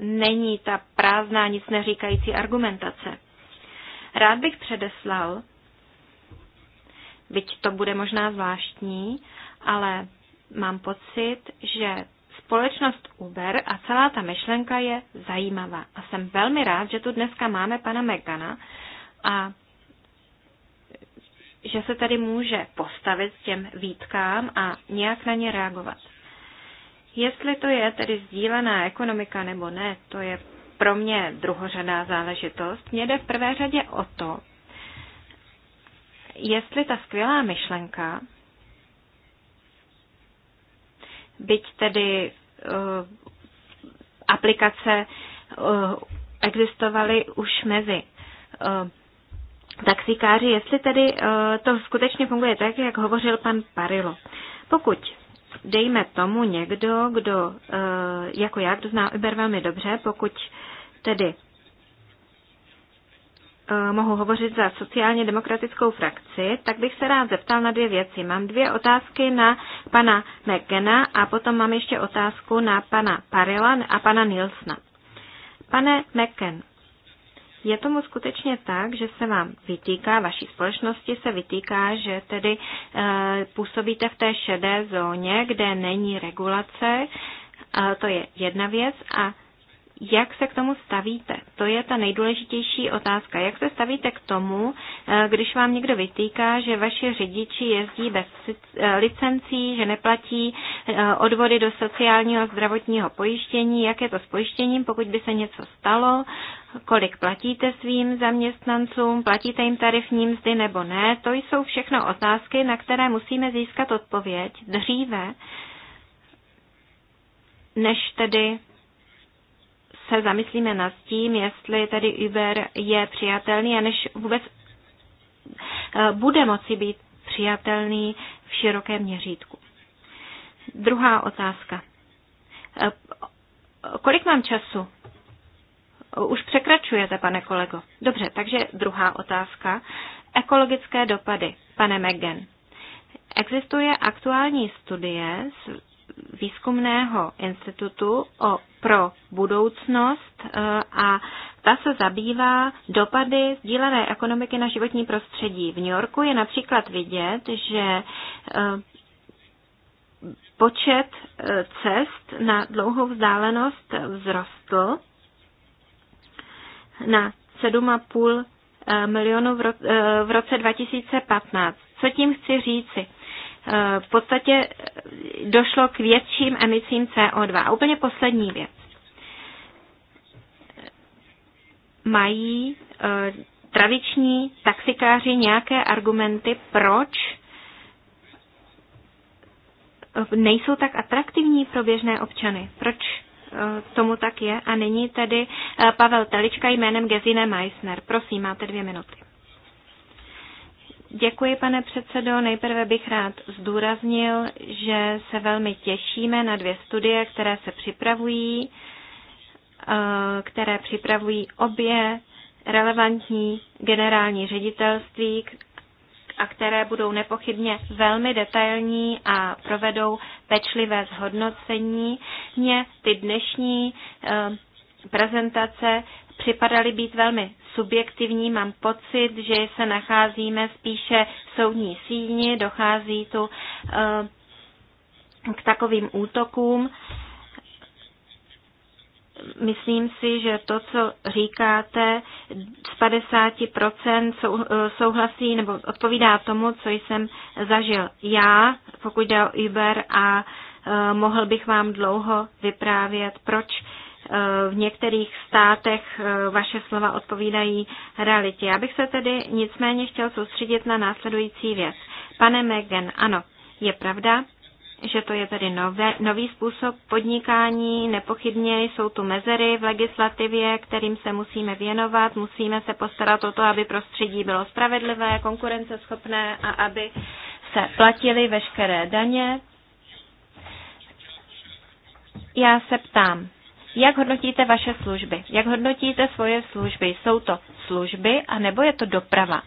není ta prázdná, nic neříkající argumentace. Rád bych předeslal, byť to bude možná zvláštní, ale mám pocit, že společnost Uber a celá ta myšlenka je zajímavá. A jsem velmi rád, že tu dneska máme pana Megana a že se tady může postavit těm výtkám a nějak na ně reagovat. Jestli to je tedy sdílená ekonomika nebo ne, to je pro mě druhořadá záležitost. Mně jde v prvé řadě o to, jestli ta skvělá myšlenka, byť tedy uh, aplikace uh, existovaly už mezi uh, taxikáři, jestli tedy uh, to skutečně funguje tak, jak hovořil pan Parilo. Pokud dejme tomu někdo, kdo, jako já, kdo zná Uber velmi dobře, pokud Tedy eh, mohu hovořit za sociálně demokratickou frakci, tak bych se rád zeptal na dvě věci. Mám dvě otázky na pana McGena a potom mám ještě otázku na pana Parila a pana Nilsna. Pane McGen, je tomu skutečně tak, že se vám vytýká, vaší společnosti se vytýká, že tedy e, působíte v té šedé zóně, kde není regulace, e, to je jedna věc. A jak se k tomu stavíte? To je ta nejdůležitější otázka. Jak se stavíte k tomu, eh, když vám někdo vytýká, že vaši řidiči jezdí bez eh, licencí, že neplatí eh, odvody do sociálního a zdravotního pojištění? Jak je to s pojištěním, pokud by se něco stalo? Kolik platíte svým zaměstnancům? Platíte jim tarifní mzdy nebo ne? To jsou všechno otázky, na které musíme získat odpověď dříve, než tedy se zamyslíme nad tím, jestli tedy Uber je přijatelný a než vůbec eh, bude moci být přijatelný v širokém měřítku. Druhá otázka. Eh, kolik mám času? Eh, už překračujete, pane kolego. Dobře, takže druhá otázka. Ekologické dopady, pane Megan. Existuje aktuální studie výzkumného institutu o, pro budoucnost e, a ta se zabývá dopady sdílené ekonomiky na životní prostředí. V New Yorku je například vidět, že e, počet e, cest na dlouhou vzdálenost vzrostl na 7,5 milionů v roce 2015. Co tím chci říci? Eh, v podstatě eh, došlo k větším emisím CO2. A úplně poslední věc. Mají eh, tradiční taxikáři nějaké argumenty, proč nejsou tak atraktivní pro běžné občany? Proč tomu tak je? A není tedy Pavel Telička jménem Gesine Meissner. Prosím, máte dvě minuty. Děkuji, pane předsedo. Nejprve bych rád zdůraznil, že se velmi těšíme na dvě studie, které se připravují, eh, které připravují obě relevantní generální ředitelství a které budou nepochybně velmi detailní a provedou pečlivé zhodnocení. Mě ty dnešní eh, prezentace připadaly být velmi subjektivní. Mám pocit, že se nacházíme spíše v soudní síni, dochází tu eh, k takovým útokům. Myslím si, že to, co říkáte, z 50% eh, souhlasí nebo odpovídá tomu, co jsem zažil já, pokud jde o Uber a eh, mohl bych vám dlouho vyprávět, proč v některých státech eh, vaše slova odpovídají realitě. Já bych se tedy nicméně chtěl soustředit na následující věc. Pane Megan, ano, je pravda, že to je tedy nové, nový způsob podnikání. Nepochybně jsou tu mezery v legislativě, kterým se musíme věnovat. Musíme se postarat o to, aby prostředí bylo spravedlivé, konkurenceschopné a aby se platily veškeré daně. Já se ptám, jak hodnotíte vaše služby? Jak hodnotíte svoje služby? Jsou to služby a nebo je to doprava?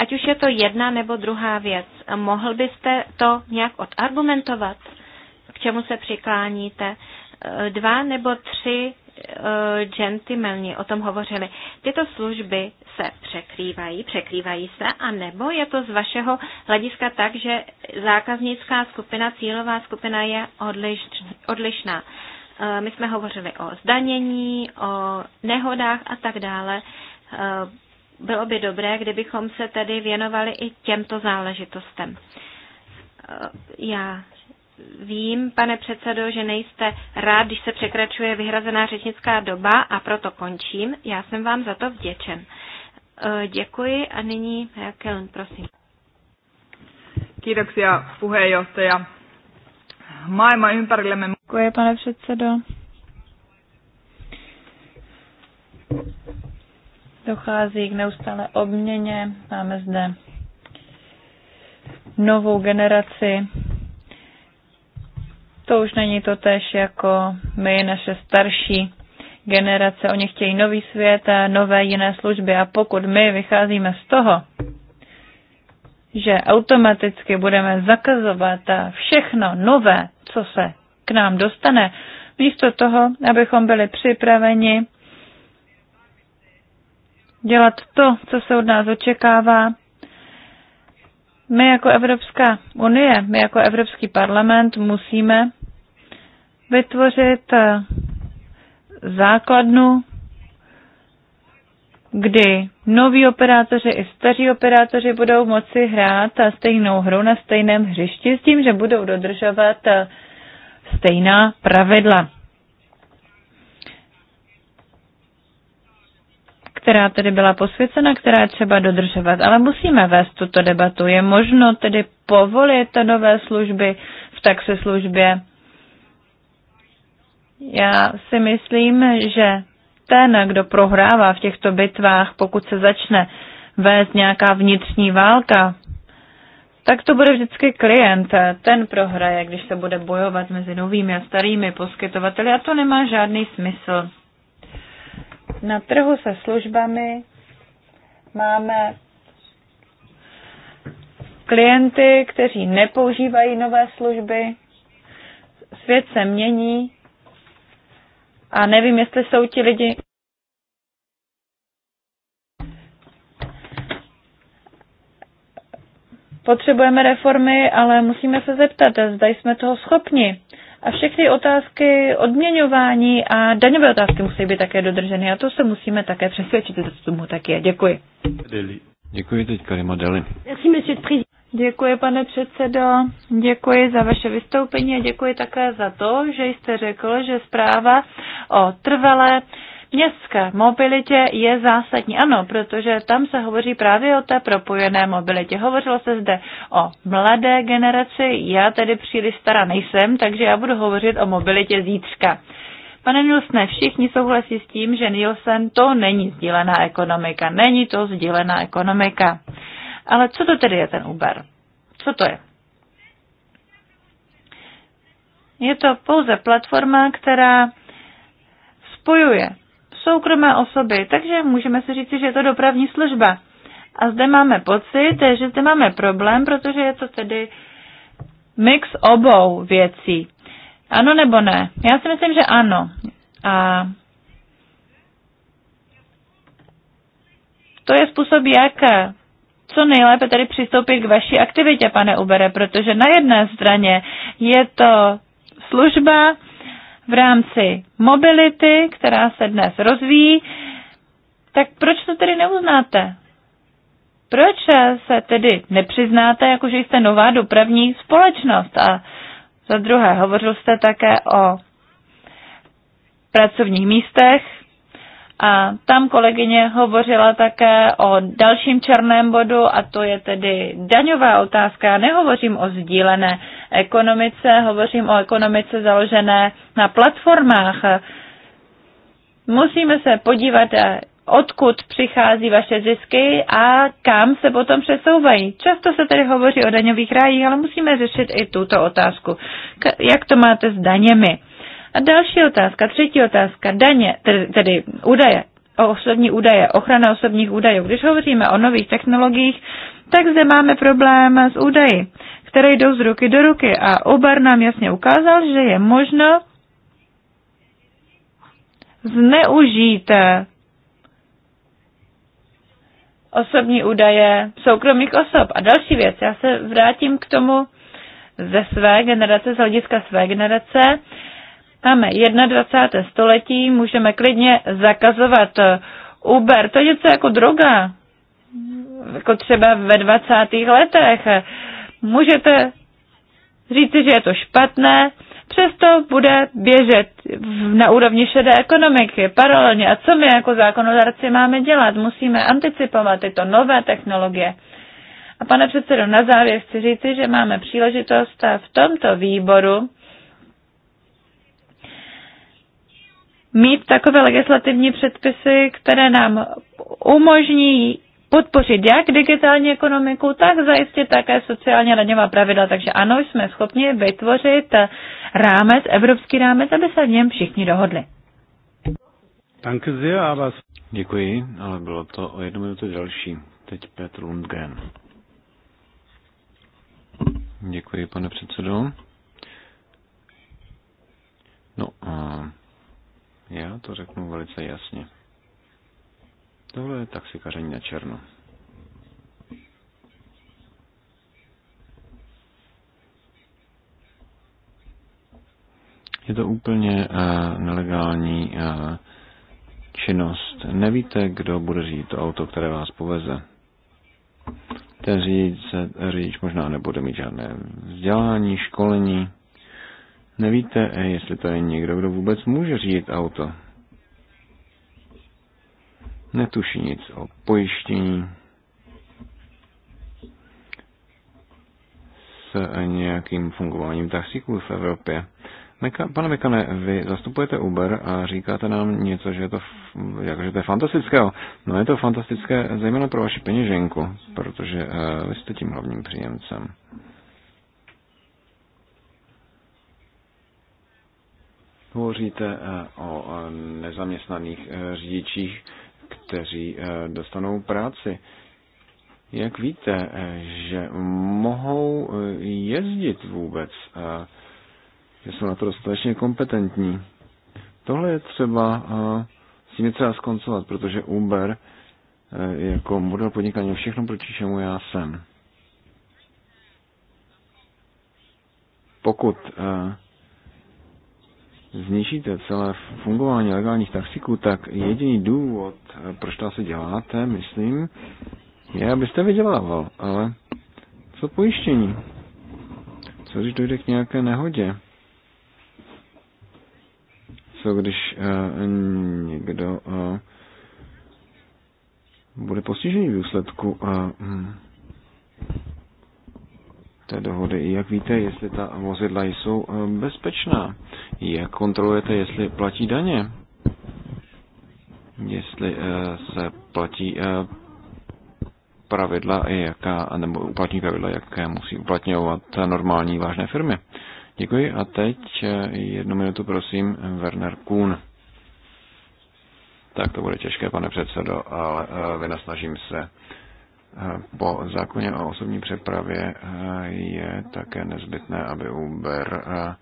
Ať už je to jedna nebo druhá věc, mohl byste to nějak odargumentovat? K čemu se přikláníte? Eh, dva nebo tři eh, gentlemani o tom hovořili. Tyto služby se překrývají, překrývají se, a nebo je to z vašeho hlediska tak, že zákaznická skupina, cílová skupina je odliš, odlišná. Eh, my jsme hovořili o zdanění, o nehodách a tak dále. Eh, bylo by dobré, kdybychom se tedy věnovali i těmto záležitostem. Eh, já vím, pane předsedo, že nejste rád, když se překračuje vyhrazená řečnická doba a proto končím. Já jsem vám za to vděčen. Děkuji a nyní Kellen, prosím. Kiitoksia puheenjohtaja maailma ympärillemme. Děkuji, pane předsedo. Dochází k neustále obměně. Máme zde novou generaci. To už není to tež jako my, naše starší generace. Oni chtějí nový svět a nové jiné služby. A pokud my vycházíme z toho, že automaticky budeme zakazovat všechno nové, co se k nám dostane, místo toho, abychom byli připraveni dělat to, co se od nás očekává. My jako Evropská unie, my jako Evropský parlament musíme vytvořit eh, základnu kdy noví operátoři i staří operátoři budou moci hrát stejnou hru na stejném hřišti s tím, že budou dodržovat eh, stejná pravidla, která tedy byla posvěcena, která je třeba dodržovat. Ale musíme vést tuto debatu. Je možno tedy povolit nové služby v taxislužbě? Já si myslím, že ten, kdo prohrává v těchto bitvách, pokud se začne vést nějaká vnitřní válka, tak to bude vždycky klient. Ten prohraje, když se bude bojovat mezi novými a starými poskytovateli a to nemá žádný smysl. Na trhu se službami máme klienty, kteří nepoužívají nové služby. Svět se mění a nevím, jestli jsou ti lidi... Potřebujeme reformy, ale musíme se zeptat, zda jsme toho schopni. A všechny otázky odměňování a daňové otázky musí být také dodrženy. A to se musíme také přesvědčit, že to tomu tak je. Děkuji. Děkuji teď Karima Deli. Děkuji, pane předsedo. Děkuji za vaše vystoupení a děkuji také za to, že jste řekl, že zpráva o trvalé městské mobilitě je zásadní. Ano, protože tam se hovoří právě o té propojené mobilitě. Hovořilo se zde o mladé generaci, já tedy příliš stará nejsem, takže já budu hovořit o mobilitě zítřka. Pane Nilsne, všichni souhlasí s tím, že Nielsen to není sdílená ekonomika. Není to sdílená ekonomika. Ale co to tedy je ten Uber? Co to je? Je to pouze platforma, která spojuje soukromé osoby, takže můžeme si říct, že je to dopravní služba. A zde máme pocit, že zde máme problém, protože je to tedy mix obou věcí. Ano nebo ne? Já si myslím, že ano. A to je způsob, jak co nejlépe tady přistoupit k vaší aktivitě, pane Ubere, protože na jedné straně je to služba v rámci mobility, která se dnes rozvíjí, tak proč to tedy neuznáte? Proč se tedy nepřiznáte, jakože jste nová dopravní společnost? A za druhé, hovořil jste také o pracovních místech, a tam kolegyně hovořila také o dalším černém bodu, a to je tedy daňová otázka. Já nehovořím o sdílené ekonomice, hovořím o ekonomice založené na platformách. Musíme se podívat, odkud přichází vaše zisky a kam se potom přesouvají. Často se tedy hovoří o daňových rájích, ale musíme řešit i tuto otázku. Jak to máte s daněmi? A další otázka, třetí otázka, daně, tedy, tedy údaje, o osobní údaje, ochrana osobních údajů. Když hovoříme o nových technologiích, tak zde máme problém s údaji, které jdou z ruky do ruky a Uber nám jasně ukázal, že je možno zneužít eh, osobní údaje soukromých osob. A další věc, já se vrátím k tomu ze své generace, z hlediska své generace. Máme 21. století, můžeme klidně zakazovat Uber. To je něco jako droga, jako třeba ve 20. letech. Můžete říci, že je to špatné, přesto bude běžet na úrovni šedé ekonomiky paralelně. A co my jako zákonodárci máme dělat? Musíme anticipovat tyto nové technologie. A pane předsedo, na závěr chci říci, že máme příležitost v tomto výboru mít takové legislativní předpisy, které nám umožní podpořit jak digitální ekonomiku, tak zajistit také sociálně daňová pravidla. Takže ano, jsme schopni vytvořit rámec, evropský rámec, aby se v něm všichni dohodli. Děkuji, ale bylo to o jednu minutu další. Teď Petr Lundgren. Děkuji, pane předsedo. No, a já to řeknu velice jasně. Tohle je taxikaření na černo. Je to úplně uh, nelegální uh, činnost. Nevíte, kdo bude řídit to auto, které vás poveze. Ten řidič, řidič možná nebude mít žádné vzdělání, školení. Nevíte, jestli to je někdo, kdo vůbec může řídit auto. Netuší nic o pojištění. S nějakým fungováním taxíků v Evropě. Meka, pane Mekane, vy zastupujete Uber a říkáte nám něco, že je to, jako, že to je fantastické. No je to fantastické zejména pro vaši peněženku, protože uh, vy jste tím hlavním příjemcem. Hovoříte eh, o nezaměstnaných eh, řidičích, kteří eh, dostanou práci. Jak víte, že mohou jezdit vůbec, že jsou na to dostatečně kompetentní? Tohle je třeba, s tím je třeba skoncovat, protože Uber jako model podnikání všechno, proti čemu já jsem. Pokud zničíte celé fungování legálních taxiků, tak jediný důvod, proč to asi děláte, myslím, je, abyste vydělával. Ale co pojištění? Co když dojde k nějaké nehodě? Co když uh, někdo uh, bude postižený v důsledku uh, té dohody. Jak víte, jestli ta vozidla jsou eh, bezpečná? Jak kontrolujete, jestli platí daně? Jestli eh, se platí eh, pravidla, jaká, nebo uplatní pravidla, jaké musí uplatňovat normální vážné firmy. Děkuji a teď jednu minutu prosím Werner Kuhn. Tak to bude těžké, pane předsedo, ale vynasnažím se po zákoně o osobní přepravě eh, je také nezbytné, aby Uber eh,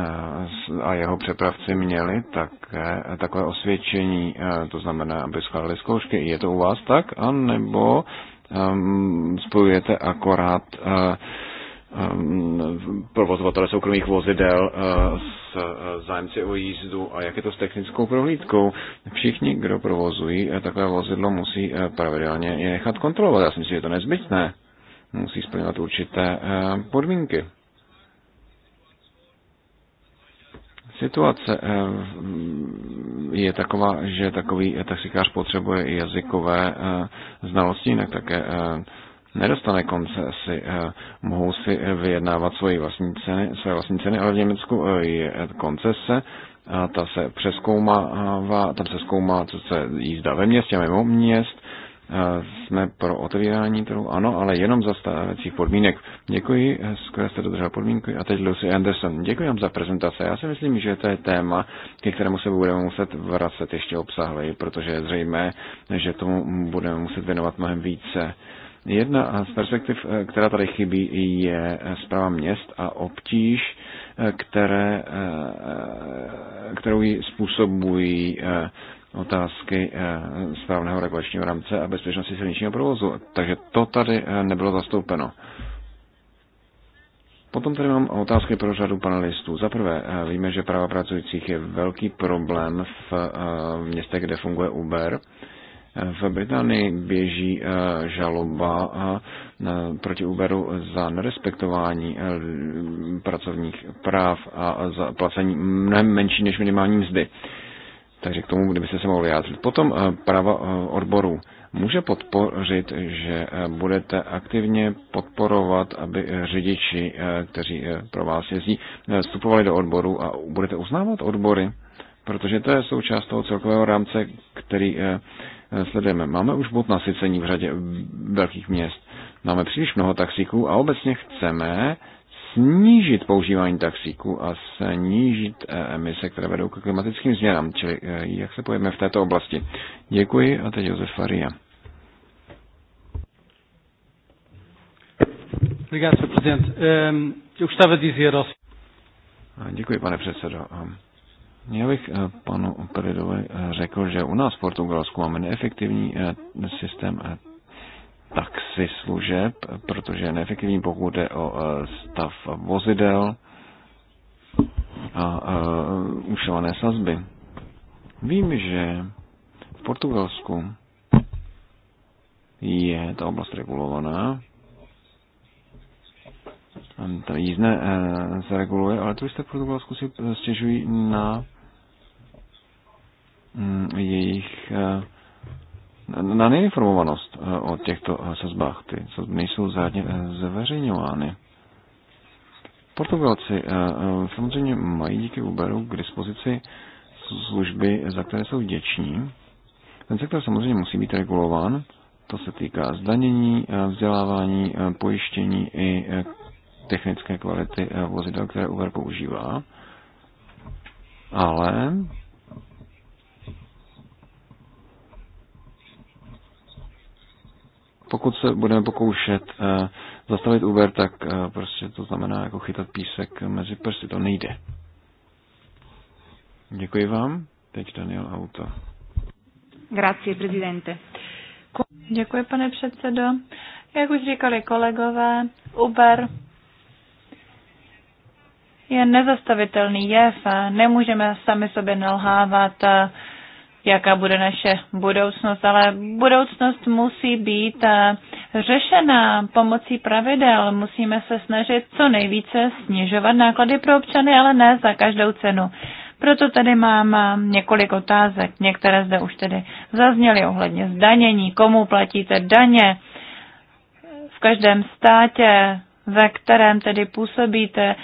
eh, a jeho přepravci měli také takové osvědčení, to znamená, aby schválili zkoušky. Je to u vás tak, anebo ehm, spojujete akorát Ehm, provozovatele soukromých vozidel eh, s eh, zájemci o jízdu a jak je to s technickou prohlídkou. Všichni, kdo provozují eh, takové vozidlo, musí pravidelně je nechat kontrolovat. Já si myslím, že je to nezbytné. Musí splňovat určité podmínky. Situace je taková, že takový taxikář potřebuje i jazykové znalosti, jinak také nedostane konce, si eh, mohou si eh, vyjednávat své vlastní ceny, své vlastní ceny, ale v Německu eh, je koncese a ta se přeskoumává, tam se zkoumá, co se jízda ve městě a mimo měst. Jsme pro otevírání trhu, ano, ale jenom za stávajících podmínek. Děkuji, skvěle jste dodržel podmínky. A teď Lucy Anderson, děkuji vám za prezentaci. Já si myslím, že to je téma, ke kterému se budeme muset vracet ještě obsahleji, protože je zřejmé, že tomu budeme muset věnovat mnohem více Jedna z perspektiv, eh, která tady chybí, je eh, zpráva měst a obtíž, eh, které, kterou ji způsobují otázky správného regulačního rámce a bezpečnosti silničního provozu. Takže to tady nebylo zastoupeno. Potom tady mám otázky pro řadu panelistů. Za prvé, víme, že práva pracujících je velký problém v městech, kde funguje Uber. V Británii běží eh, žaloba eh, proti Uberu za nerespektování eh, pracovních práv a za placení mnohem menší než minimální mzdy. Takže k tomu kdybyste se mohli vyjádřit. Potom práva odborů může podpořit, že budete aktivně podporovat, aby řidiči, kteří pro vás jezdí, vstupovali do odboru a budete uznávat odbory, protože to je součást toho celkového rámce, který Eh, sledujeme. Máme už bod nasycení v řadě velkých měst. Máme příliš mnoho taxíků a obecně chceme snížit používání taxíků a snížit eh, emise, které vedou k klimatickým změnám. Čili eh, jak se pojeme v této oblasti? Děkuji a teď Josef Faria. Obrigado, Sr. Presidente. Ehm, eu gostava de dizer ao Děkuji, pane předsedo. Ehm, já bych eh, panu Peridovi eh, řekl, že u nás v Portugalsku máme neefektivní eh, systém taxi služeb, protože je neefektivní, pokud jde o stav vozidel a ušované sazby. Vím, že v Portugalsku je ta oblast regulovaná. To jízdné se reguluje, ale turisté v Portugalsku si stěžují na Mm, jejich eh, na neinformovanost eh, o těchto eh, sazbách. Ty sazby nejsou zádně zveřejňovány. Portugalci samozřejmě mají díky Uberu k dispozici služby, za které jsou děční. Ten sektor samozřejmě musí být regulován. To se týká zdanění, vzdělávání, pojištění i technické kvality vozidel, které Uber používá. Ale pokud se budeme pokoušet eh, zastavit Uber, tak eh, prostě to znamená jako chytat písek mezi prsty, to nejde. Děkuji vám. Teď Daniel Auto. Grazie, prezidente. Děkuji, pane předsedo. Jak už říkali kolegové, Uber je nezastavitelný jev. Nemůžeme sami sobě nalhávat jaká bude naše budoucnost, ale budoucnost musí být eh, řešena pomocí pravidel. Musíme se snažit co nejvíce snižovat náklady pro občany, ale ne za každou cenu. Proto tady mám eh, několik otázek. Některé zde už tedy zazněly ohledně zdanění, komu platíte daně v každém státě, ve kterém tedy působíte,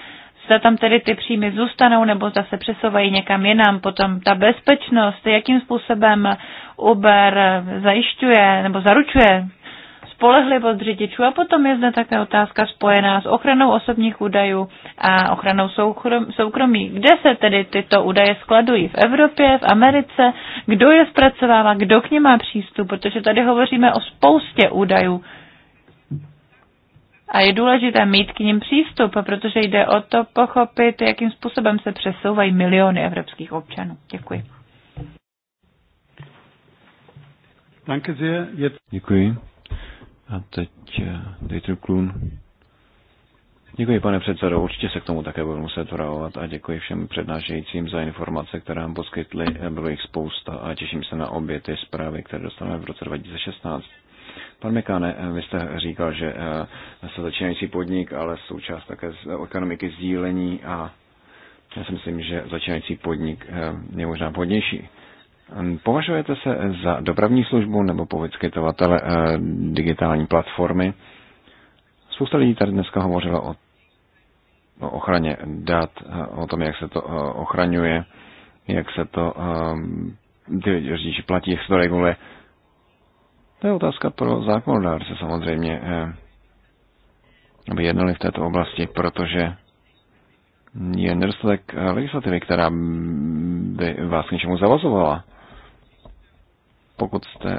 Zda tam tedy ty příjmy zůstanou nebo zda se přesouvají někam jinam. Potom ta bezpečnost, jakým způsobem Uber zajišťuje nebo zaručuje spolehlivost řidičů a potom je zde také otázka spojená s ochranou osobních údajů a ochranou soukromí. Kde se tedy tyto údaje skladují? V Evropě, v Americe? Kdo je zpracovává? Kdo k ním má přístup? Protože tady hovoříme o spoustě údajů a je důležité mít k ním přístup, protože jde o to pochopit, jakým způsobem se přesouvají miliony evropských občanů. Děkuji. Děkuji. A teď eh, Dieter Klun. Děkuji, pane předsedo. Určitě se k tomu také budu muset vrahovat a děkuji všem přednášejícím za informace, které nám poskytly. Bylo jich spousta a těším se na obě ty zprávy, které dostaneme v roce 2016. Pan Mekane, eh, vy jste říkal, že eh, se začínající podnik, ale součást také z eh, ekonomiky sdílení a já si myslím, že začínající podnik je možná podnější. Ehm, považujete se za dopravní službu nebo poskytovatele digitální platformy? Spousta lidí tady dneska hovořilo o, o ochraně dat, o tom, jak se to ochraňuje, jak se to ehm, ty řidiči platí, jak se to reguluje. To je otázka pro zákonodárce samozřejmě, eh, aby jednali v této oblasti, protože je nedostatek legislativy, která by vás k něčemu zavazovala. Pokud jste eh,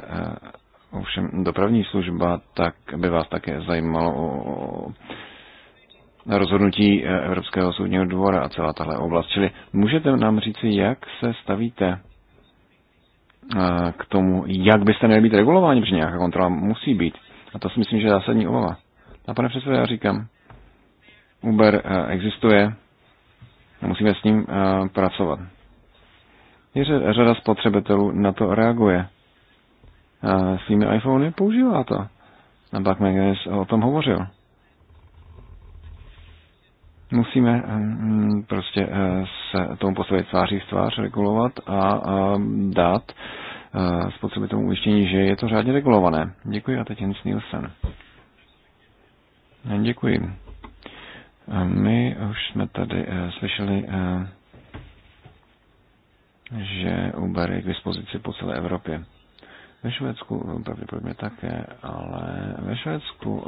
ovšem dopravní služba, tak by vás také zajímalo o rozhodnutí eh, Evropského soudního dvora a celá tahle oblast. Čili můžete nám říci, jak se stavíte Eh, k tomu, jak byste měli být regulováni, protože nějaká kontrola musí být. A to si myslím, že je zásadní obava. A pane předsedo, já říkám, Uber eh, existuje a musíme s ním eh, pracovat. Je řada spotřebitelů na to reaguje. A svými iPhony používá to. A Buck McGinnis o tom hovořil. Musíme mm, prostě eh, se tomu postavit tváří v tvář, regulovat a dát eh, tomu ujištění, že je to řádně regulované. Děkuji a teď Jens Nielsen. No, děkuji. My už jsme tady eh, slyšeli, že Uber je k dispozici po celé Evropě. Ve Švédsku pravděpodobně také, ale ve Švédsku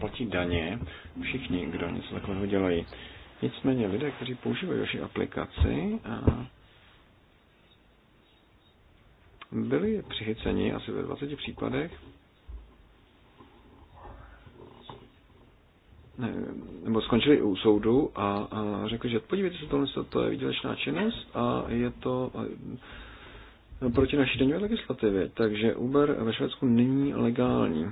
platí daně, všichni, kdo něco takového dělají. Nicméně lidé, kteří používají vaši aplikaci, a byli přichyceni asi ve 20 případech, ne, nebo skončili u soudu a, a řekli, že podívejte se, tohle to je výdělečná činnost a je to proti naší daňové legislativě, takže Uber ve Švédsku není legální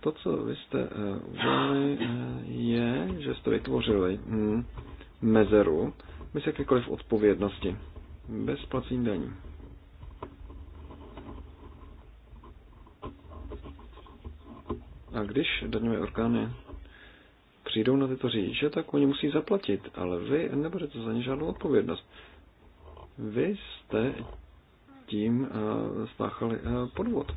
to, co vy jste eh, udělali, eh, je, že jste vytvořili hm, mezeru bez jakékoliv odpovědnosti, bez placení daní. A když daňové orgány přijdou na tyto řidiče, tak oni musí zaplatit, ale vy nebudete za ně žádnou odpovědnost. Vy jste tím eh, spáchali podvod.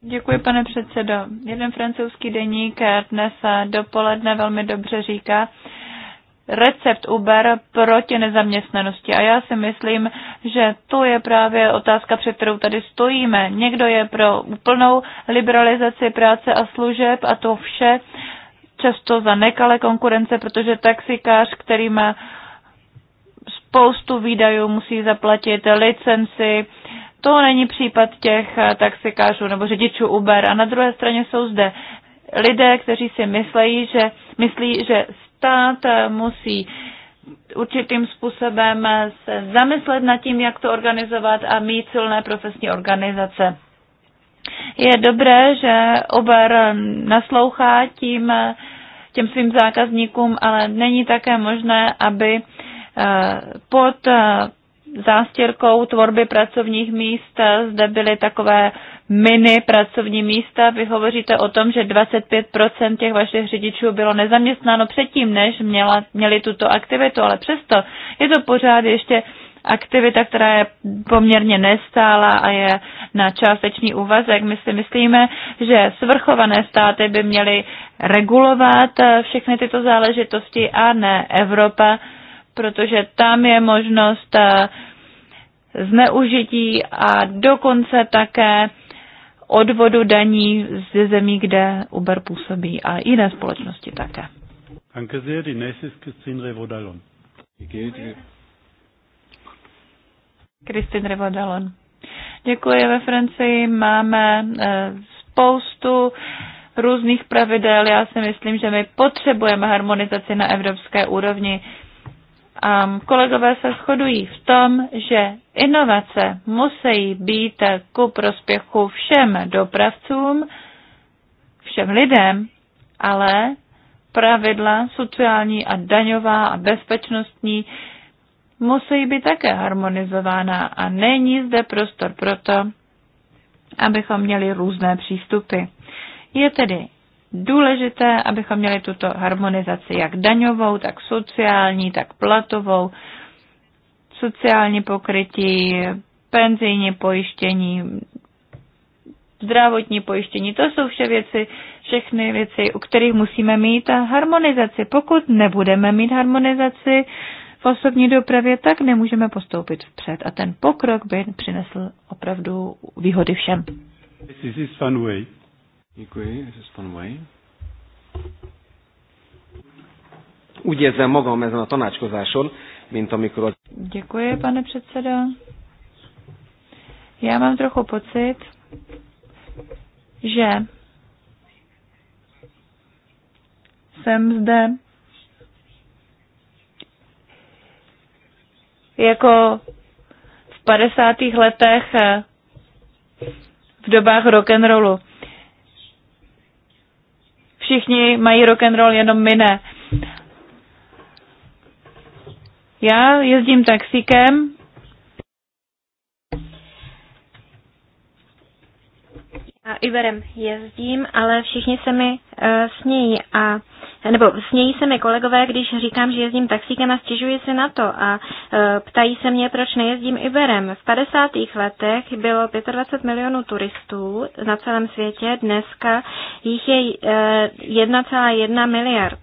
Děkuji, pane předsedo. Jeden francouzský deník dnes dopoledne velmi dobře říká, recept Uber proti nezaměstnanosti. A já si myslím, že to je právě otázka, před kterou tady stojíme. Někdo je pro úplnou liberalizaci práce a služeb a to vše často za nekalé konkurence, protože taxikář, který má spoustu výdajů, musí zaplatit licenci, to není případ těch eh, taxikářů nebo řidičů Uber. A na druhé straně jsou zde lidé, kteří si myslí, že, myslí, že stát eh, musí určitým způsobem eh, se zamyslet nad tím, jak to organizovat a mít silné profesní organizace. Je dobré, že Uber naslouchá tím, těm svým zákazníkům, ale není také možné, aby pod zástěrkou tvorby pracovních míst zde byly takové mini pracovní místa. Vy hovoříte o tom, že 25% těch vašich řidičů bylo nezaměstnáno předtím, než měla, měli tuto aktivitu, ale přesto je to pořád ještě aktivita, která je poměrně nestála a je na částečný úvazek. My si myslíme, že svrchované státy by měly regulovat eh, všechny tyto záležitosti a ne Evropa protože tam je možnost eh, zneužití a dokonce také odvodu daní ze zemí, kde Uber působí a jiné společnosti také. Kristin sehr. Revodalon. Děkuji. Ve Francii máme eh, spoustu různých pravidel. Já si myslím, že my potřebujeme harmonizaci na evropské úrovni a kolegové se shodují v tom, že inovace musí být ku prospěchu všem dopravcům, všem lidem, ale pravidla sociální a daňová a bezpečnostní musí být také harmonizována a není zde prostor pro to, abychom měli různé přístupy. Je tedy důležité, abychom měli tuto harmonizaci jak daňovou, tak sociální, tak platovou, sociální pokrytí, penzijní pojištění, zdravotní pojištění. To jsou vše věci, všechny věci, u kterých musíme mít harmonizaci. Pokud nebudeme mít harmonizaci v osobní dopravě, tak nemůžeme postoupit vpřed. A ten pokrok by přinesl opravdu výhody všem. This is Děkuji, pan Vaj. Úgy érzem magam ezen a tanácskozáson, mint amikor az... Děkuji, pane předsedo. Já mám trochu pocit, že jsem zde jako v 50. letech v dobách rock'n'rollu všichni mají rock and roll, jenom my ne. Já jezdím taxíkem. A Iverem jezdím, ale všichni se mi uh, eh, snějí a nebo snějí se mi kolegové, když říkám, že jezdím taxíkem a stěžuji se na to a e, ptají se mě, proč nejezdím Iberem. V 50. letech bylo 25 milionů turistů na celém světě, dneska jich je 1,1 e, miliard.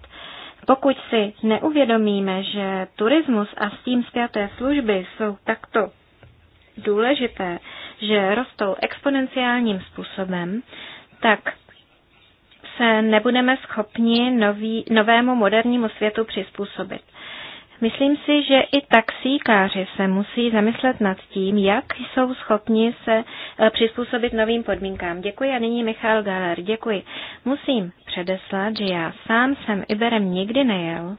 Pokud si neuvědomíme, že turismus a s tím zpěté služby jsou takto důležité, že rostou exponenciálním způsobem, tak se nebudeme schopni nový, novému modernímu světu přizpůsobit. Myslím si, že i taxíkáři se musí zamyslet nad tím, jak jsou schopni se eh, přizpůsobit novým podmínkám. Děkuji a nyní Michal Galer. Děkuji. Musím předeslat, že já sám jsem Iberem nikdy nejel.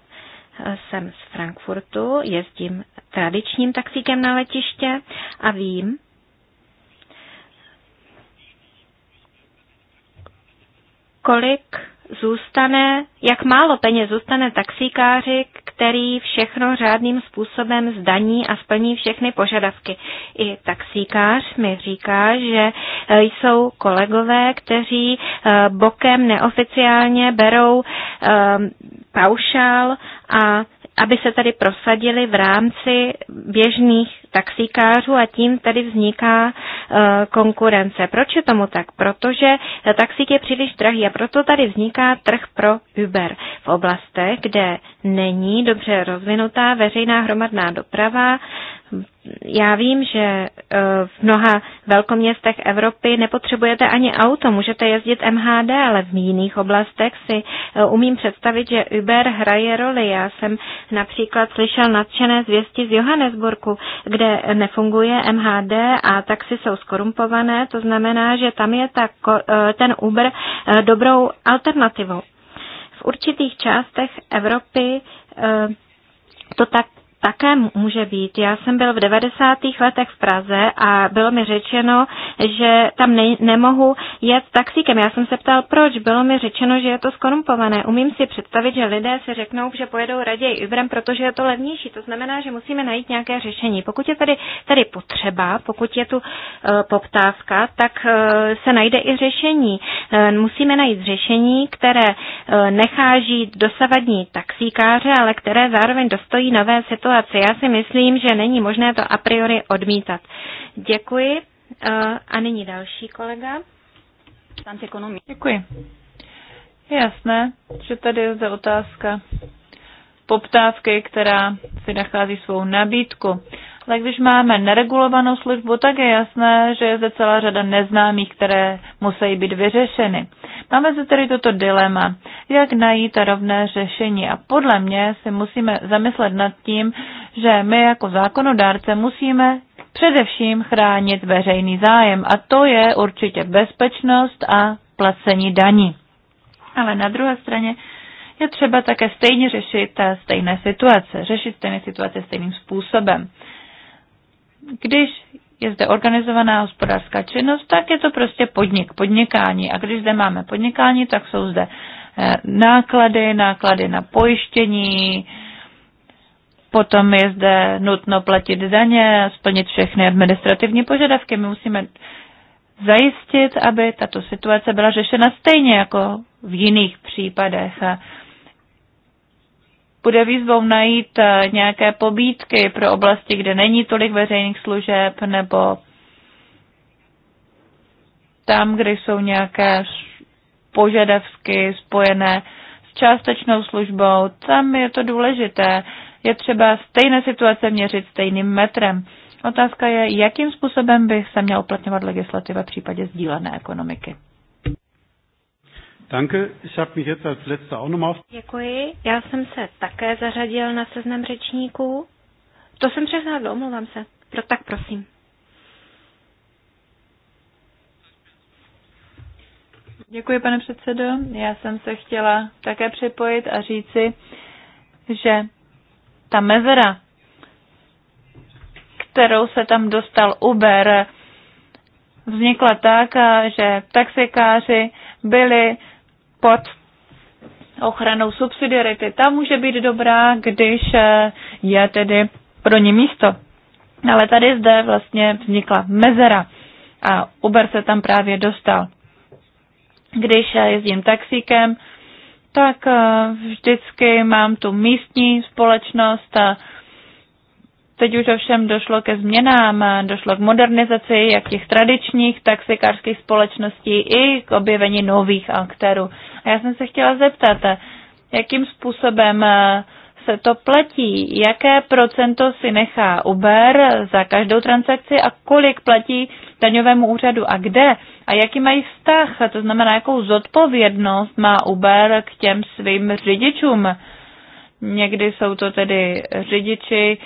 Eh, jsem z Frankfurtu, jezdím tradičním taxíkem na letiště a vím, kolik zůstane, jak málo peněz zůstane taxikáři, který všechno řádným způsobem zdaní a splní všechny požadavky. I taxíkář mi říká, že e, jsou kolegové, kteří e, bokem neoficiálně berou e, paušál a aby se tady prosadili v rámci běžných taxikářů a tím tady vzniká eh, konkurence. Proč je tomu tak? Protože taxík je příliš drahý a proto tady vzniká trh pro Uber v oblastech, kde není dobře rozvinutá veřejná hromadná doprava, já vím, že eh, v mnoha velkoměstech Evropy nepotřebujete ani auto, můžete jezdit MHD, ale v jiných oblastech si eh, umím představit, že Uber hraje roli. Já jsem například slyšel nadšené zvěsti z Johannesburgu, kde nefunguje MHD a taxi jsou skorumpované, to znamená, že tam je ta, eh, ten Uber dobrou alternativou. V určitých částech Evropy to tak také může být. Já jsem byl v 90. letech v Praze a bylo mi řečeno, že tam ne- nemohu jet taxíkem. Já jsem se ptal, proč. Bylo mi řečeno, že je to skorumpované. Umím si představit, že lidé se řeknou, že pojedou raději Uberem, protože je to levnější. To znamená, že musíme najít nějaké řešení. Pokud je tady, tady potřeba, pokud je tu e, poptávka, tak e, se najde i řešení. E, musíme najít řešení, které e, nechá žít dosavadní taxíkáře, ale které zároveň dostojí nové situace situaci. Já si myslím, že není možné to a priori odmítat. Děkuji. Eh, a nyní další kolega. Děkuji. Je jasné, že tady je zde otázka poptávky, která si nachází svou nabídku. Ale když máme neregulovanou službu, tak je jasné, že je zde celá řada neznámých, které musí být vyřešeny. Máme zde tedy toto dilema, jak najít rovné řešení. A podle mě si musíme zamyslet nad tím, že my jako zákonodárce musíme především chránit veřejný zájem. A to je určitě bezpečnost a placení daní. Ale na druhé straně je třeba také stejně řešit eh, stejné situace, řešit stejné situace stejným způsobem. Když je zde organizovaná hospodářská činnost, tak je to prostě podnik, podnikání. A když zde máme podnikání, tak jsou zde eh, náklady, náklady na pojištění, potom je zde nutno platit daně, splnit všechny administrativní požadavky. My musíme zajistit, aby tato situace byla řešena stejně jako v jiných případech bude výzvou najít eh, nějaké pobídky pro oblasti, kde není tolik veřejných služeb nebo tam, kde jsou nějaké požadavky spojené s částečnou službou, tam je to důležité. Je třeba stejné situace měřit stejným metrem. Otázka je, jakým způsobem by se měla uplatňovat legislativa v případě sdílené ekonomiky. Danke, ich habe mich jetzt als letzter auch nochmal Děkuji, já jsem se také zařadil na seznam řečníků. To jsem přehlédl, omlouvám se. Pro, no tak prosím. Děkuji, pane předsedo. Já jsem se chtěla také připojit a říci, že ta mezera, kterou se tam dostal Uber, vznikla tak, že taxikáři byli pod ochranou subsidiarity. Ta může být dobrá, když eh, je tedy pro ní místo. Ale tady zde vlastně vznikla mezera a Uber se tam právě dostal. Když eh, jezdím taxíkem, tak eh, vždycky mám tu místní společnost a Teď už ovšem došlo ke změnám, došlo k modernizaci jak těch tradičních taxikářských společností i k objevení nových aktérů. A já jsem se chtěla zeptat, jakým způsobem se to platí, jaké procento si nechá Uber za každou transakci a kolik platí daňovému úřadu a kde a jaký mají vztah, a to znamená, jakou zodpovědnost má Uber k těm svým řidičům. Někdy jsou to tedy řidiči,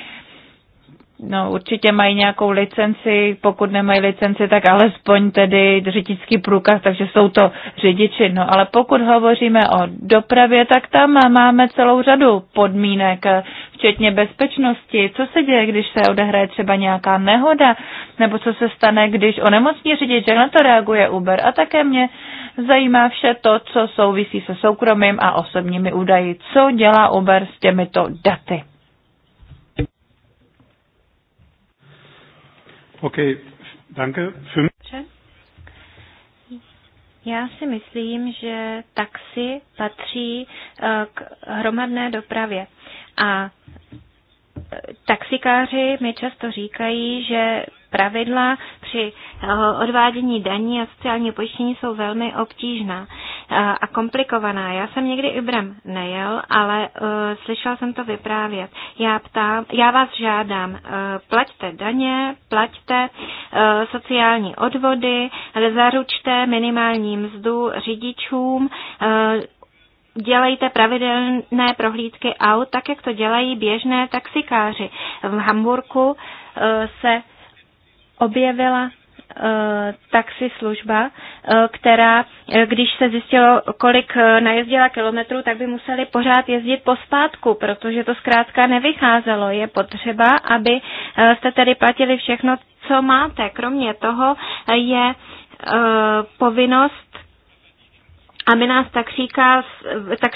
No, určitě mají nějakou licenci, pokud nemají licenci, tak alespoň tedy řidičský průkaz, takže jsou to řidiči. No, ale pokud hovoříme o dopravě, tak tam máme celou řadu podmínek, včetně bezpečnosti. Co se děje, když se odehraje třeba nějaká nehoda, nebo co se stane, když onemocní řidič, jak na to reaguje Uber. A také mě zajímá vše to, co souvisí se soukromým a osobními údaji. Co dělá Uber s těmito daty? Okay, danke. Já si myslím, že taxi patří eh, k hromadné dopravě. A taxikáři mi často říkají, že pravidla při eh, odvádění daní a sociální pojištění jsou velmi obtížná eh, a komplikovaná. Já jsem někdy Ubrem nejel, ale uh, slyšel jsem to vyprávět. Já, ptám, já vás žádám, uh, plaťte daně, plaťte uh, sociální odvody, zaručte minimální mzdu řidičům, uh, dělejte pravidelné prohlídky aut, tak jak to dělají běžné taxikáři. V Hamburku e, se objevila e, taxislužba, e, která, když se zjistilo, kolik najezdila kilometrů, tak by museli pořád jezdit pospátku, protože to zkrátka nevycházelo. Je potřeba, aby jste tedy platili všechno, co máte. Kromě toho je povinnost a my nás tak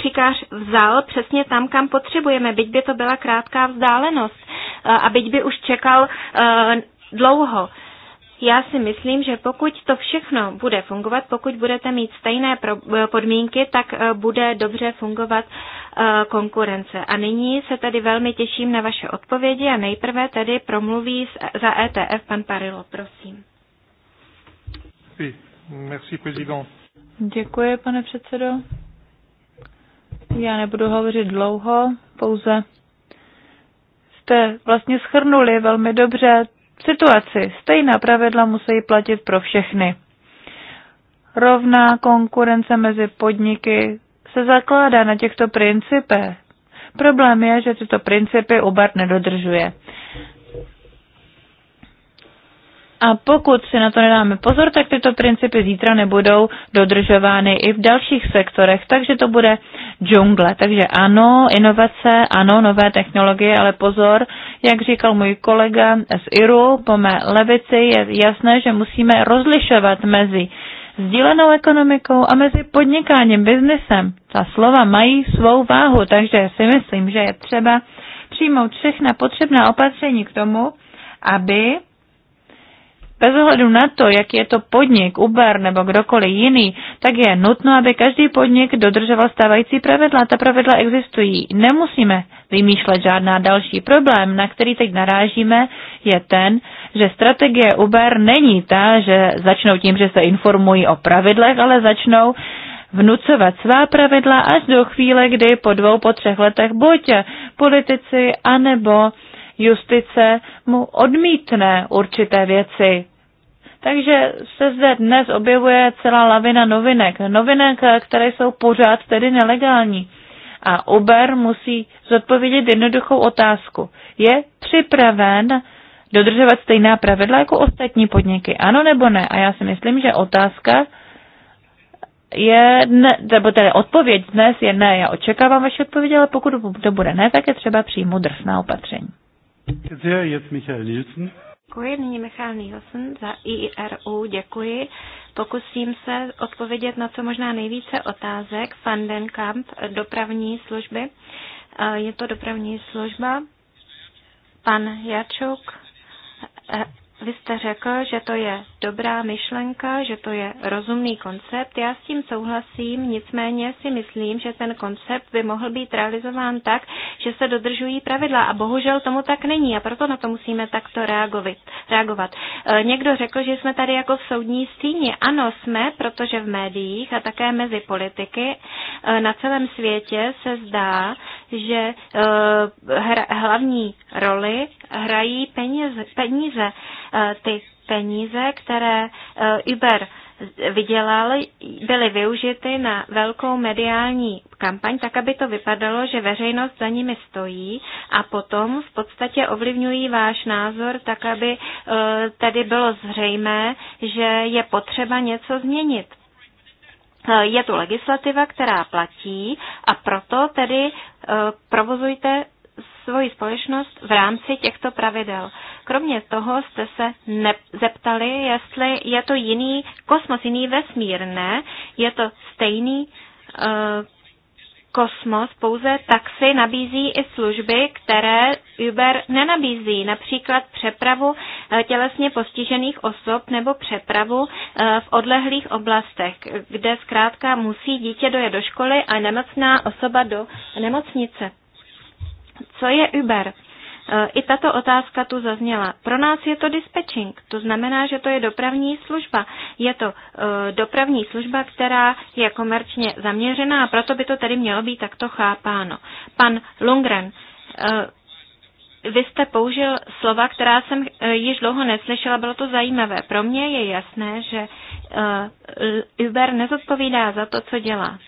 říkáš vzal přesně tam, kam potřebujeme, byť by to byla krátká vzdálenost eh, a byť by už čekal eh, dlouho. Já si myslím, že pokud to všechno bude fungovat, pokud budete mít stejné eh, podmínky, tak bude dobře fungovat konkurence. A nyní se tedy velmi těším na vaše odpovědi a nejprve tedy promluví za ETF pan Parilo, prosím. Oui, merci, président. Děkuji, pane předsedo. Já nebudu hovořit dlouho, pouze jste vlastně schrnuli velmi dobře situaci. Stejná pravidla musí platit pro všechny. Rovná konkurence mezi podniky se zakládá na těchto principech. Problém je, že tyto principy Uber nedodržuje. A pokud si na to nedáme pozor, tak tyto principy zítra nebudou dodržovány i v dalších sektorech, takže to bude džungle. Takže ano, inovace, ano, nové technologie, ale pozor, jak říkal můj kolega z IRU po mé levici, je jasné, že musíme rozlišovat mezi sdílenou ekonomikou a mezi podnikáním, biznesem. Ta slova mají svou váhu, takže si myslím, že je třeba přijmout všechna potřebná opatření k tomu, aby bez ohledu na to, jak je to podnik, Uber nebo kdokoliv jiný, tak je nutno, aby každý podnik dodržoval stávající pravidla. Ta pravidla existují. Nemusíme vymýšlet žádná další. Problém, na který teď narážíme, je ten, že strategie Uber není ta, že začnou tím, že se informují o pravidlech, ale začnou vnucovat svá pravidla až do chvíle, kdy po dvou, po třech letech buď politici anebo justice mu odmítne určité věci takže se zde dnes objevuje celá lavina novinek. Novinek, které jsou pořád tedy nelegální. A Uber musí zodpovědět jednoduchou otázku. Je připraven dodržovat stejná pravidla jako ostatní podniky? Ano nebo ne? A já si myslím, že otázka je, ne, nebo tedy odpověď dnes je ne. Já očekávám vaši odpověď, ale pokud to bude ne, tak je třeba přijmout drsná opatření. Michael Nielsen. Děkuji. Nyní Michal Nielsen za IRU. Děkuji. Pokusím se odpovědět na co možná nejvíce otázek. Fandenkamp, dopravní služby. Je to dopravní služba. Pan Jačuk, vy jste řekl, že to je dobrá myšlenka, že to je rozumný koncept. Já s tím souhlasím, nicméně si myslím, že ten koncept by mohl být realizován tak, že se dodržují pravidla. A bohužel tomu tak není a proto na to musíme takto reagovat. E, někdo řekl, že jsme tady jako v soudní síni. Ano, jsme, protože v médiích a také mezi politiky e, na celém světě se zdá, že eh, hra, hlavní roli hrají peníze. peníze. Eh, ty peníze, které eh, Uber vydělal, byly využity na velkou mediální kampaň, tak aby to vypadalo, že veřejnost za nimi stojí a potom v podstatě ovlivňují váš názor, tak aby tady bylo zřejmé, že je potřeba něco změnit. Je tu legislativa, která platí a proto tedy Eh, provozujte svoji společnost v rámci těchto pravidel. Kromě toho jste se ne- zeptali, jestli je to jiný kosmos, jiný vesmír. Ne, je to stejný eh, Kosmos pouze taxi nabízí i služby, které Uber nenabízí, například přepravu eh, tělesně postižených osob nebo přepravu eh, v odlehlých oblastech, kde zkrátka musí dítě dojet do školy a nemocná osoba do nemocnice. Co je Uber? E, I tato otázka tu zazněla. Pro nás je to dispečing. to znamená, že to je dopravní služba. Je to e, dopravní služba, která je komerčně zaměřená a proto by to tedy mělo být takto chápáno. Pan uh, vy jste použil slova, která jsem již dlouho neslyšela, bylo to zajímavé. Pro mě je jasné, že Uber nezodpovídá za to, co dělá.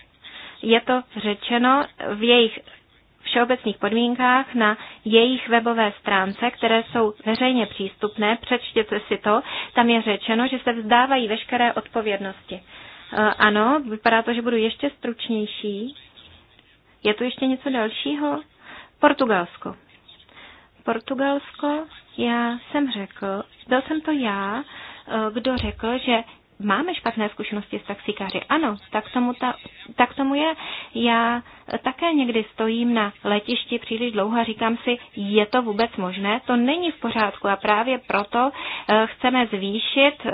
Je to řečeno v jejich všeobecných podmínkách na jejich webové stránce, které jsou veřejně přístupné, přečtěte si to, tam je řečeno, že se vzdávají veškeré odpovědnosti. E, ano, vypadá to, že budu ještě stručnější. Je tu ještě něco dalšího? Portugalsko. Portugalsko, já jsem řekl, byl jsem to já, e, kdo řekl, že máme špatné zkušenosti s taxikáři. Ano, tak tomu, ta, tak tomu je. Já také někdy stojím na letišti příliš dlouho a říkám si, je to vůbec možné? To není v pořádku a právě proto eh, chceme zvýšit eh,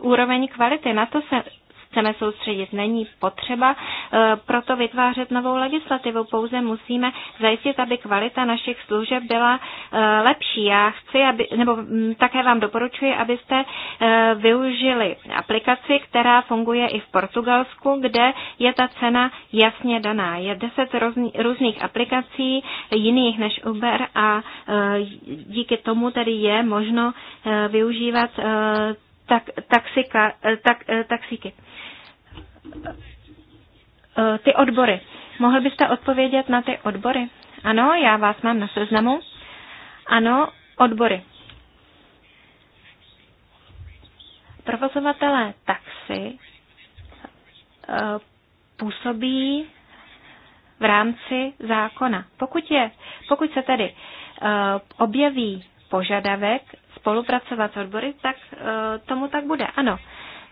úroveň kvality. Na to se chceme soustředit. Není potřeba e, proto vytvářet novou legislativu, pouze musíme zajistit, aby kvalita našich služeb byla e, lepší. Já chci, aby, nebo mm, také vám doporučuji, abyste e, využili aplikaci, která funguje i v Portugalsku, kde je ta cena jasně daná. Je deset různých aplikací, jiných než Uber a díky tomu tedy je možno využívat tak, taxika, eh, tak, eh, taxíky. Eh, ty odbory. Mohl byste odpovědět na ty odbory? Ano, já vás mám na seznamu. Ano, odbory. Provozovatelé taxi působí v rámci zákona. Pokud, je, pokud se tedy objeví požadavek spolupracovat s odbory, tak eh, tomu tak bude. Ano,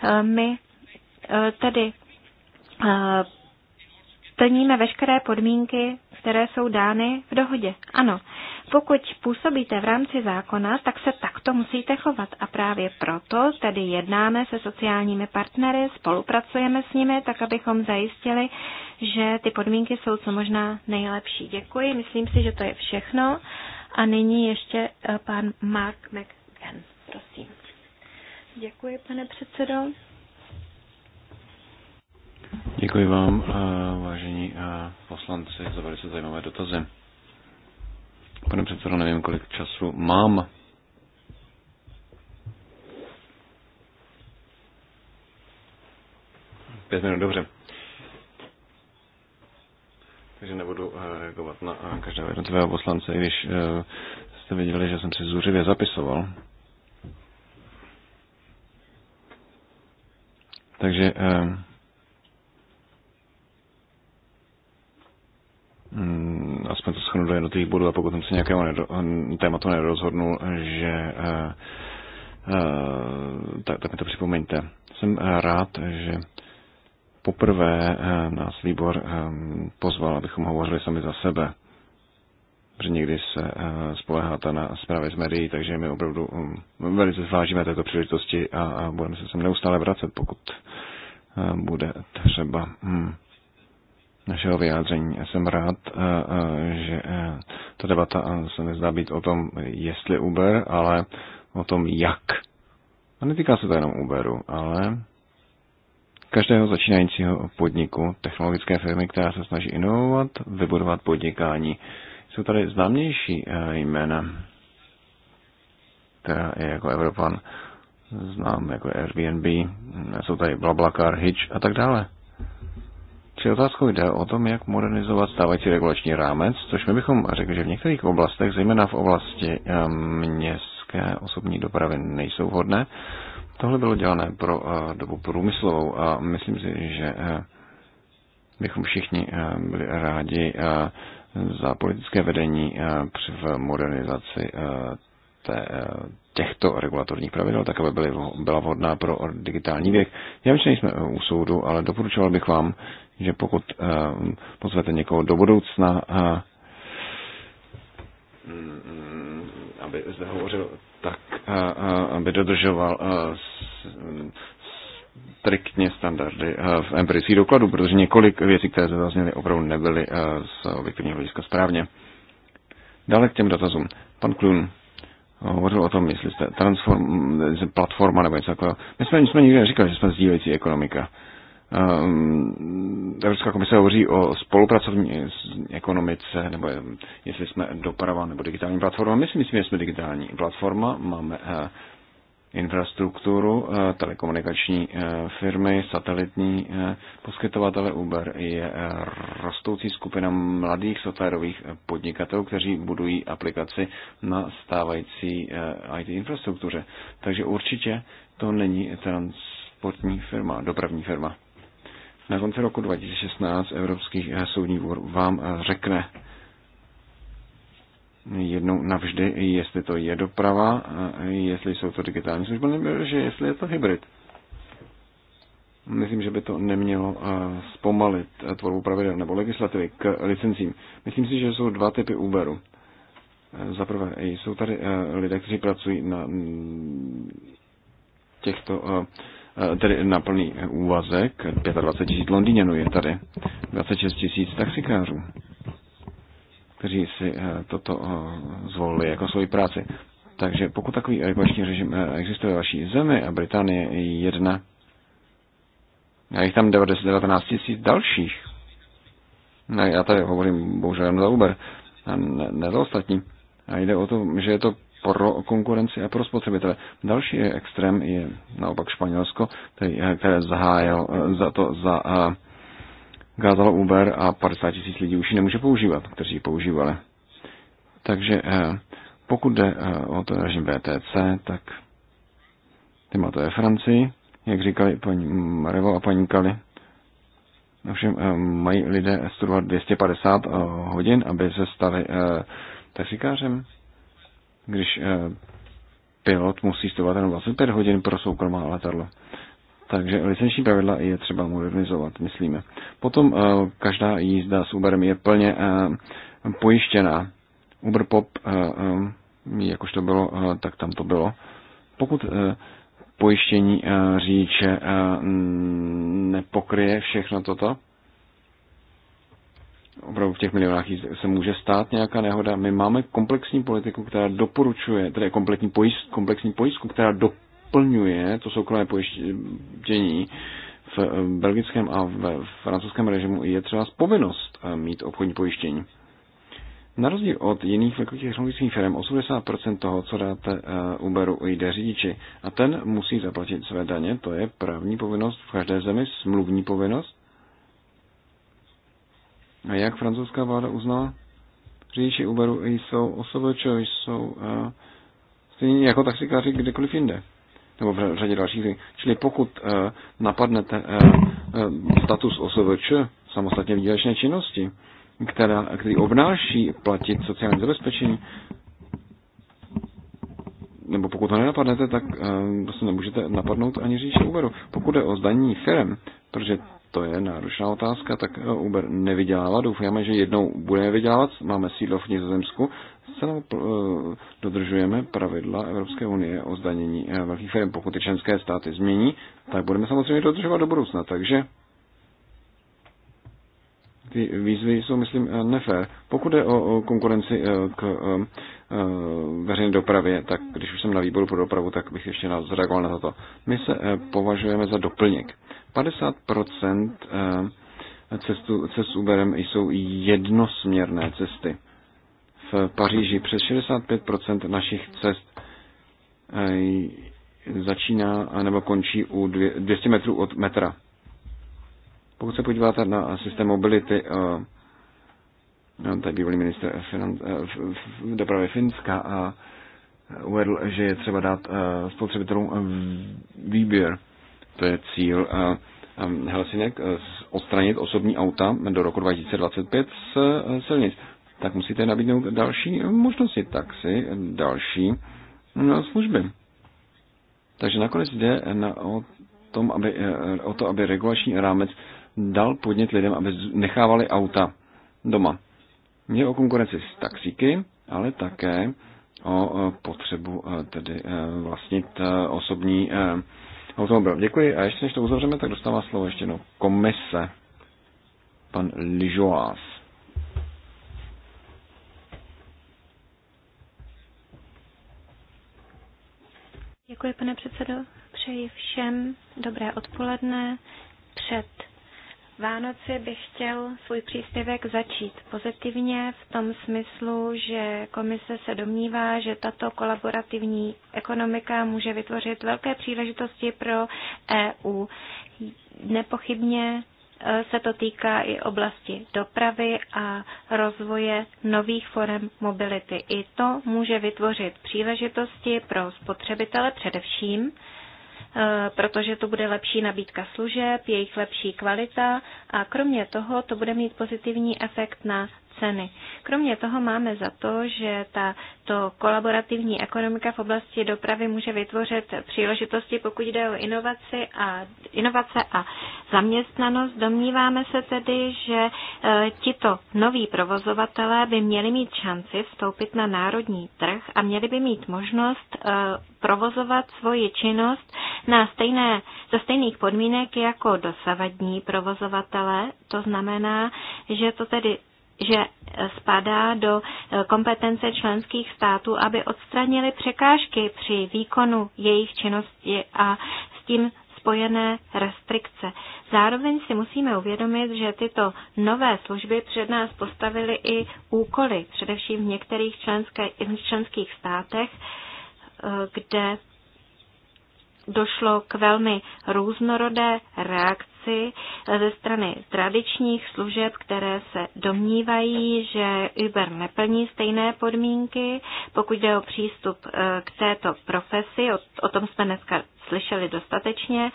eh, my eh, tedy plníme veškeré podmínky, které jsou dány v dohodě. Ano, pokud působíte v rámci zákona, tak se takto musíte chovat a právě proto tedy jednáme se sociálními partnery, spolupracujeme s nimi, tak abychom zajistili, že ty podmínky jsou co možná nejlepší. Děkuji, myslím si, že to je všechno a nyní ještě eh, pan Mark McGann, prosím. Děkuji, pane předsedo. Děkuji vám, eh, vážení eh, poslanci, za velice zajímavé dotazy. Pane předsedo, nevím, kolik času mám. Pět minut, dobře takže nebudu eh, reagovat na eh, každého jednotlivého poslance, i když eh, jste viděli, že jsem si zuřivě zapisoval. Takže mm, aspoň to schrnu do jednotlivých bodů a pokud jsem se nějakého nedo, tématu nerozhodnul, že tak, tak mi to připomeňte. Jsem rád, že poprvé eh, nás výbor eh, pozval, abychom hovořili sami za sebe. Protože někdy se eh, spoleháte na zprávy z médií, takže my opravdu mm, velice zvážíme této příležitosti a budeme se sem neustále vracet, pokud bude třeba mm, našeho vyjádření. Jsem rád, že ta debata se nezdá být o tom, jestli Uber, ale o tom, jak. A netýká se to jenom Uberu, ale každého začínajícího podniku, technologické firmy, která se snaží inovovat, vybudovat podnikání. Jsou tady známější eh, jména, která je jako Evropan znám, jako Airbnb, jsou tady BlaBlaCar, Hitch a tak dále. Při otázkou jde o tom, jak modernizovat stávající regulační rámec, což my bychom řekli, že v některých oblastech, zejména v oblasti eh, městské osobní dopravy, nejsou vhodné. Tohle bylo dělané pro eh, dobu průmyslovou a myslím si, že eh, bychom všichni eh, byli rádi za politické vedení při v modernizaci té, těchto regulatorních pravidel, tak aby byly, byla vhodná pro digitální věk. Já myslím, že nejsme u soudu, ale doporučoval bych vám, že pokud pozvete někoho do budoucna, Mm, aby zde hovořil tak, aby dodržoval striktně standardy v empirických dokladů, protože několik věcí, které se zazněly, opravdu nebyly z objektivního hlediska správně. Dále k těm dotazům. Pan Klun hovořil o tom, jestli jste transform, platforma nebo něco takového. My jsme, my jsme nikdy neříkali, že jsme sdílející ekonomika. Ehm, Evropská komise hovoří o spolupracovní ekonomice, nebo ehm, jestli jsme doprava nebo digitální platforma. My si myslíme, že jsme digitální platforma, máme eh, infrastrukturu, eh, telekomunikační eh, firmy, satelitní poskytovatele Uber je rostoucí skupina mladých softwarových podnikatelů, kteří budují aplikaci na stávající IT infrastruktuře. Takže určitě to není transportní firma, dopravní firma. Na konci roku 2016 Evropský eh, soudní dvůr vám eh, řekne jednou navždy, jestli to je doprava, eh, jestli jsou to digitální služby, nebo že jestli je to hybrid. Myslím, že by to nemělo zpomalit tvorbu pravidel nebo legislativy k licencím. Myslím si, že jsou dva typy Uberu. Za prvé, jsou tady lidé, kteří pracují na mm, těchto Eh, tedy na plný úvazek, 25 tisíc Londýněnů no, je tady, 26 tisíc taxikářů, kteří si eh, toto eh, zvolili jako svoji práci. Takže pokud takový regulační režim existuje v vaší zemi a Británie je jedna, a je tam 19 tisíc dalších. já tady hovořím bohužel jenom za Uber a ne, ne za ostatní. A jde o to, že je to pro konkurenci a pro spotřebitele. Další extrém je naopak Španělsko, eh, které zahájil, eh, za to za eh, gázalo Uber a 50 tisíc lidí už ji nemůže používat, kteří ji používali. Takže pokud jde o to režim BTC, tak téma to je Francii, jak říkali paní Marevo a paní Kali. Ovšem mají lidé studovat 250 hodin, aby se stali taxikářem když eh, pilot musí stovat jenom 25 hodin pro soukromá letadlo, Takže licenční pravidla je třeba modernizovat, myslíme. Potom eh, každá jízda s Uberem je plně eh, pojištěná. Uber Pop, jakož to bylo, tak tam to bylo. Pokud pojištění řidiče nepokryje všechno toto, opravdu v těch milionách se může stát nějaká nehoda. My máme komplexní politiku, která doporučuje, tedy kompletní pojist, komplexní pojistku, která doplňuje to soukromé pojištění v eh, belgickém a v francouzském režimu je třeba povinnost eh, mít obchodní pojištění. Na rozdíl od jiných velkých technologických firm, 80% toho, co dáte eh, Uberu, jde řidiči. A ten musí zaplatit své daně, to je právní povinnost v každé zemi, smluvní povinnost. A jak francouzská vláda uznala? Řidiči Uberu jsou osoby, čo jsou uh, stejně jako taxikáři kdekoliv jinde. Nebo v řadě dalších věcí. Čili pokud uh, napadnete uh, uh, status OSVČ, samostatně výdělečné činnosti, která, který obnáší platit sociální zabezpečení, nebo pokud ho nenapadnete, tak uh, prostě nemůžete napadnout ani říši Uberu. Pokud je o zdanění firm, protože to je náročná otázka, tak eh, Uber nevydělává, doufáme, že jednou bude vydělávat, máme sídlo v Nizozemsku, zcela eh, dodržujeme pravidla Evropské unie o zdanění eh, velkých firm. Pokud ty členské státy změní, tak budeme samozřejmě dodržovat do budoucna, takže ty výzvy jsou, myslím, nefér. Pokud je o konkurenci k veřejné dopravě, tak když už jsem na výboru pro dopravu, tak bych ještě zareagoval na toto. My se považujeme za doplněk 50% eh, cestu, cest Uberem jsou jednosměrné cesty. V Paříži přes 65% našich cest eh, začíná nebo končí u 200 metrů od metra. Pokud se podíváte na systém mobility, eh, no, tady bývalý minister dopravy Finska uvedl, že je třeba dát spotřebitelům výběr to je cíl Helsinek, e, odstranit osobní auta do roku 2025 z e, silnic. Tak musíte nabídnout další možnosti taxi, další mm, služby. Takže nakonec jde na, o, tom, aby, e, o to, aby regulační rámec dal podnět lidem, aby nechávali auta doma. Mě o konkurenci s taxíky, ale také o potřebu tedy vlastnit osobní automobil. No, Děkuji. A ještě než to uzavřeme, tak dostává slovo ještě jednou komise. Pan Ližoás. Děkuji, pane předsedo. Přeji všem dobré odpoledne. Před Vánoci bych chtěl svůj příspěvek začít pozitivně v tom smyslu, že komise se domnívá, že tato kolaborativní ekonomika může vytvořit velké příležitosti pro EU. Nepochybně e, se to týká i oblasti dopravy a rozvoje nových forem mobility. I to může vytvořit příležitosti pro spotřebitele především, Eh, protože to bude lepší nabídka služeb, jejich lepší kvalita a kromě toho to bude mít pozitivní efekt na ceny. Kromě toho máme za to, že ta to kolaborativní ekonomika v oblasti dopravy může vytvořit příležitosti, pokud jde o inovaci a, inovace a zaměstnanost. Domníváme se tedy, že e, tito noví provozovatelé by měli mít šanci vstoupit na národní trh a měli by mít možnost e, provozovat svoji činnost na stejné, za stejných podmínek jako dosavadní provozovatelé. To znamená, že to tedy že eh, spadá do eh, kompetence členských států, aby odstranili překážky při výkonu jejich činnosti a s tím spojené restrikce. Zároveň si musíme uvědomit, že tyto nové služby před nás postavily i úkoly, především v některých členské, členských státech, eh, kde došlo k velmi různorodé reakci ze strany tradičních služeb, které se domnívají, že Uber neplní stejné podmínky, pokud jde o přístup eh, k této profesi, o, o tom jsme dneska slyšeli dostatečně.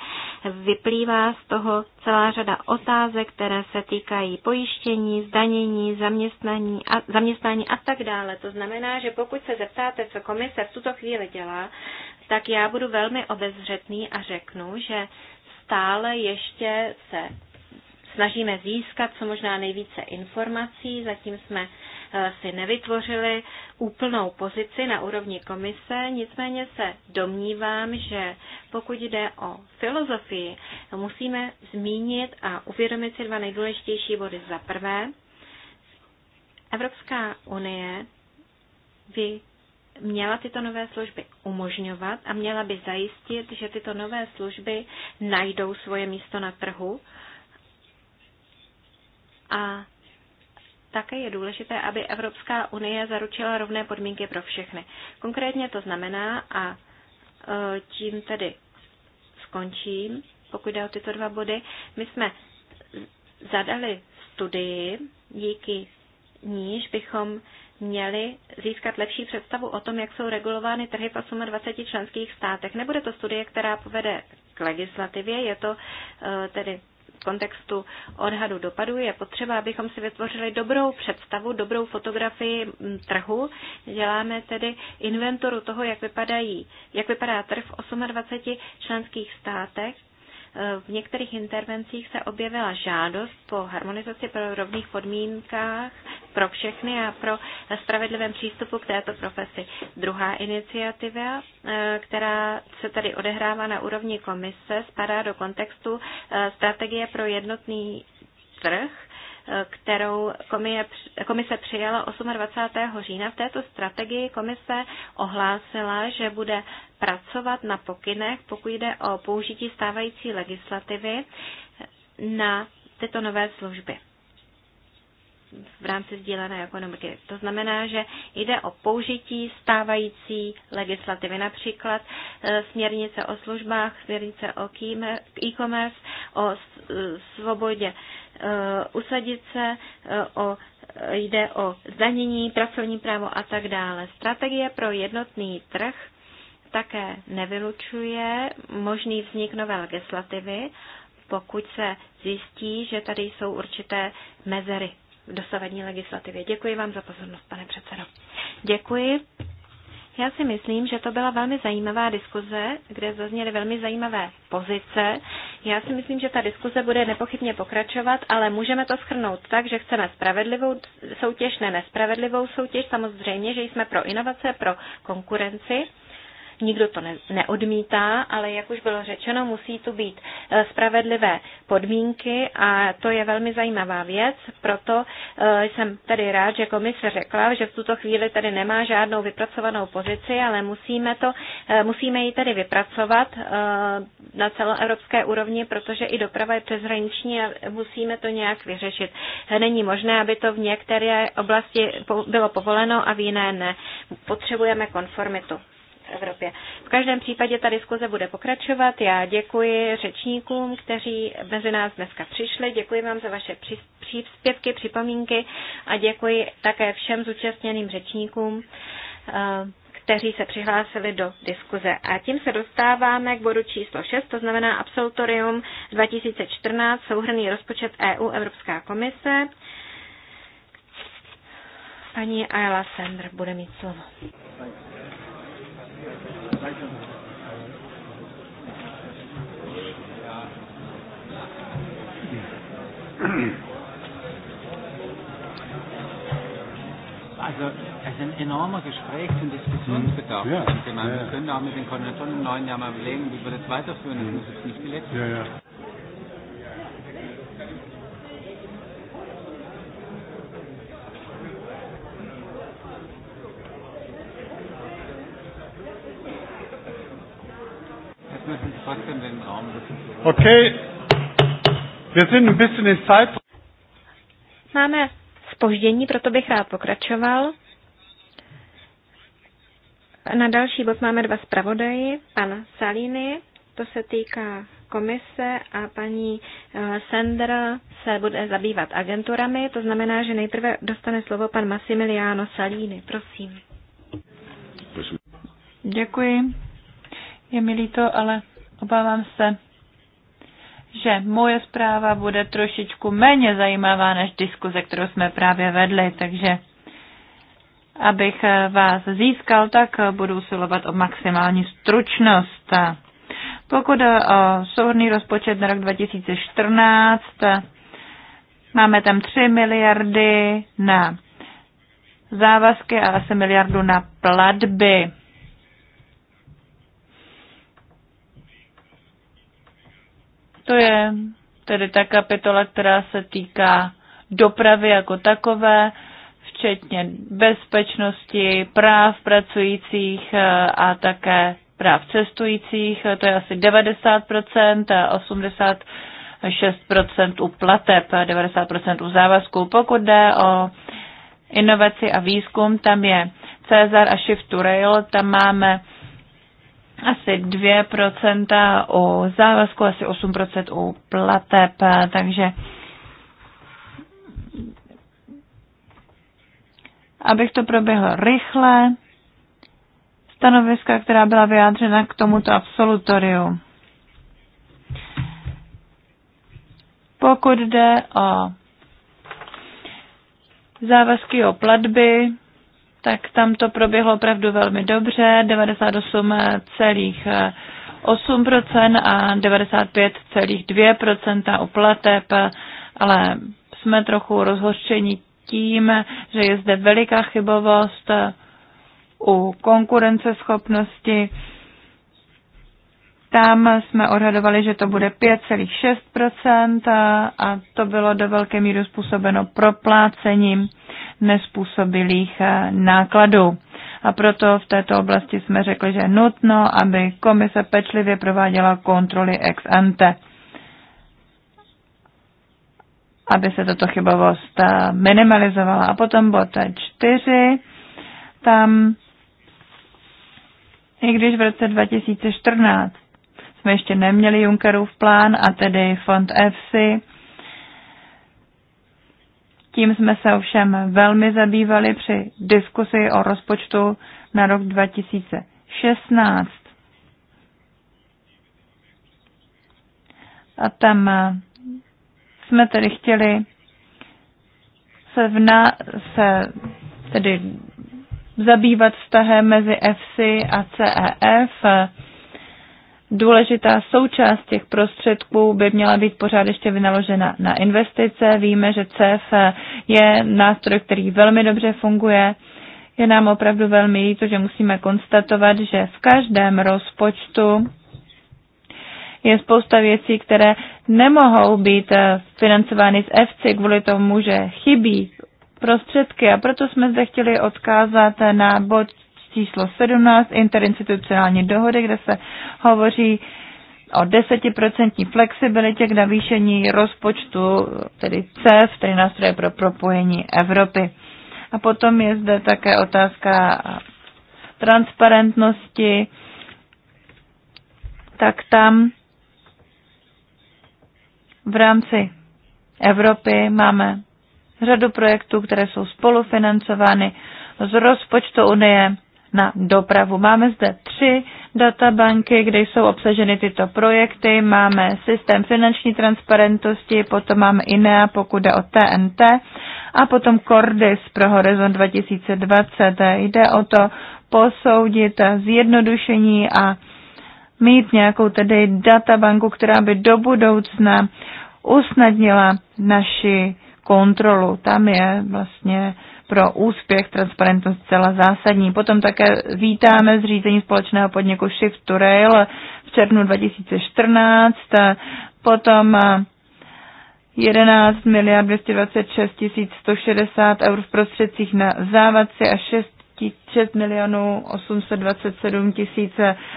Vyplývá z toho celá řada otázek, které se týkají pojištění, zdanění, zaměstnání a, zaměstnání a tak dále. To znamená, že pokud se zeptáte, co komise v tuto chvíli dělá, tak já budu velmi obezřetný a řeknu, že stále ještě se snažíme získat co možná nejvíce informací. Zatím jsme eh, si nevytvořili úplnou pozici na úrovni komise, nicméně se domnívám, že pokud jde o filozofii, musíme zmínit a uvědomit si dva nejdůležitější body. Za prvé, Evropská unie vy měla tyto nové služby umožňovat a měla by zajistit, že tyto nové služby najdou svoje místo na trhu. A také je důležité, aby Evropská unie zaručila rovné podmínky pro všechny. Konkrétně to znamená, a e, tím tedy skončím, pokud jde o tyto dva body, my jsme zadali studii, díky níž bychom měli získat lepší představu o tom, jak jsou regulovány trhy v 28 členských státech. Nebude to studie, která povede k legislativě, je to eh, tedy v kontextu odhadu dopadů je potřeba, abychom si vytvořili dobrou představu, dobrou fotografii mm, trhu. Děláme tedy inventuru toho, jak, vypadají, jak vypadá trh v 28 členských státech v některých intervencích se objevila žádost po harmonizaci pro rovných podmínkách pro všechny a pro spravedlivém přístupu k této profesi. Druhá iniciativa, eh, která se tady odehrává na úrovni komise, spadá do kontextu eh, strategie pro jednotný trh kterou komise přijala 28. října. V této strategii komise ohlásila, že bude pracovat na pokynech, pokud jde o použití stávající legislativy na tyto nové služby v rámci sdílené ekonomiky. To znamená, že jde o použití stávající legislativy, například e, směrnice o službách, směrnice o e-commerce, o e, svobodě e, usadit se, o, jde o zdanění, pracovní právo a tak dále. Strategie pro jednotný trh také nevylučuje možný vznik nové legislativy, pokud se zjistí, že tady jsou určité mezery v dosavadní legislativě. Děkuji vám za pozornost, pane předsedo. Děkuji. Já si myslím, že to byla velmi zajímavá diskuze, kde zazněly velmi zajímavé pozice. Já si myslím, že ta diskuze bude nepochybně pokračovat, ale můžeme to schrnout tak, že chceme spravedlivou soutěž, ne nespravedlivou soutěž. Samozřejmě, že jsme pro inovace, pro konkurenci nikdo to ne, neodmítá, ale jak už bylo řečeno, musí tu být eh, spravedlivé podmínky a to je velmi zajímavá věc, proto eh, jsem tady rád, že komise řekla, že v tuto chvíli tady nemá žádnou vypracovanou pozici, ale musíme, to, eh, musíme ji tady vypracovat na celoevropské úrovni, protože i doprava je přeshraniční a musíme to nějak vyřešit. Není možné, aby to v některé oblasti bylo povoleno a v jiné ne. Potřebujeme konformitu. Evropě. V každém případě ta diskuze bude pokračovat. Já děkuji řečníkům, kteří mezi nás dneska přišli. Děkuji vám za vaše příspěvky, připomínky a děkuji také všem zúčastněným řečníkům eh, kteří se přihlásili do diskuze. A tím se dostáváme k bodu číslo 6, to znamená Absolutorium 2014, souhrný rozpočet EU, Evropská komise. Paní Ayla Sender bude mít slovo. Also es ist ein enormer Gesprächs- und Diskussionsbedarf. Ja, ich meine, ja, ja. Wir können auch mit den Koordinatoren im neuen Jahr mal überlegen, wie wir das weiterführen. Das muss jetzt nicht die letzte ja, ja. Okay, Wir sind ein bisschen in Zeit. Máme spoždění, proto bych rád pokračoval. Na další bod máme dva zpravodaji, pan Salini, to se týká komise a paní eh, Sender se bude zabývat agenturami, to znamená, že nejprve dostane slovo pan Massimiliano Salini. Prosím. Děkuji. Je mi líto, ale obávám se, že moje zpráva bude trošičku méně zajímavá než diskuze, kterou jsme právě vedli, takže abych vás získal, tak budu usilovat o maximální stručnost. Pokud o souhrný rozpočet na rok 2014, máme tam 3 miliardy na závazky a asi miliardu na platby. To je tedy ta kapitola, která se týká dopravy jako takové, včetně bezpečnosti, práv pracujících eh, a také práv cestujících. To je asi 90% a 86% u plateb, 90% u závazků. Pokud jde o inovaci a výzkum, tam je Cezar a Shift to Rail, tam máme asi 2% u závazku, asi 8% u plateb, takže abych to proběhlo rychle, stanoviska, která byla vyjádřena k tomuto absolutoriu. Pokud jde o závazky o platby, tak tam to proběhlo opravdu velmi dobře, 98,8% a 95,2% u plateb, ale jsme trochu rozhořčeni tím, že je zde veliká chybovost u konkurenceschopnosti. Tam jsme odhadovali, že to bude 5,6% a to bylo do velké míry způsobeno proplácením nespůsobilých eh, nákladů. A proto v této oblasti jsme řekli, že je nutno, aby komise pečlivě prováděla kontroly ex ante, aby se tato chybovost eh, minimalizovala. A potom bod 4, tam, i když v roce 2014 jsme ještě neměli Junckerův plán a tedy fond EFSI, tím jsme se ovšem velmi zabývali při diskusi o rozpočtu na rok 2016. A tam eh, jsme tedy chtěli se, vna, se tedy zabývat vztahem mezi FC a CEF eh, důležitá součást těch prostředků by měla být pořád ještě vynaložena na investice. Víme, že CEF je nástroj, který velmi dobře funguje. Je nám opravdu velmi líto, že musíme konstatovat, že v každém rozpočtu je spousta věcí, které nemohou být financovány z FC, kvůli tomu, že chybí prostředky a proto jsme zde chtěli odkázat na bod číslo 17 interinstitucionální dohody, kde se hovoří o 10% flexibilitě k navýšení rozpočtu, tedy CEF, tedy nástroje pro propojení Evropy. A potom je zde také otázka transparentnosti, tak tam v rámci Evropy máme řadu projektů, které jsou spolufinancovány z rozpočtu Unie na dopravu. Máme zde tři databanky, kde jsou obsaženy tyto projekty. Máme systém finanční transparentnosti, potom máme INEA, pokud jde o TNT, a potom CORDIS pro Horizon 2020. Jde o to posoudit zjednodušení a mít nějakou tedy databanku, která by do budoucna usnadnila naši kontrolu. Tam je vlastně pro úspěch transparentnost zcela zásadní. Potom také vítáme zřízení společného podniku Shift to Rail v červnu 2014, potom 11 eh, miliard 226 160 eur v prostředcích na závadci a 6 6 milionů 827 tisíc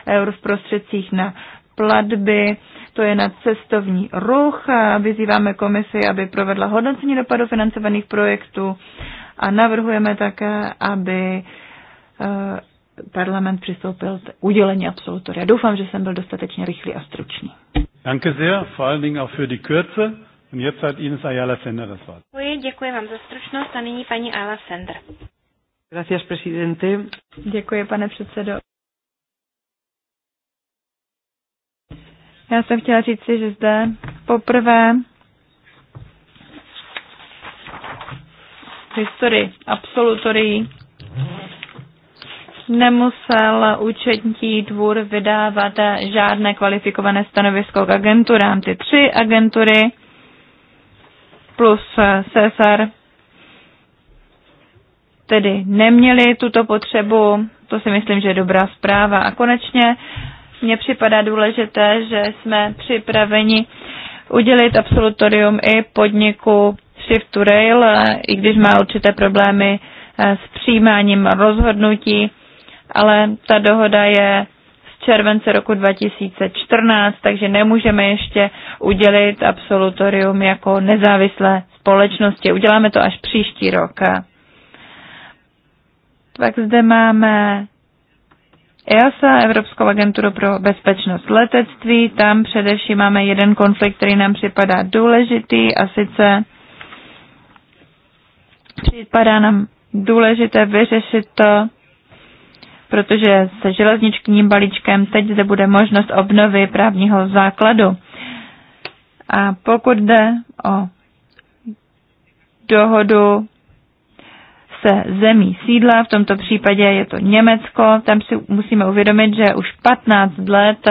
eur v prostředcích na platby, to je na cestovní ruch. Vyzýváme komisi, aby provedla hodnocení dopadu financovaných projektů a navrhujeme také, aby eh, parlament přistoupil k udělení absolutoria. Doufám, že jsem byl dostatečně rychlý a stručný. Danke sehr, vor allen Dingen auch für die Kürze. Und jetzt hat Ines Ayala Sender das Wort. Děkuji, děkuji vám za stručnost a nyní paní Ayala Sender. Gracias, presidente. Děkuji, pane předsedo. Já jsem chtěla říci, že zde poprvé historii absolutorií nemusel účetní dvůr vydávat žádné kvalifikované stanovisko k agenturám. Ty tři agentury plus Cesar tedy neměli tuto potřebu. To si myslím, že je dobrá zpráva. A konečně mně připadá důležité, že jsme připraveni udělit absolutorium i podniku Shift to Rail, i když má určité problémy eh, s přijímáním rozhodnutí, ale ta dohoda je z července roku 2014, takže nemůžeme ještě udělit absolutorium jako nezávislé společnosti. Uděláme to až příští rok. Tak zde máme EASA, Evropskou agenturu pro bezpečnost letectví. Tam především máme jeden konflikt, který nám připadá důležitý, a sice Připadá nám důležité vyřešit to, protože se železničním balíčkem teď zde bude možnost obnovy právního základu. A pokud jde o dohodu se zemí sídla, v tomto případě je to Německo, tam si musíme uvědomit, že už 15 let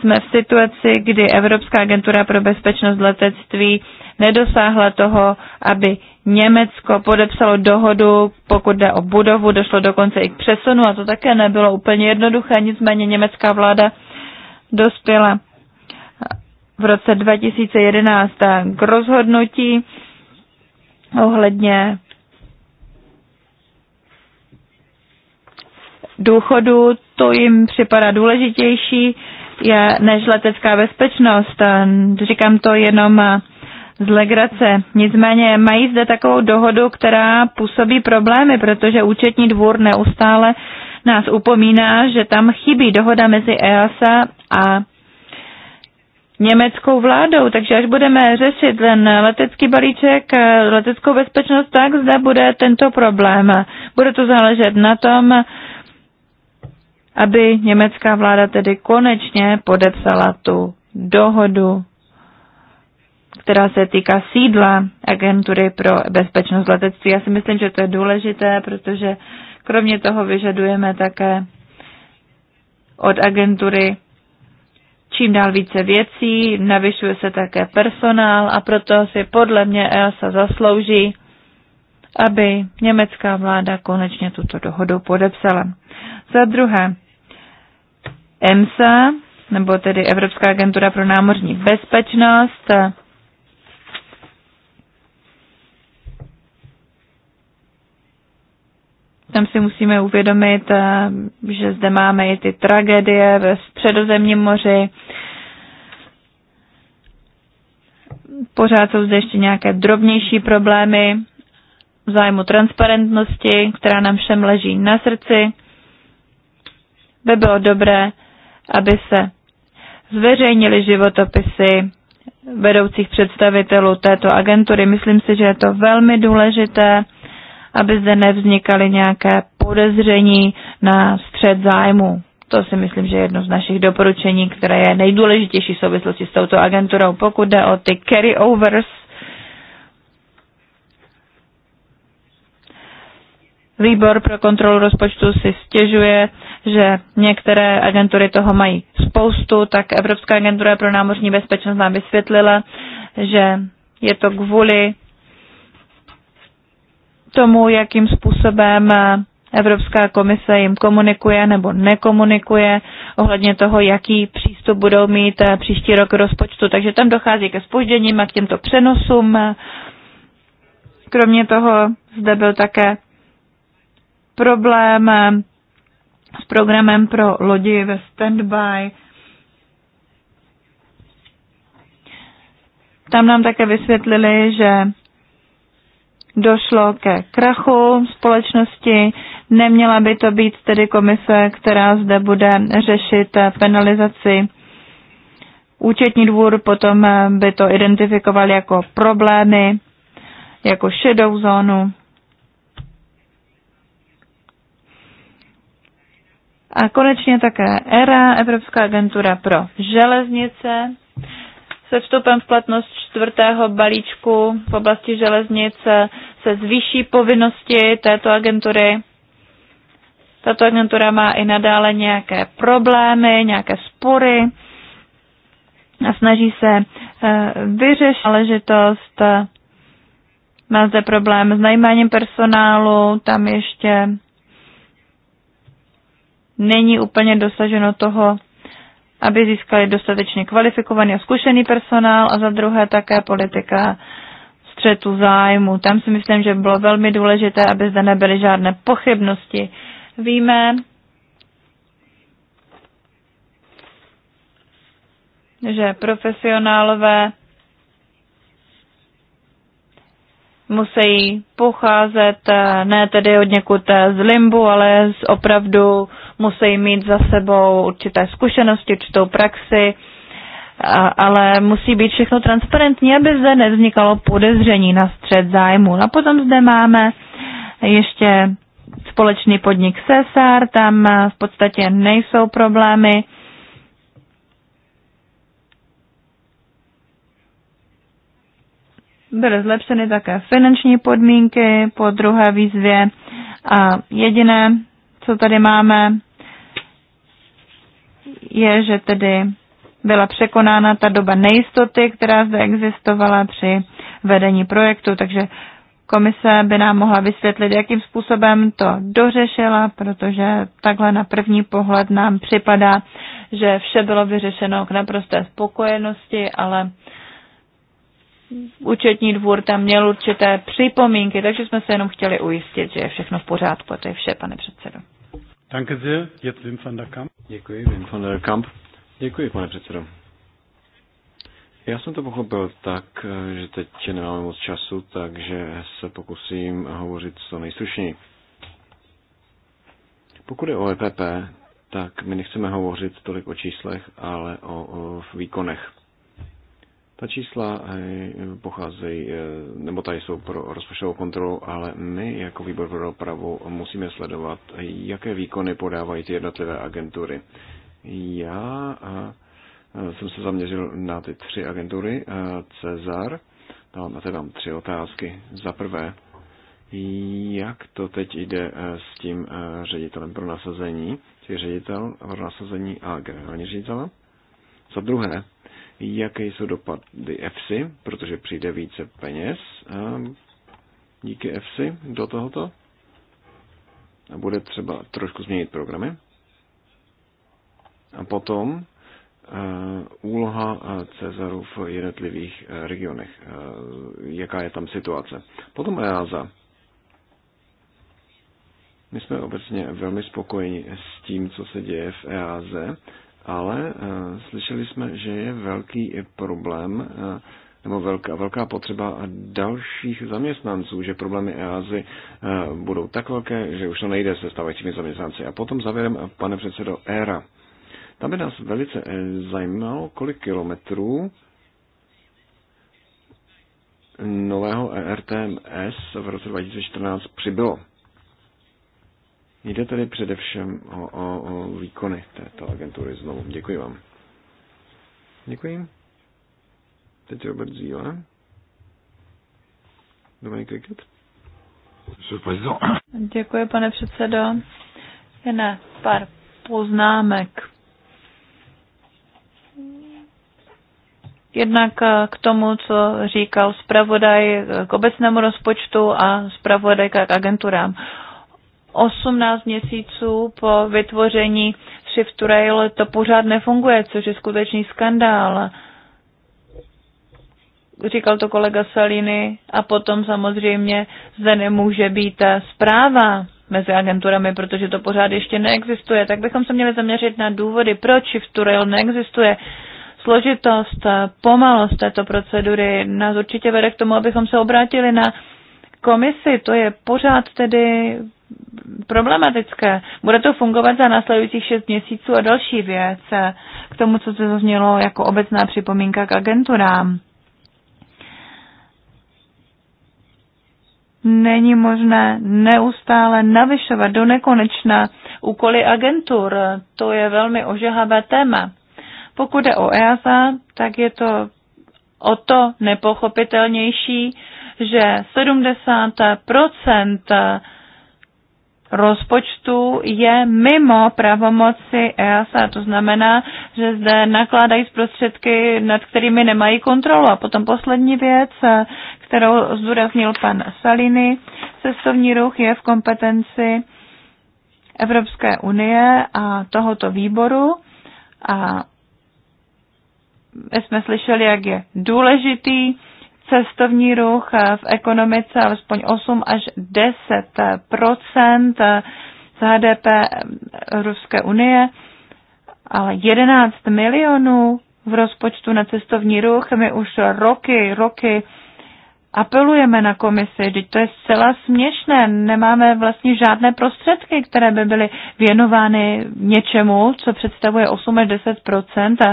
jsme v situaci, kdy Evropská agentura pro bezpečnost letectví nedosáhla toho, aby Německo podepsalo dohodu, pokud jde o budovu, došlo dokonce i k přesunu a to také nebylo úplně jednoduché, nicméně německá vláda dospěla v roce 2011 k rozhodnutí ohledně důchodu, to jim připadá důležitější je, než letecká bezpečnost. Říkám to jenom z legrace. Nicméně mají zde takovou dohodu, která působí problémy, protože účetní dvůr neustále nás upomíná, že tam chybí dohoda mezi EASA a německou vládou, takže až budeme řešit ten letecký balíček, leteckou bezpečnost, tak zde bude tento problém. Bude to záležet na tom, aby německá vláda tedy konečně podepsala tu dohodu která se týká sídla agentury pro bezpečnost letectví. Já si myslím, že to je důležité, protože kromě toho vyžadujeme také od agentury čím dál více věcí, navyšuje se také personál a proto si podle mě EASA zaslouží, aby německá vláda konečně tuto dohodu podepsala. Za druhé, EMSA, nebo tedy Evropská agentura pro námořní bezpečnost, tam si musíme uvědomit, eh, že zde máme i ty tragédie ve středozemním moři. Pořád jsou zde ještě nějaké drobnější problémy v zájmu transparentnosti, která nám všem leží na srdci. By bylo dobré, aby se zveřejnili životopisy vedoucích představitelů této agentury. Myslím si, že je to velmi důležité aby zde nevznikaly nějaké podezření na střed zájmu. To si myslím, že je jedno z našich doporučení, které je nejdůležitější v souvislosti s touto agenturou. Pokud jde o ty carryovers, Výbor pro kontrolu rozpočtu si stěžuje, že některé agentury toho mají spoustu, tak Evropská agentura pro námořní bezpečnost nám vysvětlila, že je to kvůli tomu, jakým způsobem eh, Evropská komise jim komunikuje nebo nekomunikuje ohledně toho, jaký přístup budou mít eh, příští rok rozpočtu. Takže tam dochází ke spožděním a k těmto přenosům. Kromě toho zde byl také problém eh, s programem pro lodi ve standby. Tam nám také vysvětlili, že došlo ke krachu společnosti. Neměla by to být tedy komise, která zde bude řešit penalizaci. Účetní dvůr potom by to identifikoval jako problémy, jako šedou zónu. A konečně také ERA, Evropská agentura pro železnice se vstupem v platnost čtvrtého balíčku v oblasti železnic se zvýší povinnosti této agentury. Tato agentura má i nadále nějaké problémy, nějaké spory a snaží se eh, vyřešit záležitost. Má zde problém s najímáním personálu, tam ještě není úplně dosaženo toho, aby získali dostatečně kvalifikovaný a zkušený personál a za druhé také politika střetu zájmu. Tam si myslím, že bylo velmi důležité, aby zde nebyly žádné pochybnosti. Víme, že profesionálové musí pocházet eh, ne tedy od někud eh, z limbu, ale z opravdu musí mít za sebou určité zkušenosti, určitou praxi, ale musí být všechno transparentní, aby zde nevznikalo podezření na střed zájmu. A potom zde máme ještě společný podnik Cesar, tam v podstatě nejsou problémy. Byly zlepšeny také finanční podmínky po druhé výzvě a jediné, co tady máme, je, že tedy byla překonána ta doba nejistoty, která zde existovala při vedení projektu, takže komise by nám mohla vysvětlit, jakým způsobem to dořešila, protože takhle na první pohled nám připadá, že vše bylo vyřešeno k naprosté spokojenosti, ale účetní dvůr tam měl určité připomínky, takže jsme se jenom chtěli ujistit, že je všechno v pořádku. To je vše, pane předsedo. Danke sehr, jetzt Wim van der Kamp. Děkuji, Wim van der Kamp. Děkuji, pane předsedo. Já jsem to pochopil tak, že teď nemáme moc času, takže se pokusím hovořit co nejstručněji. Pokud je o EPP, tak my nechceme hovořit tolik o číslech, ale o, o výkonech. Ta čísla pocházejí, eh, nebo tady jsou pro rozpočtovou kontrolu, ale my jako výbor pro dopravu musíme sledovat, jaké výkony podávají ty jednotlivé agentury. Já eh, jsem se zaměřil na ty tři agentury. Eh, Cezar, no, na té mám tři otázky. Za prvé, jak to teď jde s tím ředitelem pro nasazení, či ředitel pro nasazení a generální ředitele? Za druhé, jaké jsou dopady EFSI, protože přijde více peněz díky EFSI do tohoto a bude třeba trošku změnit programy. A potom úloha Cezaru v jednotlivých regionech, jaká je tam situace. Potom EASA. My jsme obecně velmi spokojeni s tím, co se děje v EAZ ale eh, slyšeli jsme, že je velký problém eh, nebo velká, velká potřeba dalších zaměstnanců, že problémy EASY eh, budou tak velké, že už to nejde se stávajícími zaměstnanci. A potom závěrem, pane předsedo, ERA. Tam by nás velice zajímalo, kolik kilometrů nového ERTMS v roce 2014 přibylo. Jde tedy především o, o, o výkony této agentury znovu. Děkuji vám. Děkuji. Teď Robert Zíla. Dominik Rickett. Děkuji, pane předsedo. Jen pár poznámek. Jednak k tomu, co říkal zpravodaj k obecnému rozpočtu a zpravodaj k agenturám. 18 měsíců po vytvoření Shift Rail to pořád nefunguje, což je skutečný skandál. Říkal to kolega Saliny a potom samozřejmě zde nemůže být ta zpráva mezi agenturami, protože to pořád ještě neexistuje. Tak bychom se měli zaměřit na důvody, proč Shift Rail neexistuje. Složitost, pomalost této procedury nás určitě vede k tomu, abychom se obrátili na komisi. To je pořád tedy problematické. Bude to fungovat za následujících šest měsíců a další věc k tomu, co se zaznělo jako obecná připomínka k agenturám. Není možné neustále navyšovat do nekonečna úkoly agentur. To je velmi ožehavé téma. Pokud je o EASA, tak je to o to nepochopitelnější, že 70 rozpočtu je mimo pravomoci EASA. To znamená, že zde nakládají z prostředky, nad kterými nemají kontrolu. A potom poslední věc, kterou zdůraznil pan Salini, cestovní ruch je v kompetenci Evropské unie a tohoto výboru. A jsme slyšeli, jak je důležitý cestovní ruch eh, v ekonomice alespoň 8 až 10 eh, z HDP eh, Ruské unie, ale 11 milionů v rozpočtu na cestovní ruch. My už roky, roky apelujeme na komisi, teď to je zcela směšné, nemáme vlastně žádné prostředky, které by byly věnovány něčemu, co představuje 8 až 10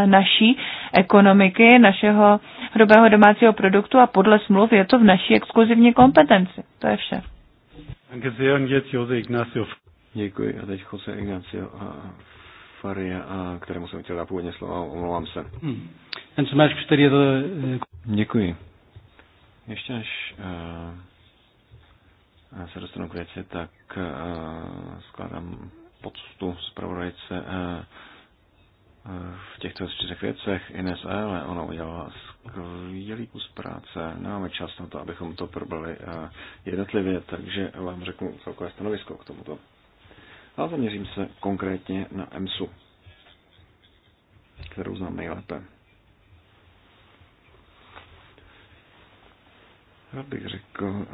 naší ekonomiky, našeho hrubého domácího produktu a podle smluv je to v naší exkluzivní kompetenci. To je vše. Děkuji. A teď Jose Ignacio a Faria, a kterému jsem chtěl dát původně slovo, omlouvám se. Hmm. Eh, Děkuji. Ještě než eh, se dostanu k věci, tak eh, skládám poctu zpravodajce eh, v těchto čtyřech věcech Ines Ele, ona udělala skvělý kus práce. Nemáme čas na to, abychom to probrali jednotlivě, takže vám řeknu celkové stanovisko k tomuto. A zaměřím se konkrétně na EMSu, kterou znám nejlépe. já bych řekl,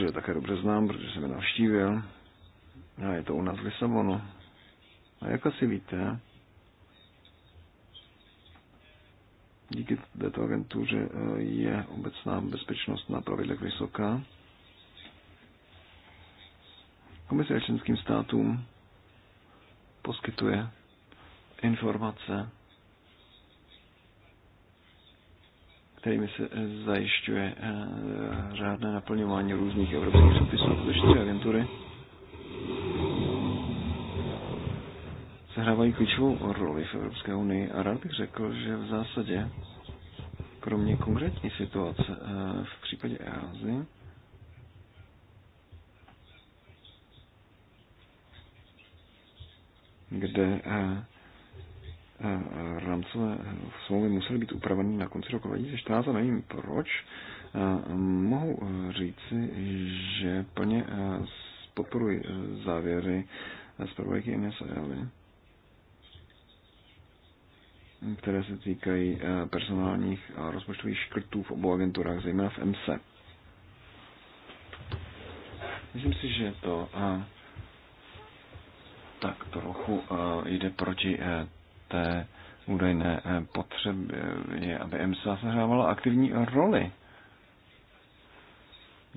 že také dobře znám, protože jsem je navštívil. A je to u nás v Lisabonu. A jak asi víte, díky této agentuře eh, je obecná bezpečnost na pravidlech vysoká. Komise členským státům poskytuje informace kterými se eh, zajišťuje eh, řádné naplňování různých evropských předpisů ze čtyři agentury, sehrávají klíčovou roli v Evropské unii a rád bych řekl, že v zásadě, kromě konkrétní situace eh, v případě EASY, kde rámcové smlouvy musely být upraveny na konci roku 2014 a nevím proč. Mohu e, říci, že plně e, podporuji e, závěry z Ines NSL, které se týkají personálních a rozpočtových škrtů v obou agenturách, zejména v MC. Myslím si, že to tak trochu jde proti té údajné eh, potřeby je, aby EMSA zahrávala aktivní roli.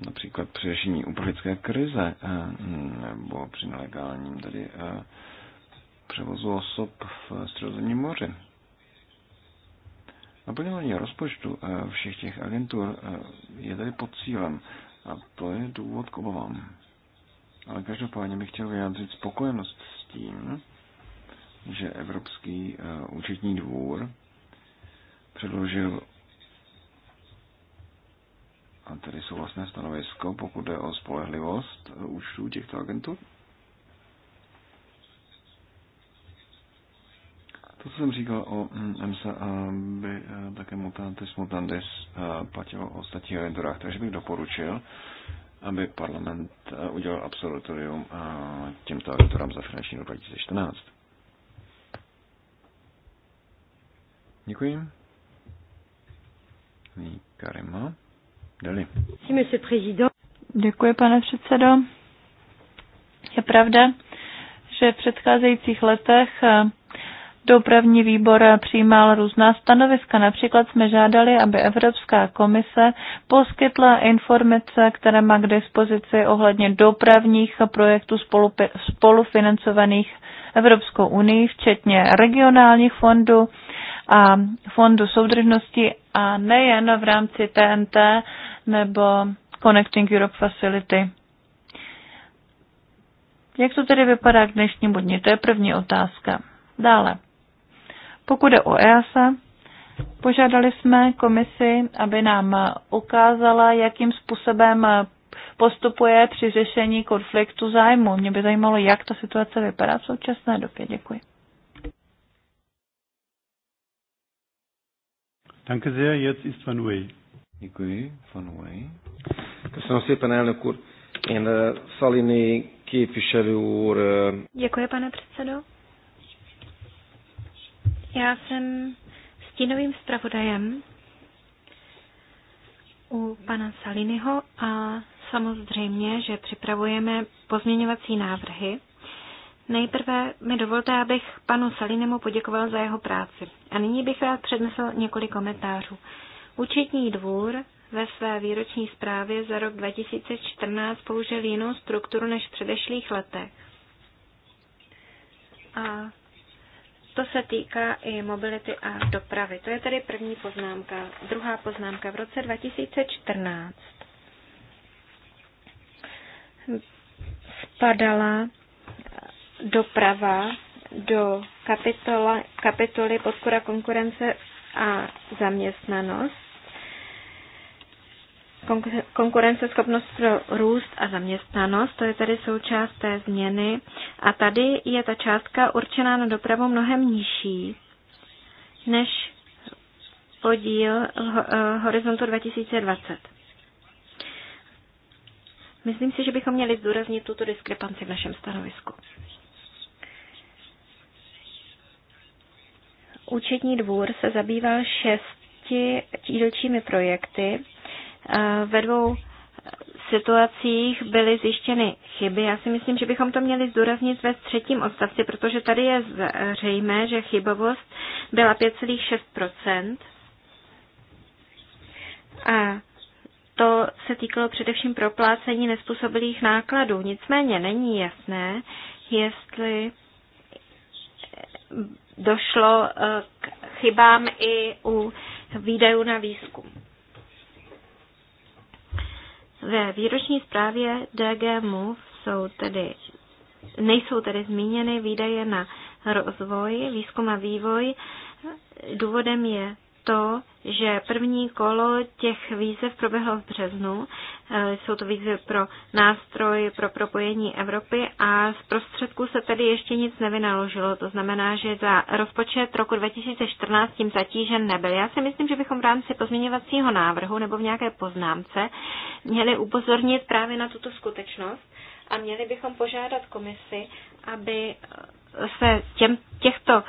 Například při řešení uprchlické krize eh, nebo při nelegálním tady eh, převozu osob v Středozemním moři. Naplňování rozpočtu všech těch agentur je tady pod cílem a to je důvod k obavám. Ale každopádně bych chtěl vyjádřit spokojenost s tím, že Evropský eh, účetní dvůr předložil a tedy souhlasné stanovisko, pokud jde o spolehlivost eh, účtů těchto agentů. To, co jsem říkal o MSA mm, by eh, také mutantis mutandis platilo o ostatních agenturách, takže bych doporučil, aby parlament udělal absolutorium těmto agenturám za finanční rok 2014. Děkuji. Nyní Karima. Dali. Děkuji, pane předsedo. Je pravda, že v předcházejících letech eh, dopravní výbor přijímal různá stanoviska. Například jsme žádali, aby Evropská komise poskytla informace, které má k dispozici ohledně dopravních projektů spolufinancovaných Evropskou unii, včetně regionálních fondů a fondu soudržnosti a nejen v rámci TNT nebo Connecting Europe Facility. Jak to tedy vypadá k dnešnímu dni? To je první otázka. Dále. Pokud je o EASA, požádali jsme komisi, aby nám ukázala, jakým způsobem postupuje při řešení konfliktu zájmu. Mě by zajímalo, jak ta situace vypadá v současné době. Děkuji. Danke sehr, jetzt ist Van Wey. Děkuji, Van Wey. Köszönöm szépen, elnök úr. Én eh, Szalini képviselő úr... Eh, Děkuji, pane předsedo. Já jsem stínovým zpravodajem u pana Saliniho a samozřejmě, že připravujeme pozměňovací návrhy, Nejprve mi dovolte, abych panu Salinemu poděkoval za jeho práci. A nyní bych rád přednesl několik komentářů. Účetní dvůr ve své výroční zprávě za rok 2014 použil jinou strukturu než v předešlých letech. A to se týká i mobility a dopravy. To je tedy první poznámka. Druhá poznámka. V roce 2014 spadala doprava do kapitola, kapitoly podpora konkurence a zaměstnanost, konkurenceschopnost pro růst a zaměstnanost, to je tady součást té změny. A tady je ta částka určená na dopravu mnohem nižší než podíl eh, horizontu 2020. Myslím si, že bychom měli zdůraznit tuto diskrepanci v našem stanovisku. Účetní dvůr se zabýval šesti dílčími projekty. Eh, ve dvou situacích byly zjištěny chyby. Já si myslím, že bychom to měli zdůraznit ve třetím odstavci, protože tady je zřejmé, že chybovost byla 5,6 a to se týkalo především proplácení nespůsobilých nákladů. Nicméně není jasné, jestli došlo eh, k chybám i u výdajů na výzkum. Ve výroční zprávě DG MOVE jsou tedy, nejsou tedy zmíněny výdaje na rozvoj, výzkum a vývoj. Důvodem je to, že první kolo těch výzev proběhlo v březnu. Eh, jsou to výzvy pro nástroj pro propojení Evropy a z prostředků se tedy ještě nic nevynaložilo. To znamená, že za rozpočet roku 2014 tím zatížen nebyl. Já si myslím, že bychom v rámci pozměňovacího návrhu nebo v nějaké poznámce měli upozornit právě na tuto skutečnost a měli bychom požádat komisi, aby eh, se těm, těchto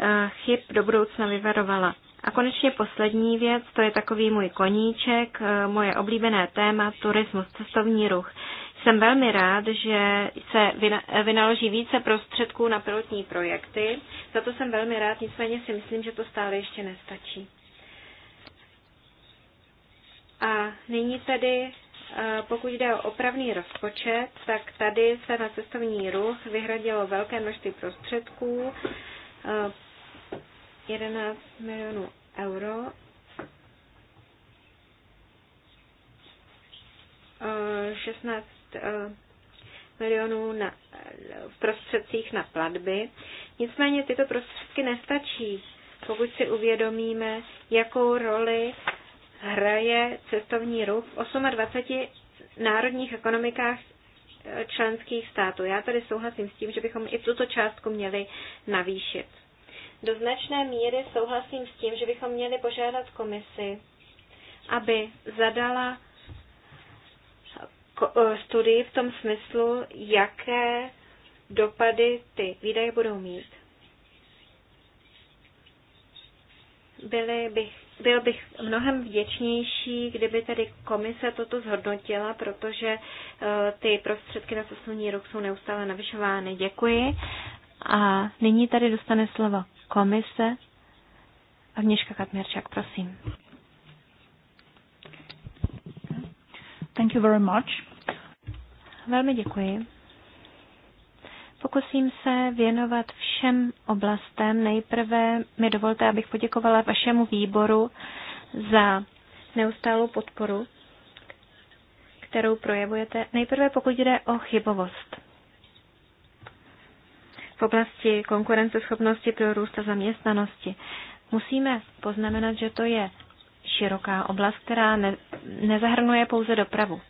eh, chyb do budoucna vyvarovala. A konečně poslední věc, to je takový můj koníček, eh, moje oblíbené téma, turismus, cestovní ruch. Jsem velmi rád, že se eh, vynaloží více prostředků na pilotní projekty. Za to jsem velmi rád, nicméně si myslím, že to stále ještě nestačí. A nyní tedy, eh, pokud jde o opravný rozpočet, tak tady se na cestovní ruch vyhradilo velké množství prostředků 11 milionů euro uh, 16 uh, milionů na, v prostředcích na platby. Nicméně tyto prostředky nestačí, pokud si uvědomíme, jakou roli hraje cestovní ruch v 28 národních ekonomikách eh, členských států. Já tady souhlasím s tím, že bychom i tuto částku měli navýšit. Do značné míry souhlasím s tím, že bychom měli požádat komisi, aby zadala eh, studii v tom smyslu, jaké dopady ty výdaje budou mít. Byli bych, byl bych mnohem vděčnější, kdyby tady komise toto zhodnotila, protože eh, ty prostředky na poslední rok jsou neustále navyšovány. Děkuji. A nyní tady dostane slovo komise. Agněška Katměrčák, prosím. Thank you very much. Velmi děkuji. Pokusím se věnovat všem oblastem. Nejprve mi dovolte, abych poděkovala vašemu výboru za neustálou podporu, kterou projevujete. Nejprve pokud jde o chybovost v oblasti konkurenceschopnosti pro růst a zaměstnanosti. Musíme poznamenat, že to je široká oblast, která ne, nezahrnuje pouze dopravu.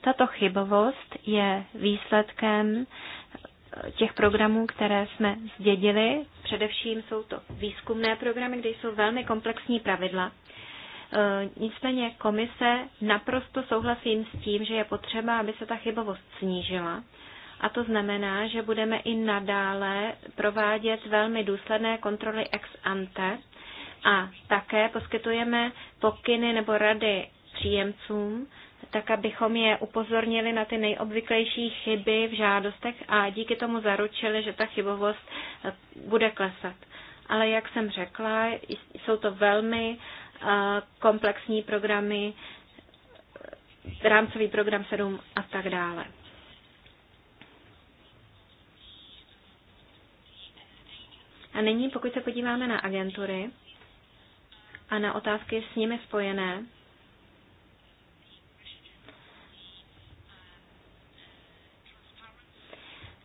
Tato chybovost je výsledkem eh, těch programů, které jsme zdědili. Především jsou to výzkumné programy, kde jsou velmi komplexní pravidla. Eh, nicméně komise naprosto souhlasím s tím, že je potřeba, aby se ta chybovost snížila a to znamená, že budeme i nadále provádět velmi důsledné kontroly ex ante a také poskytujeme pokyny nebo rady příjemcům, tak abychom je upozornili na ty nejobvyklejší chyby v žádostech a díky tomu zaručili, že ta chybovost eh, bude klesat. Ale jak jsem řekla, jsou to velmi eh, komplexní programy, eh, rámcový program 7 a tak dále. A nyní, pokud se podíváme na agentury a na otázky s nimi spojené,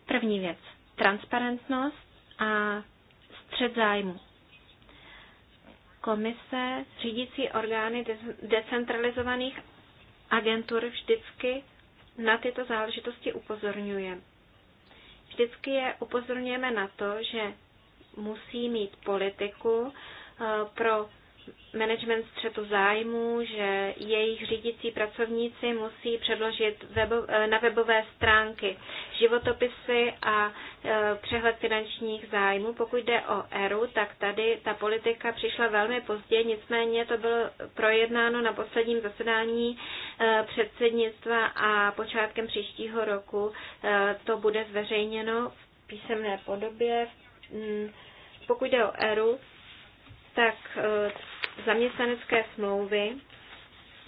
První věc. Transparentnost a střed zájmu. Komise, řídící orgány decentralizovaných agentur vždycky na tyto záležitosti upozorňuje. Vždycky je upozorňujeme na to, že musí mít politiku eh, pro management střetu zájmů, že jejich řídící pracovníci musí předložit webo, eh, na webové stránky životopisy a eh, přehled finančních zájmů. Pokud jde o ERU, tak tady ta politika přišla velmi pozdě, nicméně to bylo projednáno na posledním zasedání předsednictva a počátkem příštího roku to bude zveřejněno v písemné podobě, v Mm, pokud jde o ERU, tak e, zaměstnanecké smlouvy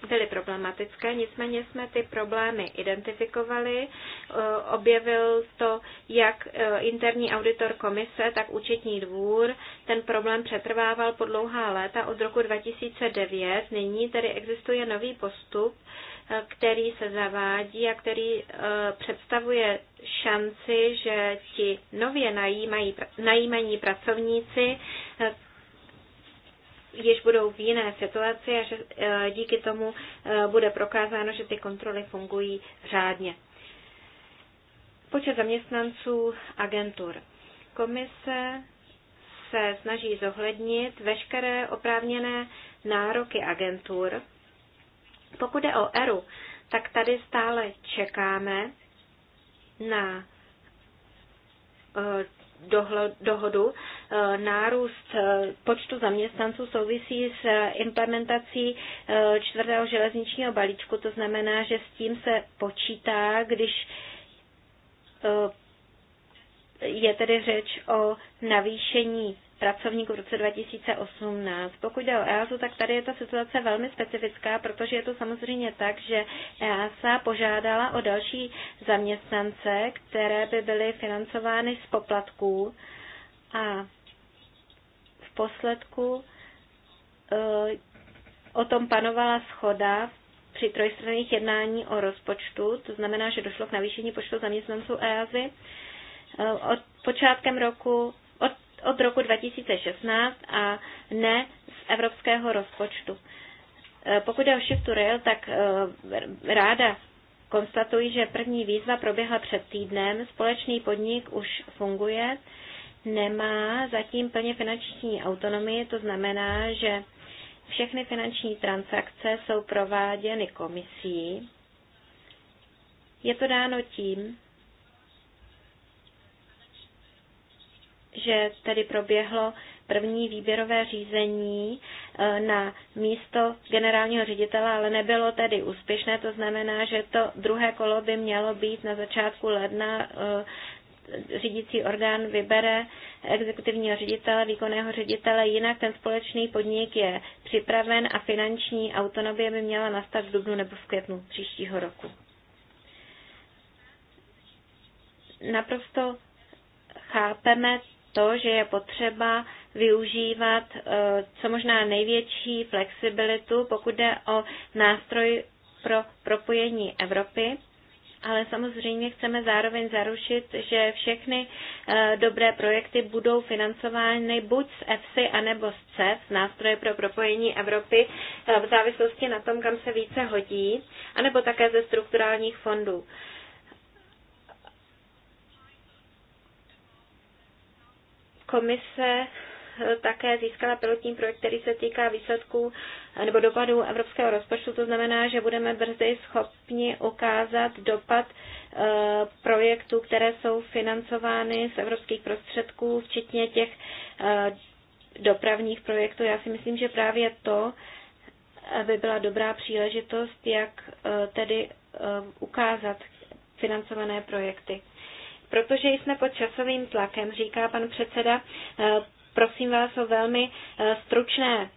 byly problematické, nicméně jsme ty problémy identifikovali. E, objevil to jak e, interní auditor komise, tak účetní dvůr. Ten problém přetrvával po dlouhá léta od roku 2009. Nyní tedy existuje nový postup, který se zavádí a který eh, představuje šanci, že ti nově najímají, najímaní pracovníci eh, již budou v jiné situaci a že eh, díky tomu bude prokázáno, že ty kontroly fungují řádně. Počet zaměstnanců agentur. Komise se snaží zohlednit veškeré oprávněné nároky agentur pokud je o ERU, tak tady stále čekáme na eh, dohodu. Eh, nárůst eh, počtu zaměstnanců souvisí s implementací čtvrtého železničního balíčku, to znamená, že s tím se počítá, když je tedy řeč o navýšení pracovníků v roce 2018. Pokud jde o EASu, tak tady je ta situace velmi specifická, protože je to samozřejmě tak, že EASA požádala o další zaměstnance, které by byly financovány z poplatků a v posledku e, o tom panovala schoda při trojstranných jednání o rozpočtu, to znamená, že došlo k navýšení počtu zaměstnanců EASY. E, od počátkem roku od roku 2016 a ne z evropského rozpočtu. E, pokud je o Shift to Rail, tak e, ráda konstatuji, že první výzva proběhla před týdnem, společný podnik už funguje, nemá zatím plně finanční autonomii, to znamená, že všechny finanční transakce jsou prováděny komisí. Je to dáno tím, že tedy proběhlo první výběrové řízení eh, na místo generálního ředitele, ale nebylo tedy úspěšné. To znamená, že to druhé kolo by mělo být na začátku ledna. Eh, řídící orgán vybere exekutivního ředitele, výkonného ředitele, jinak ten společný podnik je připraven a finanční autonomie by měla nastat v dubnu nebo v květnu příštího roku. Naprosto chápeme to, že je potřeba využívat eh, co možná největší flexibilitu, pokud jde o nástroj pro propojení Evropy, ale samozřejmě chceme zároveň zarušit, že všechny eh, dobré projekty budou financovány buď z EFSI, anebo z CEF, z nástroje pro propojení Evropy, eh, v závislosti na tom, kam se více hodí, anebo také ze strukturálních fondů. Komise eh, také získala pilotní projekt, který se týká výsledků eh, nebo dopadů evropského rozpočtu. To znamená, že budeme brzy schopni ukázat dopad eh, projektů, které jsou financovány z evropských prostředků, včetně těch dopravních projektů. Já si myslím, že právě to by byla dobrá příležitost, jak tedy ukázat financované projekty. Protože jsme pod časovým tlakem, říká pan předseda, eh, prosím vás o velmi eh, stručné,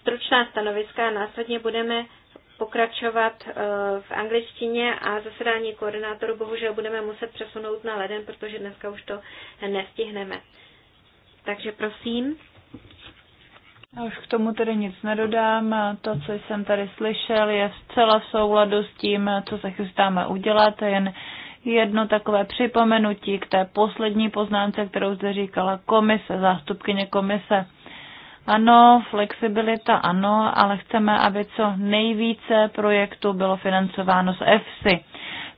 stručná stanoviska a následně budeme pokračovat eh, v angličtině a zasedání koordinátoru bohužel budeme muset přesunout na leden, protože dneska už to nestihneme. Takže prosím. Já už k tomu tedy nic nedodám. To, co jsem tady slyšel, je zcela v souladu s tím, co se chystáme udělat. Jen jedno takové připomenutí k té poslední poznámce, kterou zde říkala komise, zástupkyně komise. Ano, flexibilita ano, ale chceme, aby co nejvíce projektů bylo financováno z EFSI.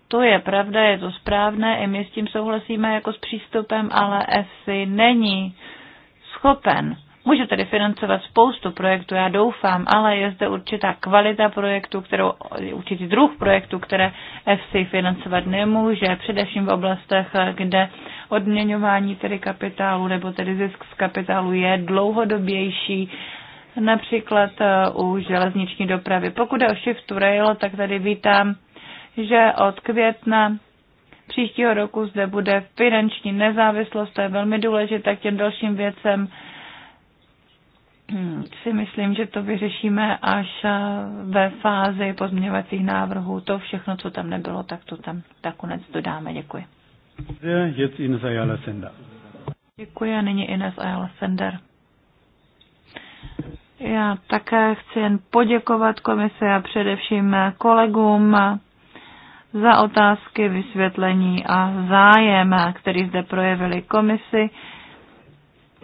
To je pravda, je to správné, i my s tím souhlasíme jako s přístupem, ale EFSI není schopen Můžu tedy financovat spoustu projektů, já doufám, ale je zde určitá kvalita projektů, kterou, určitý druh projektů, které FC financovat nemůže, především v oblastech, kde odměňování tedy kapitálu nebo tedy zisk z kapitálu je dlouhodobější, například eh, u železniční dopravy. Pokud je o Shift Rail, tak tady vítám, že od května příštího roku zde bude finanční nezávislost, to je velmi důležité k těm dalším věcem, Hmm, si myslím, že to vyřešíme až eh, ve fázi pozměňovacích návrhů. To všechno, co tam nebylo, tak to tam nakonec dodáme. Děkuji. Děkuji a nyní Ines Ayala Sender. Já také chci jen poděkovat komisi a především kolegům za otázky, vysvětlení a zájem, který zde projevili komisi.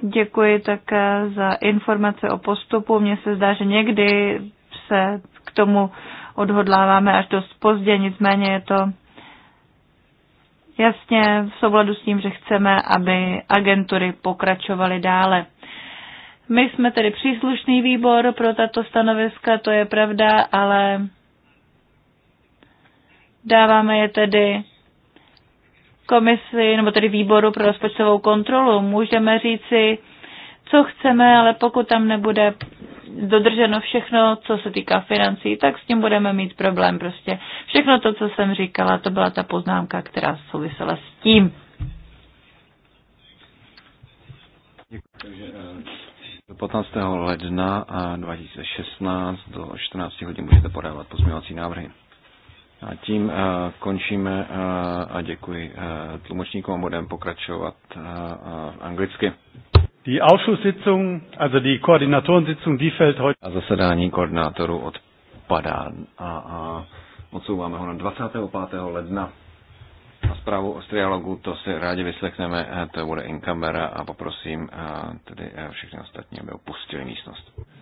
Děkuji také za informace o postupu. Mně se zdá, že někdy se k tomu odhodláváme až dost pozdě, nicméně je to jasně v souladu s tím, že chceme, aby agentury pokračovaly dále. My jsme tedy příslušný výbor pro tato stanoviska, to je pravda, ale dáváme je tedy komisi, nebo tedy výboru pro rozpočtovou kontrolu. Můžeme říci, co chceme, ale pokud tam nebude dodrženo všechno, co se týká financí, tak s tím budeme mít problém. Prostě všechno to, co jsem říkala, to byla ta poznámka, která souvisela s tím. Děkuji. Do 15. ledna a 2016 do 14 hodin můžete podávat pozměňovací návrhy. A tím eh, končíme eh, a děkuji eh, tlumočníkům a budeme pokračovat anglicky. Die Ausschusssitzung, also die Koordinatorensitzung, die fällt heute. A zasedání koordinátorů odpadá a, a odsouváme ho na 25. ledna. A zprávu o trialogu to si rádi vyslechneme, to bude in kamera a poprosím a tedy všechny ostatní, aby opustili místnost.